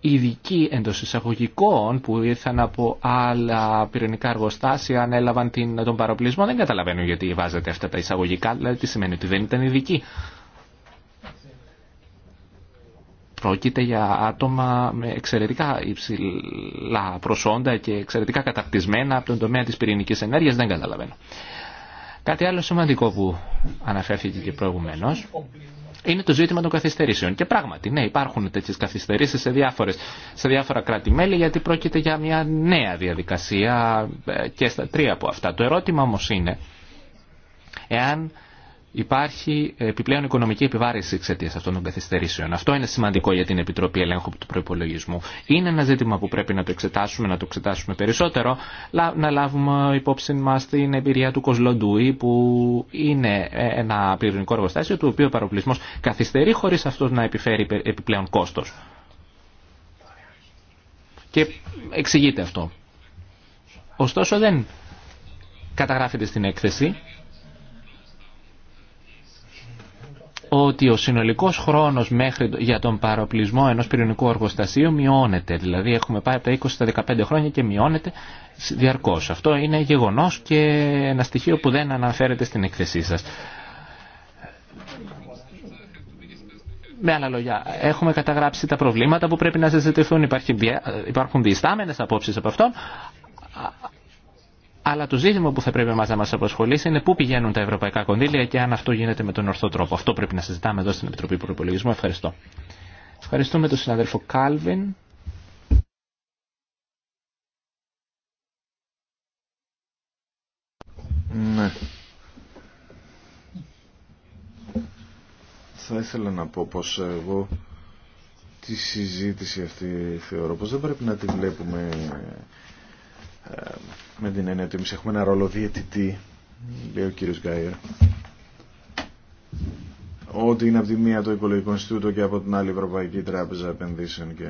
ειδικοί εντό εισαγωγικών που ήρθαν από άλλα πυρηνικά εργοστάσια ανέλαβαν την, τον παροπλισμό. Δεν καταλαβαίνω γιατί βάζετε αυτά τα εισαγωγικά, δηλαδή τι σημαίνει ότι δεν ήταν ειδικοί. Πρόκειται για άτομα με εξαιρετικά υψηλά προσόντα και εξαιρετικά καταρτισμένα από τον τομέα της πυρηνικής ενέργειας, δεν καταλαβαίνω. Κάτι άλλο σημαντικό που αναφέρθηκε και προηγουμένω είναι το ζήτημα των καθυστερήσεων. Και πράγματι, ναι, υπάρχουν τέτοιε καθυστερήσει σε, διάφορες, σε διάφορα κράτη-μέλη, γιατί πρόκειται για μια νέα διαδικασία ε, και στα τρία από αυτά. Το ερώτημα όμω είναι, εάν υπάρχει επιπλέον οικονομική επιβάρηση εξαιτία αυτών των καθυστερήσεων. Αυτό είναι σημαντικό για την Επιτροπή Ελέγχου του Προπολογισμού. Είναι ένα ζήτημα που πρέπει να το εξετάσουμε, να το εξετάσουμε περισσότερο, να λάβουμε υπόψη μα την εμπειρία του Κοσλοντούι, που είναι ένα πυρηνικό εργοστάσιο, του οποίου ο παροπλισμό καθυστερεί χωρί αυτό να επιφέρει επιπλέον κόστο. Και εξηγείται αυτό. Ωστόσο δεν καταγράφεται στην έκθεση ότι ο συνολικός χρόνος μέχρι, για τον παροπλισμό ενός πυρηνικού εργοστασίου μειώνεται. Δηλαδή έχουμε πάει από τα 20 στα 15 χρόνια και μειώνεται διαρκώς. Αυτό είναι γεγονός και ένα στοιχείο που δεν αναφέρεται στην εκθεσή σας. Με άλλα λόγια, έχουμε καταγράψει τα προβλήματα που πρέπει να συζητηθούν, ε, υπάρχουν διεστάμενες απόψεις από αυτόν, αλλά το ζήτημα που θα πρέπει εμάς να μα απασχολήσει είναι πού πηγαίνουν τα ευρωπαϊκά κονδύλια και αν αυτό γίνεται με τον ορθό τρόπο. Αυτό πρέπει να συζητάμε εδώ στην Επιτροπή Προπολογισμού. Ευχαριστώ. Ευχαριστούμε τον συναδέλφο Κάλβιν. Ναι. Θα ήθελα να πω πως εγώ τη συζήτηση αυτή θεωρώ πως δεν πρέπει να τη βλέπουμε ε, με την έννοια ότι έχουμε ένα ρόλο διαιτητή, λέει ο κύριος Γκάιερ. Ό,τι είναι από τη μία το Οικολογικό Ινστιτούτο και από την άλλη Ευρωπαϊκή Τράπεζα Επενδύσεων και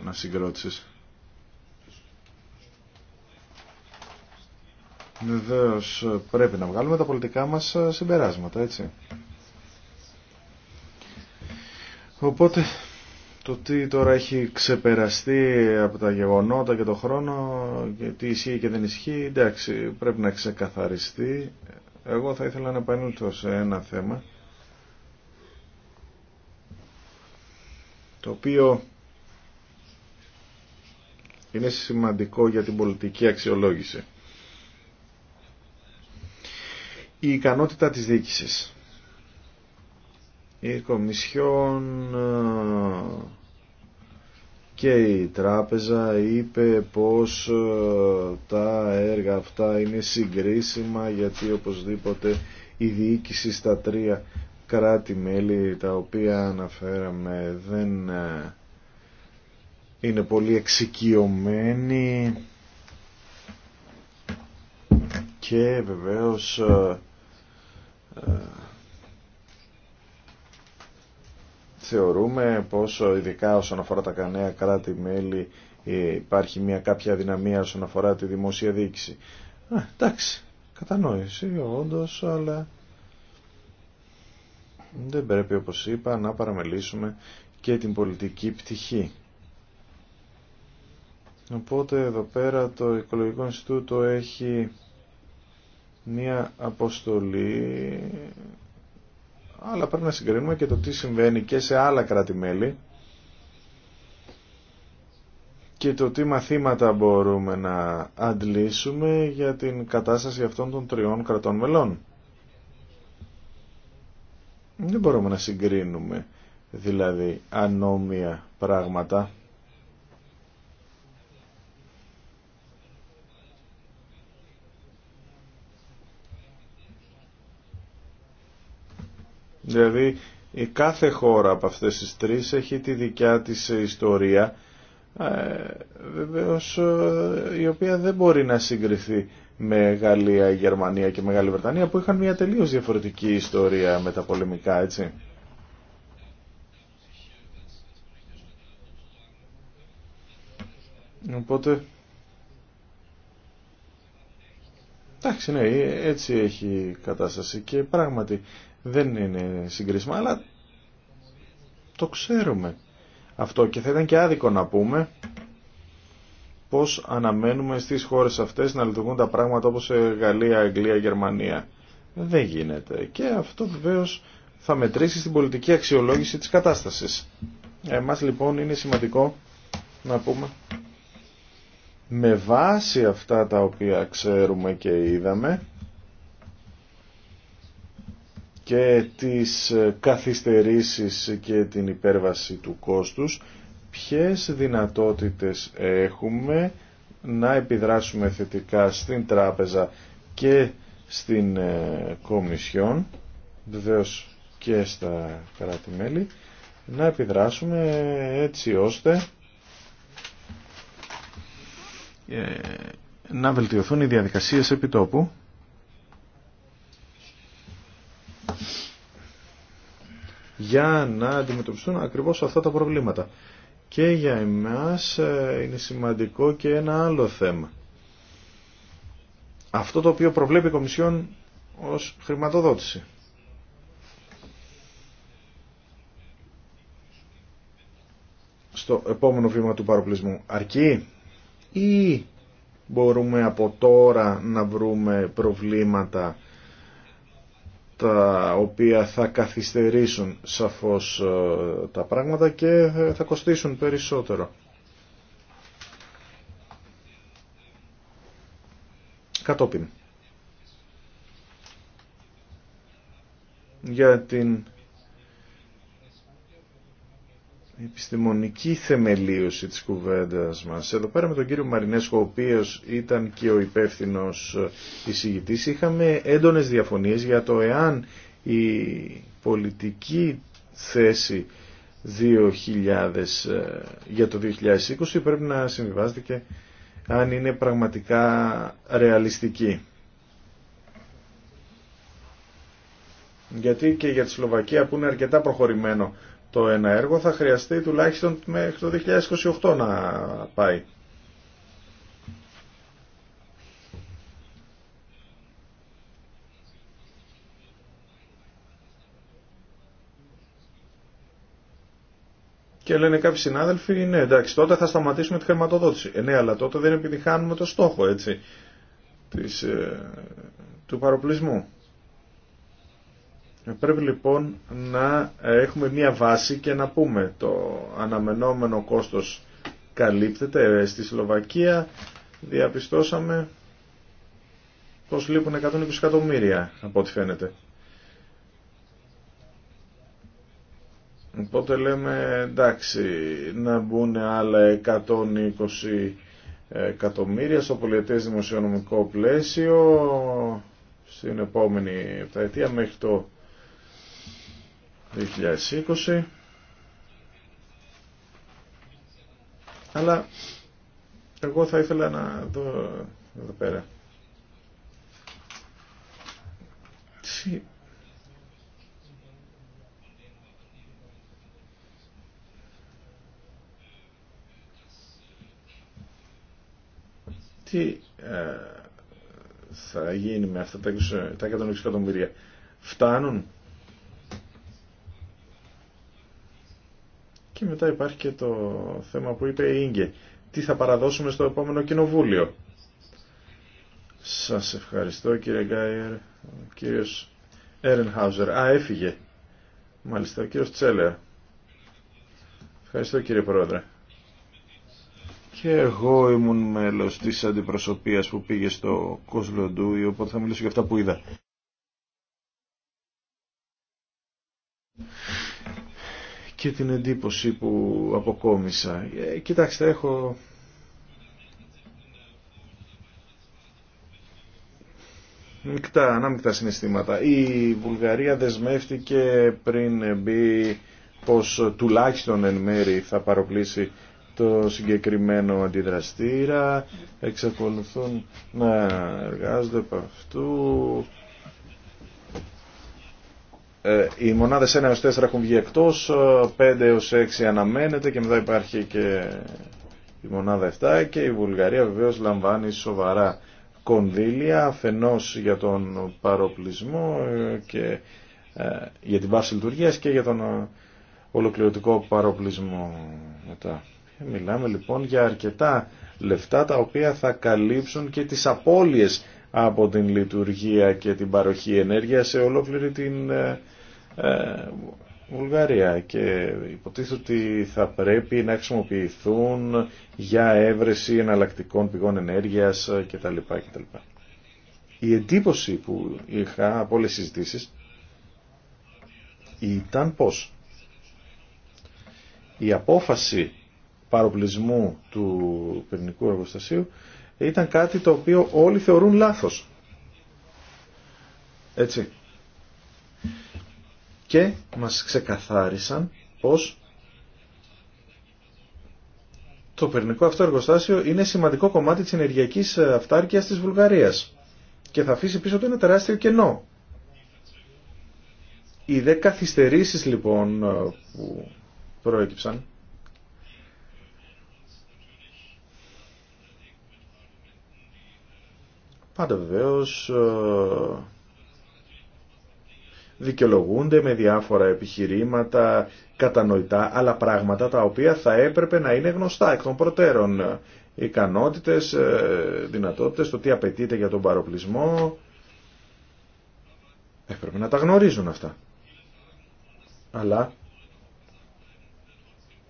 Ανασυγκρότηση. Βεβαίω πρέπει να βγάλουμε τα πολιτικά μα συμπεράσματα, έτσι. Οπότε το τι τώρα έχει ξεπεραστεί από τα γεγονότα και το χρόνο, και τι ισχύει και δεν ισχύει, εντάξει, πρέπει να ξεκαθαριστεί. Εγώ θα ήθελα να επανέλθω σε ένα θέμα, το οποίο είναι σημαντικό για την πολιτική αξιολόγηση. Η ικανότητα της διοίκησης. Η Κομισιόν και η τράπεζα είπε πως ε, τα έργα αυτά είναι συγκρίσιμα γιατί οπωσδήποτε η διοίκηση στα τρία κράτη-μέλη τα οποία αναφέραμε δεν ε, είναι πολύ εξοικειωμένη και βεβαίως ε, θεωρούμε πόσο ε, ειδικά όσον αφορά τα κανένα κράτη-μέλη ε, υπάρχει μια κάποια δυναμία όσον αφορά τη δημόσια διοίκηση. Α, εντάξει, κατανόηση όντως, αλλά δεν πρέπει όπως είπα να παραμελήσουμε και την πολιτική πτυχή. Οπότε εδώ πέρα το Οικολογικό Ινστιτούτο έχει μία αποστολή αλλά πρέπει να συγκρίνουμε και το τι συμβαίνει και σε άλλα κράτη-μέλη και το τι μαθήματα μπορούμε να αντλήσουμε για την κατάσταση αυτών των τριών κρατών μελών. Δεν μπορούμε να συγκρίνουμε δηλαδή ανώμια πράγματα Δηλαδή η κάθε χώρα από αυτές τις τρεις έχει τη δικιά της ιστορία ε, βεβαίως ε, η οποία δεν μπορεί να συγκριθεί με Γαλλία, Γερμανία και Μεγάλη Βρετανία που είχαν μια τελείως διαφορετική ιστορία με τα πολεμικά έτσι. Οπότε εντάξει ναι έτσι έχει η κατάσταση και πράγματι δεν είναι συγκρίσιμα, αλλά το ξέρουμε αυτό και θα ήταν και άδικο να πούμε πώς αναμένουμε στις χώρες αυτές να λειτουργούν τα πράγματα όπως σε Γαλλία, Αγγλία, Γερμανία. Δεν γίνεται. Και αυτό βεβαίω θα μετρήσει στην πολιτική αξιολόγηση της κατάστασης. Εμάς λοιπόν είναι σημαντικό να πούμε με βάση αυτά τα οποία ξέρουμε και είδαμε και τις ε, καθυστερήσεις και την υπέρβαση του κόστους, ποιες δυνατότητες έχουμε να επιδράσουμε θετικά στην τράπεζα και στην ε, Κομισιόν, βεβαίω και στα κράτη-μέλη, να επιδράσουμε έτσι ώστε ε, να βελτιωθούν οι διαδικασίες επιτόπου για να αντιμετωπιστούν ακριβώς αυτά τα προβλήματα. Και για εμάς ε, είναι σημαντικό και ένα άλλο θέμα. Αυτό το οποίο προβλέπει η Κομισιόν ως χρηματοδότηση. Στο επόμενο βήμα του παροπλισμού αρκεί ή μπορούμε από τώρα να βρούμε προβλήματα τα οποία θα καθυστερήσουν σαφώς ε, τα πράγματα και ε, θα κοστίσουν περισσότερο. Κατόπιν. Για την επιστημονική θεμελίωση της κουβέντας μας. Εδώ πέρα με τον κύριο Μαρινέσκο, ο οποίος ήταν και ο υπεύθυνος εισηγητής, είχαμε έντονες διαφωνίες για το εάν η πολιτική θέση 2000, ε, για το 2020 πρέπει να συμβιβάζεται και αν είναι πραγματικά ρεαλιστική. Γιατί και για τη Σλοβακία που είναι αρκετά προχωρημένο το ένα έργο θα χρειαστεί τουλάχιστον μέχρι το 2028 να πάει. Και λένε κάποιοι συνάδελφοι, ναι εντάξει τότε θα σταματήσουμε τη χρηματοδότηση. Ε, ναι αλλά τότε δεν επιτυχάνουμε το στόχο έτσι της, ε, του παροπλισμού. Πρέπει λοιπόν να έχουμε μία βάση και να πούμε το αναμενόμενο κόστος καλύπτεται. Στη Σλοβακία διαπιστώσαμε πως λείπουν 120 εκατομμύρια από ό,τι φαίνεται. Οπότε λέμε εντάξει να μπουν άλλα 120 εκατομμύρια στο πολιετές δημοσιονομικό πλαίσιο στην επόμενη επταετία μέχρι το 2020 αλλά εγώ θα ήθελα να δω εδώ πέρα τι τι ε, θα γίνει με αυτά τα 160 εκατομμύρια φτάνουν μετά υπάρχει και το θέμα που είπε η Ίγκε. Τι θα παραδώσουμε στο επόμενο κοινοβούλιο. Σας ευχαριστώ κύριε Γκάιερ. Ο κύριος Έρενχάουζερ. Α, έφυγε. Μάλιστα, ο κύριος Τσέλερ. Ευχαριστώ κύριε Πρόεδρε. Και εγώ ήμουν μέλος της αντιπροσωπείας που πήγε στο Κοσλοντού, οπότε θα μιλήσω για αυτά που είδα. και την εντύπωση που αποκόμισα. Ε, κοιτάξτε, έχω... Μικτά, ανάμεικτα συναισθήματα. Η Βουλγαρία δεσμεύτηκε πριν μπει πως τουλάχιστον εν μέρη θα παροπλήσει το συγκεκριμένο αντιδραστήρα. Εξακολουθούν να εργάζονται από αυτού. Ε, οι μονάδε 1 έω 4 έχουν βγει εκτό, 5 έω 6 αναμένεται και μετά υπάρχει και η μονάδα 7 και η Βουλγαρία βεβαίω λαμβάνει σοβαρά κονδύλια Αφενό για τον παροπλισμό ε, και ε, για την πάυση λειτουργία και για τον ολοκληρωτικό παροπλισμό μετά. Μιλάμε λοιπόν για αρκετά λεφτά τα οποία θα καλύψουν και τις απώλειες από την λειτουργία και την παροχή ενέργειας σε ολόκληρη την ε, ε, Βουλγαρία και υποτίθεται ότι θα πρέπει να χρησιμοποιηθούν για έβρεση εναλλακτικών πηγών ενέργειας ε, κτλ. κτλ. Η εντύπωση που είχα από όλες τις συζητήσεις ήταν πως η απόφαση παροπλισμού του πυρηνικού εργοστασίου ήταν κάτι το οποίο όλοι θεωρούν λάθος. Έτσι. Και μας ξεκαθάρισαν πως το πυρνικό αυτό εργοστάσιο είναι σημαντικό κομμάτι της ενεργειακής ε, αυτάρκειας της Βουλγαρίας και θα αφήσει πίσω του ένα τεράστιο κενό. Οι δε καθυστερήσεις λοιπόν ε, που προέκυψαν Πάντα βεβαίω ε, δικαιολογούνται με διάφορα επιχειρήματα κατανοητά, αλλά πράγματα τα οποία θα έπρεπε να είναι γνωστά εκ των προτέρων. Ικανότητες, ε, δυνατότητες, το τι απαιτείται για τον παροπλισμό. Έπρεπε να τα γνωρίζουν αυτά. Αλλά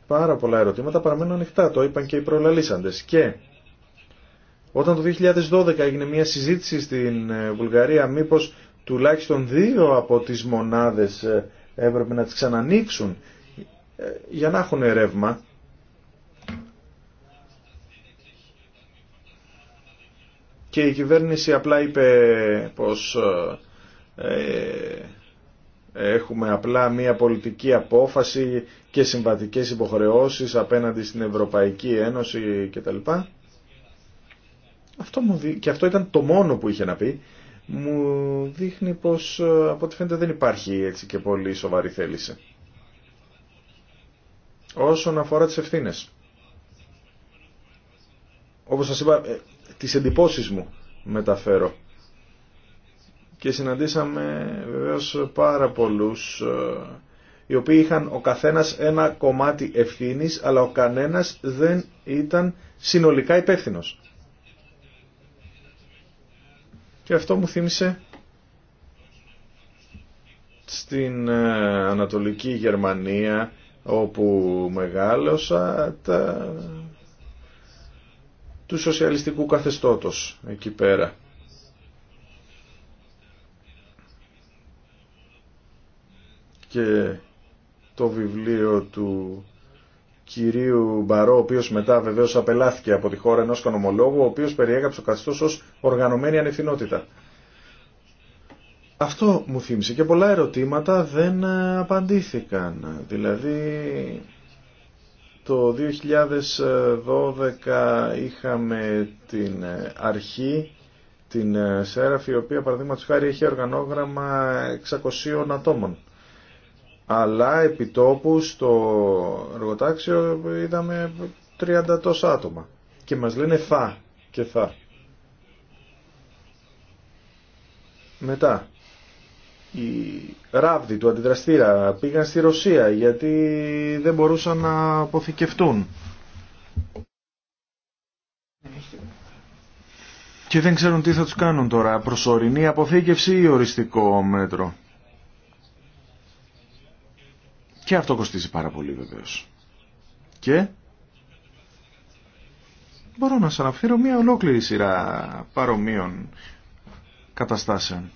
πάρα πολλά ερωτήματα παραμένουν ανοιχτά, το είπαν και οι προλαλήσαντες. Και όταν το 2012 έγινε μια συζήτηση στην ε, Βουλγαρία μήπως τουλάχιστον δύο από τις μονάδες ε, έπρεπε να τις ξανανοίξουν ε, για να έχουν ρεύμα. Και η κυβέρνηση απλά είπε πως έχουμε απλά μια πολιτική απόφαση και συμβατικές υποχρεώσεις απέναντι στην Ευρωπαϊκή Ένωση κτλ. Αυτό μου και αυτό ήταν το μόνο που είχε να πει. Μου δείχνει πως ε, από ό,τι φαίνεται δεν υπάρχει έτσι και πολύ σοβαρή θέληση. Όσον αφορά τις ευθύνες. Όπως σας είπα, ε, τις εντυπώσεις μου μεταφέρω. Και συναντήσαμε βεβαίως πάρα πολλούς ε, οι οποίοι είχαν ο καθένας ένα κομμάτι ευθύνης αλλά ο κανένας δεν ήταν συνολικά υπεύθυνος. Και αυτό μου θύμισε στην ε, Ανατολική Γερμανία όπου μεγάλωσα τα... του σοσιαλιστικού καθεστώτος εκεί πέρα. Και το βιβλίο του κυρίου Μπαρό, ο οποίο μετά βεβαίως απελάθηκε από τη χώρα ενός κανομολόγου, ο οποίο περιέγραψε το καθεστώ ως οργανωμένη ανευθυνότητα. Αυτό μου θύμισε και πολλά ερωτήματα δεν απαντήθηκαν. Δηλαδή το 2012 είχαμε την αρχή, την Σέραφη, η οποία παραδείγματος χάρη είχε οργανόγραμμα 600 ατόμων αλλά επιτόπου στο εργοτάξιο είδαμε 30 τόσα άτομα και μας λένε θα και θα. Μετά, οι ράβδοι του αντιδραστήρα πήγαν στη Ρωσία γιατί δεν μπορούσαν να αποθηκευτούν. Και δεν ξέρουν τι θα τους κάνουν τώρα, προσωρινή αποθήκευση ή οριστικό μέτρο. Και αυτό κοστίζει πάρα πολύ βεβαίως. Και μπορώ να σας αναφέρω μια ολόκληρη σειρά παρομοίων καταστάσεων.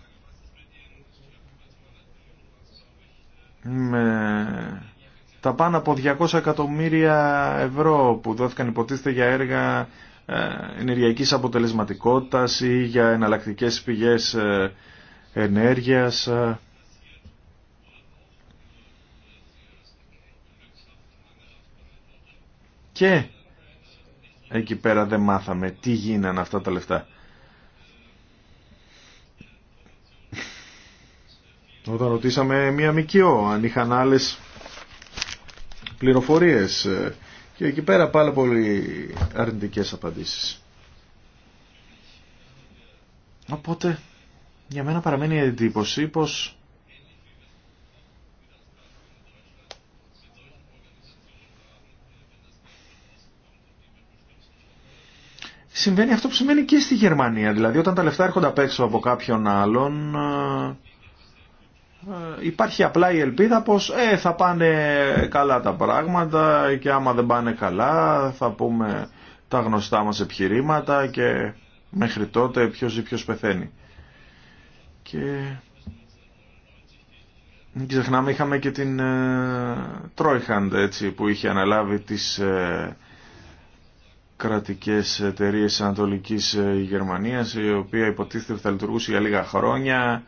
Με τα πάνω από 200 εκατομμύρια ευρώ που δόθηκαν υποτίθεται για έργα ε, ενεργειακής αποτελεσματικότητας ή για εναλλακτικές πηγές ε, ενέργειας ε, και εκεί πέρα δεν μάθαμε τι γίνανε αυτά τα λεφτά. Όταν ρωτήσαμε μία μικιό αν είχαν άλλες πληροφορίες ε, και εκεί πέρα πάλι πολύ αρνητικές απαντήσεις. Οπότε για μένα παραμένει η εντύπωση πως συμβαίνει αυτό που συμβαίνει και στη Γερμανία. Δηλαδή όταν τα λεφτά έρχονται απ' έξω από κάποιον άλλον ε, ε, υπάρχει απλά η ελπίδα πως ε, θα πάνε καλά τα πράγματα και άμα δεν πάνε καλά θα πούμε τα γνωστά μας επιχειρήματα και μέχρι τότε ποιος ή ποιος πεθαίνει. Και μην ξεχνάμε είχαμε και την ε, Τρόιχαντ έτσι, που είχε αναλάβει τις ε, κρατικές εταιρείε Ανατολικής ε, Γερμανίας η οποία υποτίθεται ότι θα λειτουργούσε για λίγα χρόνια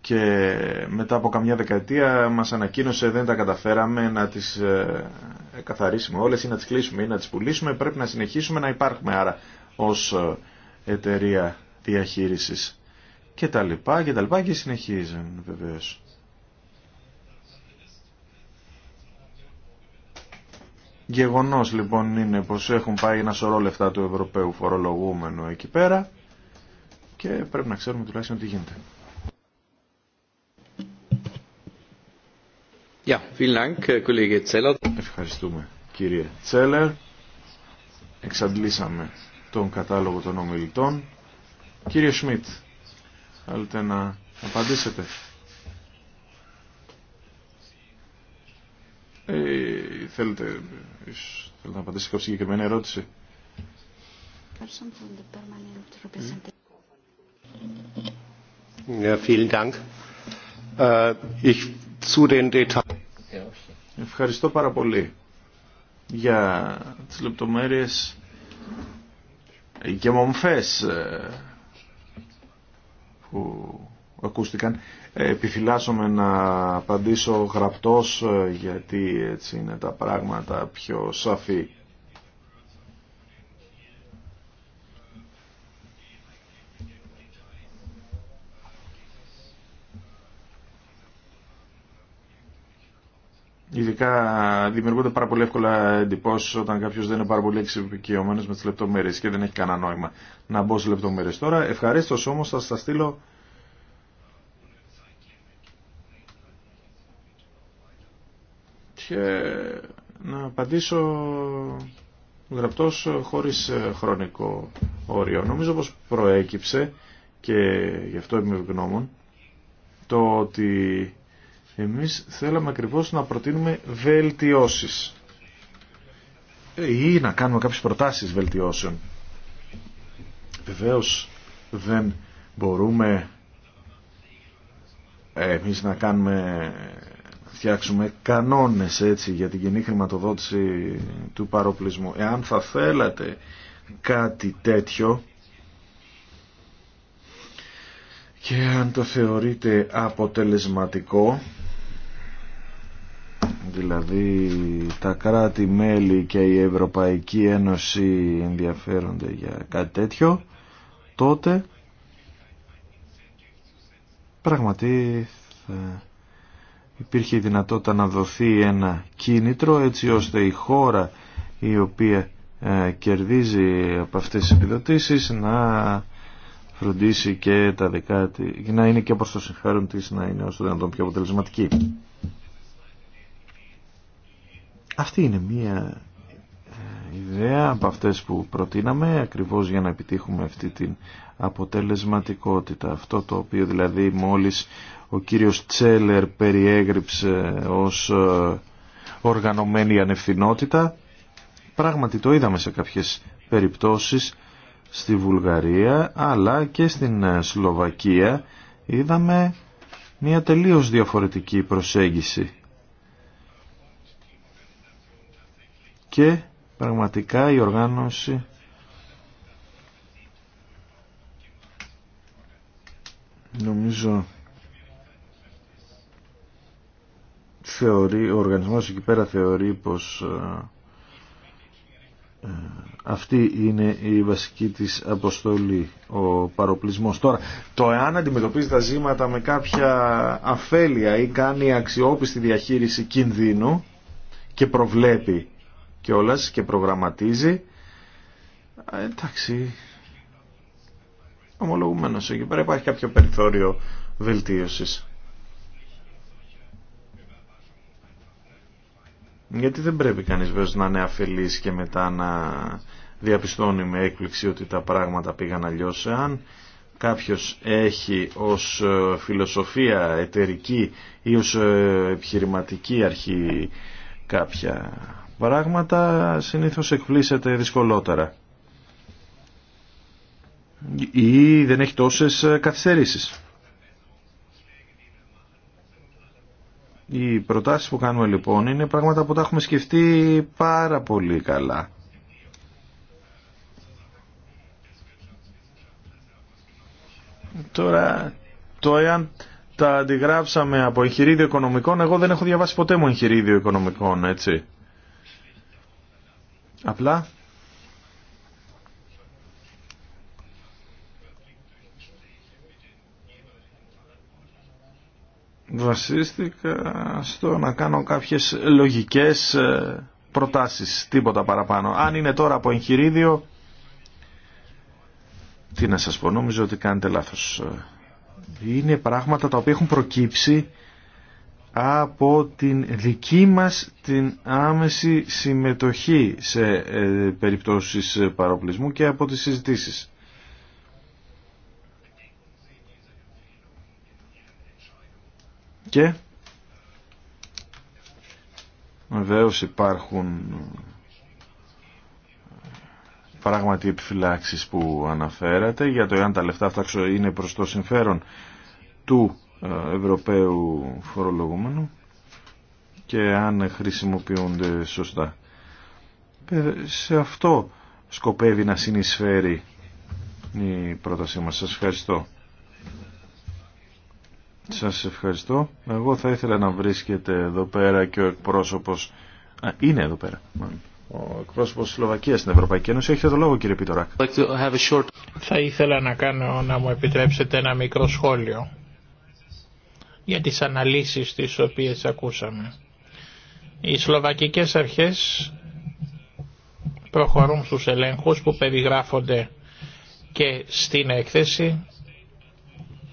και μετά από καμιά δεκαετία μας ανακοίνωσε δεν τα καταφέραμε να τις ε, καθαρίσουμε όλες ή να τις κλείσουμε ή να τις πουλήσουμε πρέπει να συνεχίσουμε να υπάρχουμε άρα ως ε, εταιρεία διαχείρισης και τα λοιπά και τα λοιπά και συνεχίζουν βεβαίως. Γεγονός λοιπόν είναι πως έχουν πάει ένα σωρό λεφτά του Ευρωπαίου φορολογούμενου εκεί πέρα και πρέπει να ξέρουμε τουλάχιστον τι γίνεται. vielen Ευχαριστούμε κύριε Τσέλερ. Εξαντλήσαμε τον κατάλογο των ομιλητών. Κύριε Σμιτ, θέλετε να απαντήσετε. Ε, θέλετε Θέλω να να σε κάποια συγκεκριμένη ερώτηση. Äh, Ευχαριστώ πάρα πολύ για τις λεπτομέρειες και μομφές ε, που ακούστηκαν. Ε, επιφυλάσσομαι να απαντήσω γραπτός ε, γιατί έτσι είναι τα πράγματα πιο σαφή. Ειδικά δημιουργούνται πάρα πολύ εύκολα εντυπώσει όταν κάποιο δεν είναι πάρα πολύ εξοικειωμένο με τι λεπτομέρειε και δεν έχει κανένα νόημα να μπω σε λεπτομέρειε. Τώρα ευχαρίστω όμω θα σα στείλω και να απαντήσω γραπτός χωρίς χρονικό όριο. Νομίζω πως προέκυψε και γι' αυτό είμαι ευγνώμων το ότι εμείς θέλαμε ακριβώς να προτείνουμε βελτιώσεις ε, ή να κάνουμε κάποιες προτάσεις βελτιώσεων. Βεβαίως δεν μπορούμε ε, εμείς να κάνουμε φτιάξουμε κανόνες έτσι για την κοινή χρηματοδότηση του παροπλισμού. Εάν θα θέλατε κάτι τέτοιο και αν το θεωρείτε αποτελεσματικό δηλαδή τα κράτη-μέλη και η Ευρωπαϊκή Ένωση ενδιαφέρονται για κάτι τέτοιο τότε πραγματικά θα υπήρχε η δυνατότητα να δοθεί ένα κίνητρο έτσι ώστε η χώρα η οποία ε, κερδίζει από αυτές τις επιδοτήσεις να φροντίσει και τα δικά της, να είναι και προς το συμφέρον της να είναι όσο δυνατόν πιο αποτελεσματική. Αυτή είναι μία ε, ιδέα από αυτές που προτείναμε ακριβώς για να επιτύχουμε αυτή την αποτελεσματικότητα. Αυτό το οποίο δηλαδή μόλις ο κύριος Τσέλερ περιέγριψε ως ε, οργανωμένη ανευθυνότητα. Πράγματι το είδαμε σε κάποιες περιπτώσεις στη Βουλγαρία αλλά και στην ε, Σλοβακία είδαμε μια τελείως διαφορετική προσέγγιση. Και πραγματικά η οργάνωση νομίζω θεωρεί, ο οργανισμός εκεί πέρα θεωρεί πως ε, ε, αυτή είναι η βασική της αποστολή, ο παροπλισμός. Τώρα, το εάν αντιμετωπίζει τα ζήματα με κάποια αφέλεια ή κάνει αξιόπιστη διαχείριση κινδύνου και προβλέπει και κιόλας και προγραμματίζει, ε, εντάξει, ομολογουμένως εκεί πέρα υπάρχει κάποιο περιθώριο βελτίωσης. Γιατί δεν πρέπει κανείς βέβαια να είναι αφελής και μετά να διαπιστώνει με έκπληξη ότι τα πράγματα πήγαν αλλιώς. Αν κάποιος έχει ως ε, φιλοσοφία εταιρική ή ως ε, επιχειρηματική αρχή κάποια πράγματα, συνήθως εκπλήσεται δυσκολότερα. Ή δεν έχει τόσες ε, καθυστερήσεις. Οι προτάσεις που κάνουμε λοιπόν είναι πράγματα που τα έχουμε σκεφτεί πάρα πολύ καλά. Τώρα, το εάν τα αντιγράψαμε από εγχειρίδιο οικονομικών, εγώ δεν έχω διαβάσει ποτέ μου εγχειρίδιο οικονομικών, έτσι. Απλά βασίστηκα στο να κάνω κάποιες λογικές ε, προτάσεις, τίποτα παραπάνω. Αν είναι τώρα από εγχειρίδιο, τι να σας πω, νομίζω ότι κάνετε λάθος. Είναι πράγματα τα οποία έχουν προκύψει από την δική μας την άμεση συμμετοχή σε ε, περιπτώσεις παροπλισμού και από τις συζητήσεις. Και βεβαίω υπάρχουν ε, πράγματι επιφυλάξεις που αναφέρατε για το εάν τα λεφτά αυτά είναι προς το συμφέρον του ε, Ευρωπαίου φορολογούμενου και αν χρησιμοποιούνται σωστά. Ε, σε αυτό σκοπεύει να συνεισφέρει η πρότασή μας. Σας ευχαριστώ. Σας ευχαριστώ. Εγώ θα ήθελα να βρίσκεται εδώ πέρα και ο εκπρόσωπος... Α, είναι εδώ πέρα. Ο εκπρόσωπος της Σλοβακίας στην Ευρωπαϊκή Ένωση. Έχετε το λόγο κύριε Πίτορα. Θα ήθελα να κάνω, να μου επιτρέψετε ένα μικρό σχόλιο για τις αναλύσεις τις οποίες ακούσαμε. Οι Σλοβακικές αρχές προχωρούν στους ελέγχους που περιγράφονται και στην έκθεση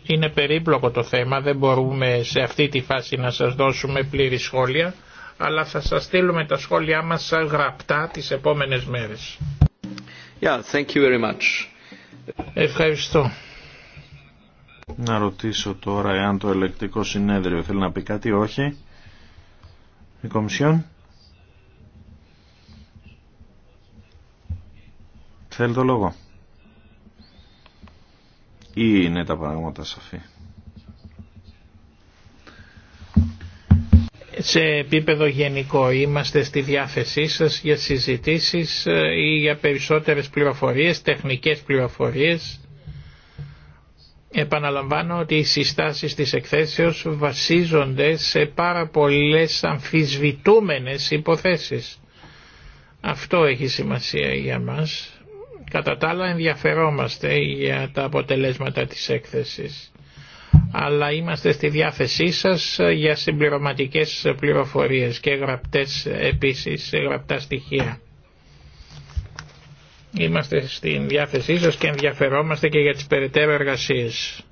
είναι περίπλοκο το θέμα, δεν μπορούμε σε αυτή τη φάση να σας δώσουμε πλήρη σχόλια, αλλά θα σας στείλουμε τα σχόλιά μας σαν γραπτά τις επόμενες μέρες. Yeah, thank you very much. Ευχαριστώ. Να ρωτήσω τώρα εάν το ελεκτικό συνέδριο θέλει να πει κάτι, όχι. Η Κομισιόν. Θέλει το λόγο ή είναι τα πράγματα σαφή. σε επίπεδο γενικό είμαστε στη διάθεσή σας για συζητήσεις ε, ή για περισσότερες πληροφορίες, τεχνικές πληροφορίες. Επαναλαμβάνω ότι οι συστάσεις της εκθέσεως βασίζονται σε πάρα πολλές αμφισβητούμενες υποθέσεις. Αυτό έχει σημασία για μας. Κατά τα άλλα ενδιαφερόμαστε για τα αποτελέσματα της έκθεσης. Αλλά είμαστε στη διάθεσή σας για συμπληρωματικές πληροφορίες και γραπτές επίσης, γραπτά στοιχεία. Είμαστε στη διάθεσή σας και ενδιαφερόμαστε και για τις περαιτέρω εργασίες.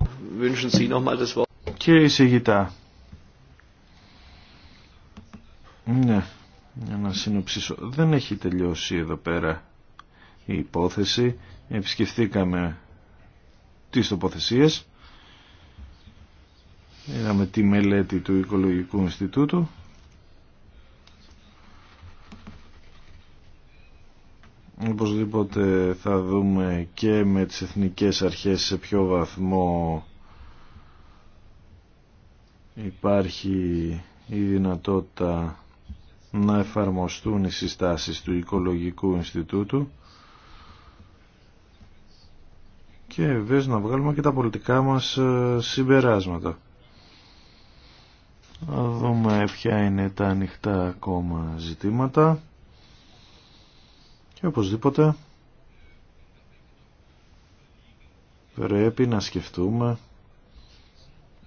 Κύριε Ισηγητά, ναι, για να συνοψίσω, δεν έχει τελειώσει εδώ πέρα η υπόθεση. Επισκεφθήκαμε τις τοποθεσίες. Είδαμε τη μελέτη του Οικολογικού Ινστιτούτου. Οπωσδήποτε θα δούμε και με τις εθνικές αρχές σε ποιο βαθμό υπάρχει η δυνατότητα να εφαρμοστούν οι συστάσεις του Οικολογικού Ινστιτούτου και βέβαια να βγάλουμε και τα πολιτικά μας ε, συμπεράσματα. Να δούμε ποια είναι τα ανοιχτά ακόμα ζητήματα και οπωσδήποτε πρέπει να σκεφτούμε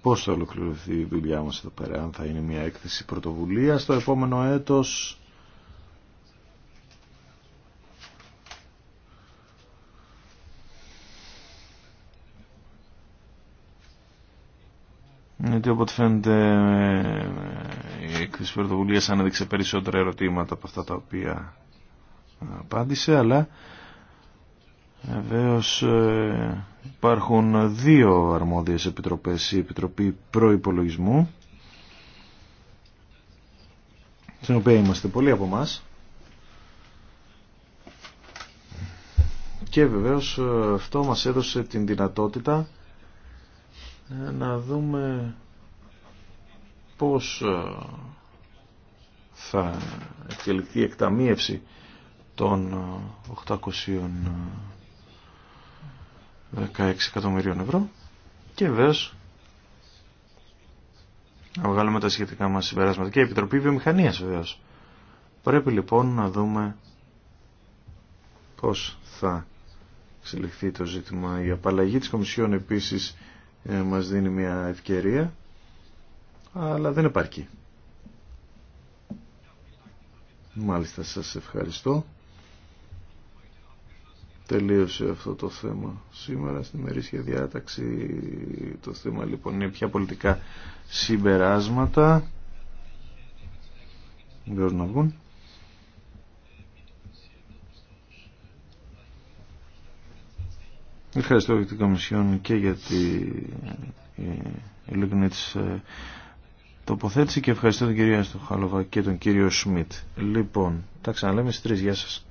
πώς θα ολοκληρωθεί η δουλειά μας εδώ πέρα, αν θα είναι μια έκθεση πρωτοβουλία στο επόμενο έτος Γιατί όποτε φαίνεται ε, η έκθεση πρωτοβουλία ανέδειξε περισσότερα ερωτήματα από αυτά τα οποία απάντησε, αλλά βεβαίω ε, υπάρχουν δύο αρμόδιες επιτροπές, η Επιτροπή Προϋπολογισμού, στην οποία είμαστε πολλοί από εμά. Και βεβαίως ε, αυτό μας έδωσε την δυνατότητα ε, να δούμε πώς ε, θα εξελιχθεί η εκταμίευση των 816 ε, εκατομμυρίων ευρώ και βέβαια να βγάλουμε τα σχετικά μας συμπεράσματα και η Επιτροπή Βιομηχανίας βεβαίω. Πρέπει λοιπόν να δούμε πώς θα εξελιχθεί το ζήτημα. Η απαλλαγή της Κομισιόν επίσης ε, μας δίνει μια ευκαιρία, αλλά δεν επαρκεί. Μάλιστα σας ευχαριστώ. Τελείωσε αυτό το θέμα σήμερα στη μερίσια διάταξη. Το θέμα λοιπόν είναι ποια πολιτικά συμπεράσματα. Δεν να Ευχαριστώ για την Κομισιόν και για τη ειλικρινή τη ε, τοποθέτηση και ευχαριστώ την κυρία Στοχάλοβα και τον κύριο Σμιτ. Λοιπόν, τα ξαναλέμε στι 3. Γεια σας.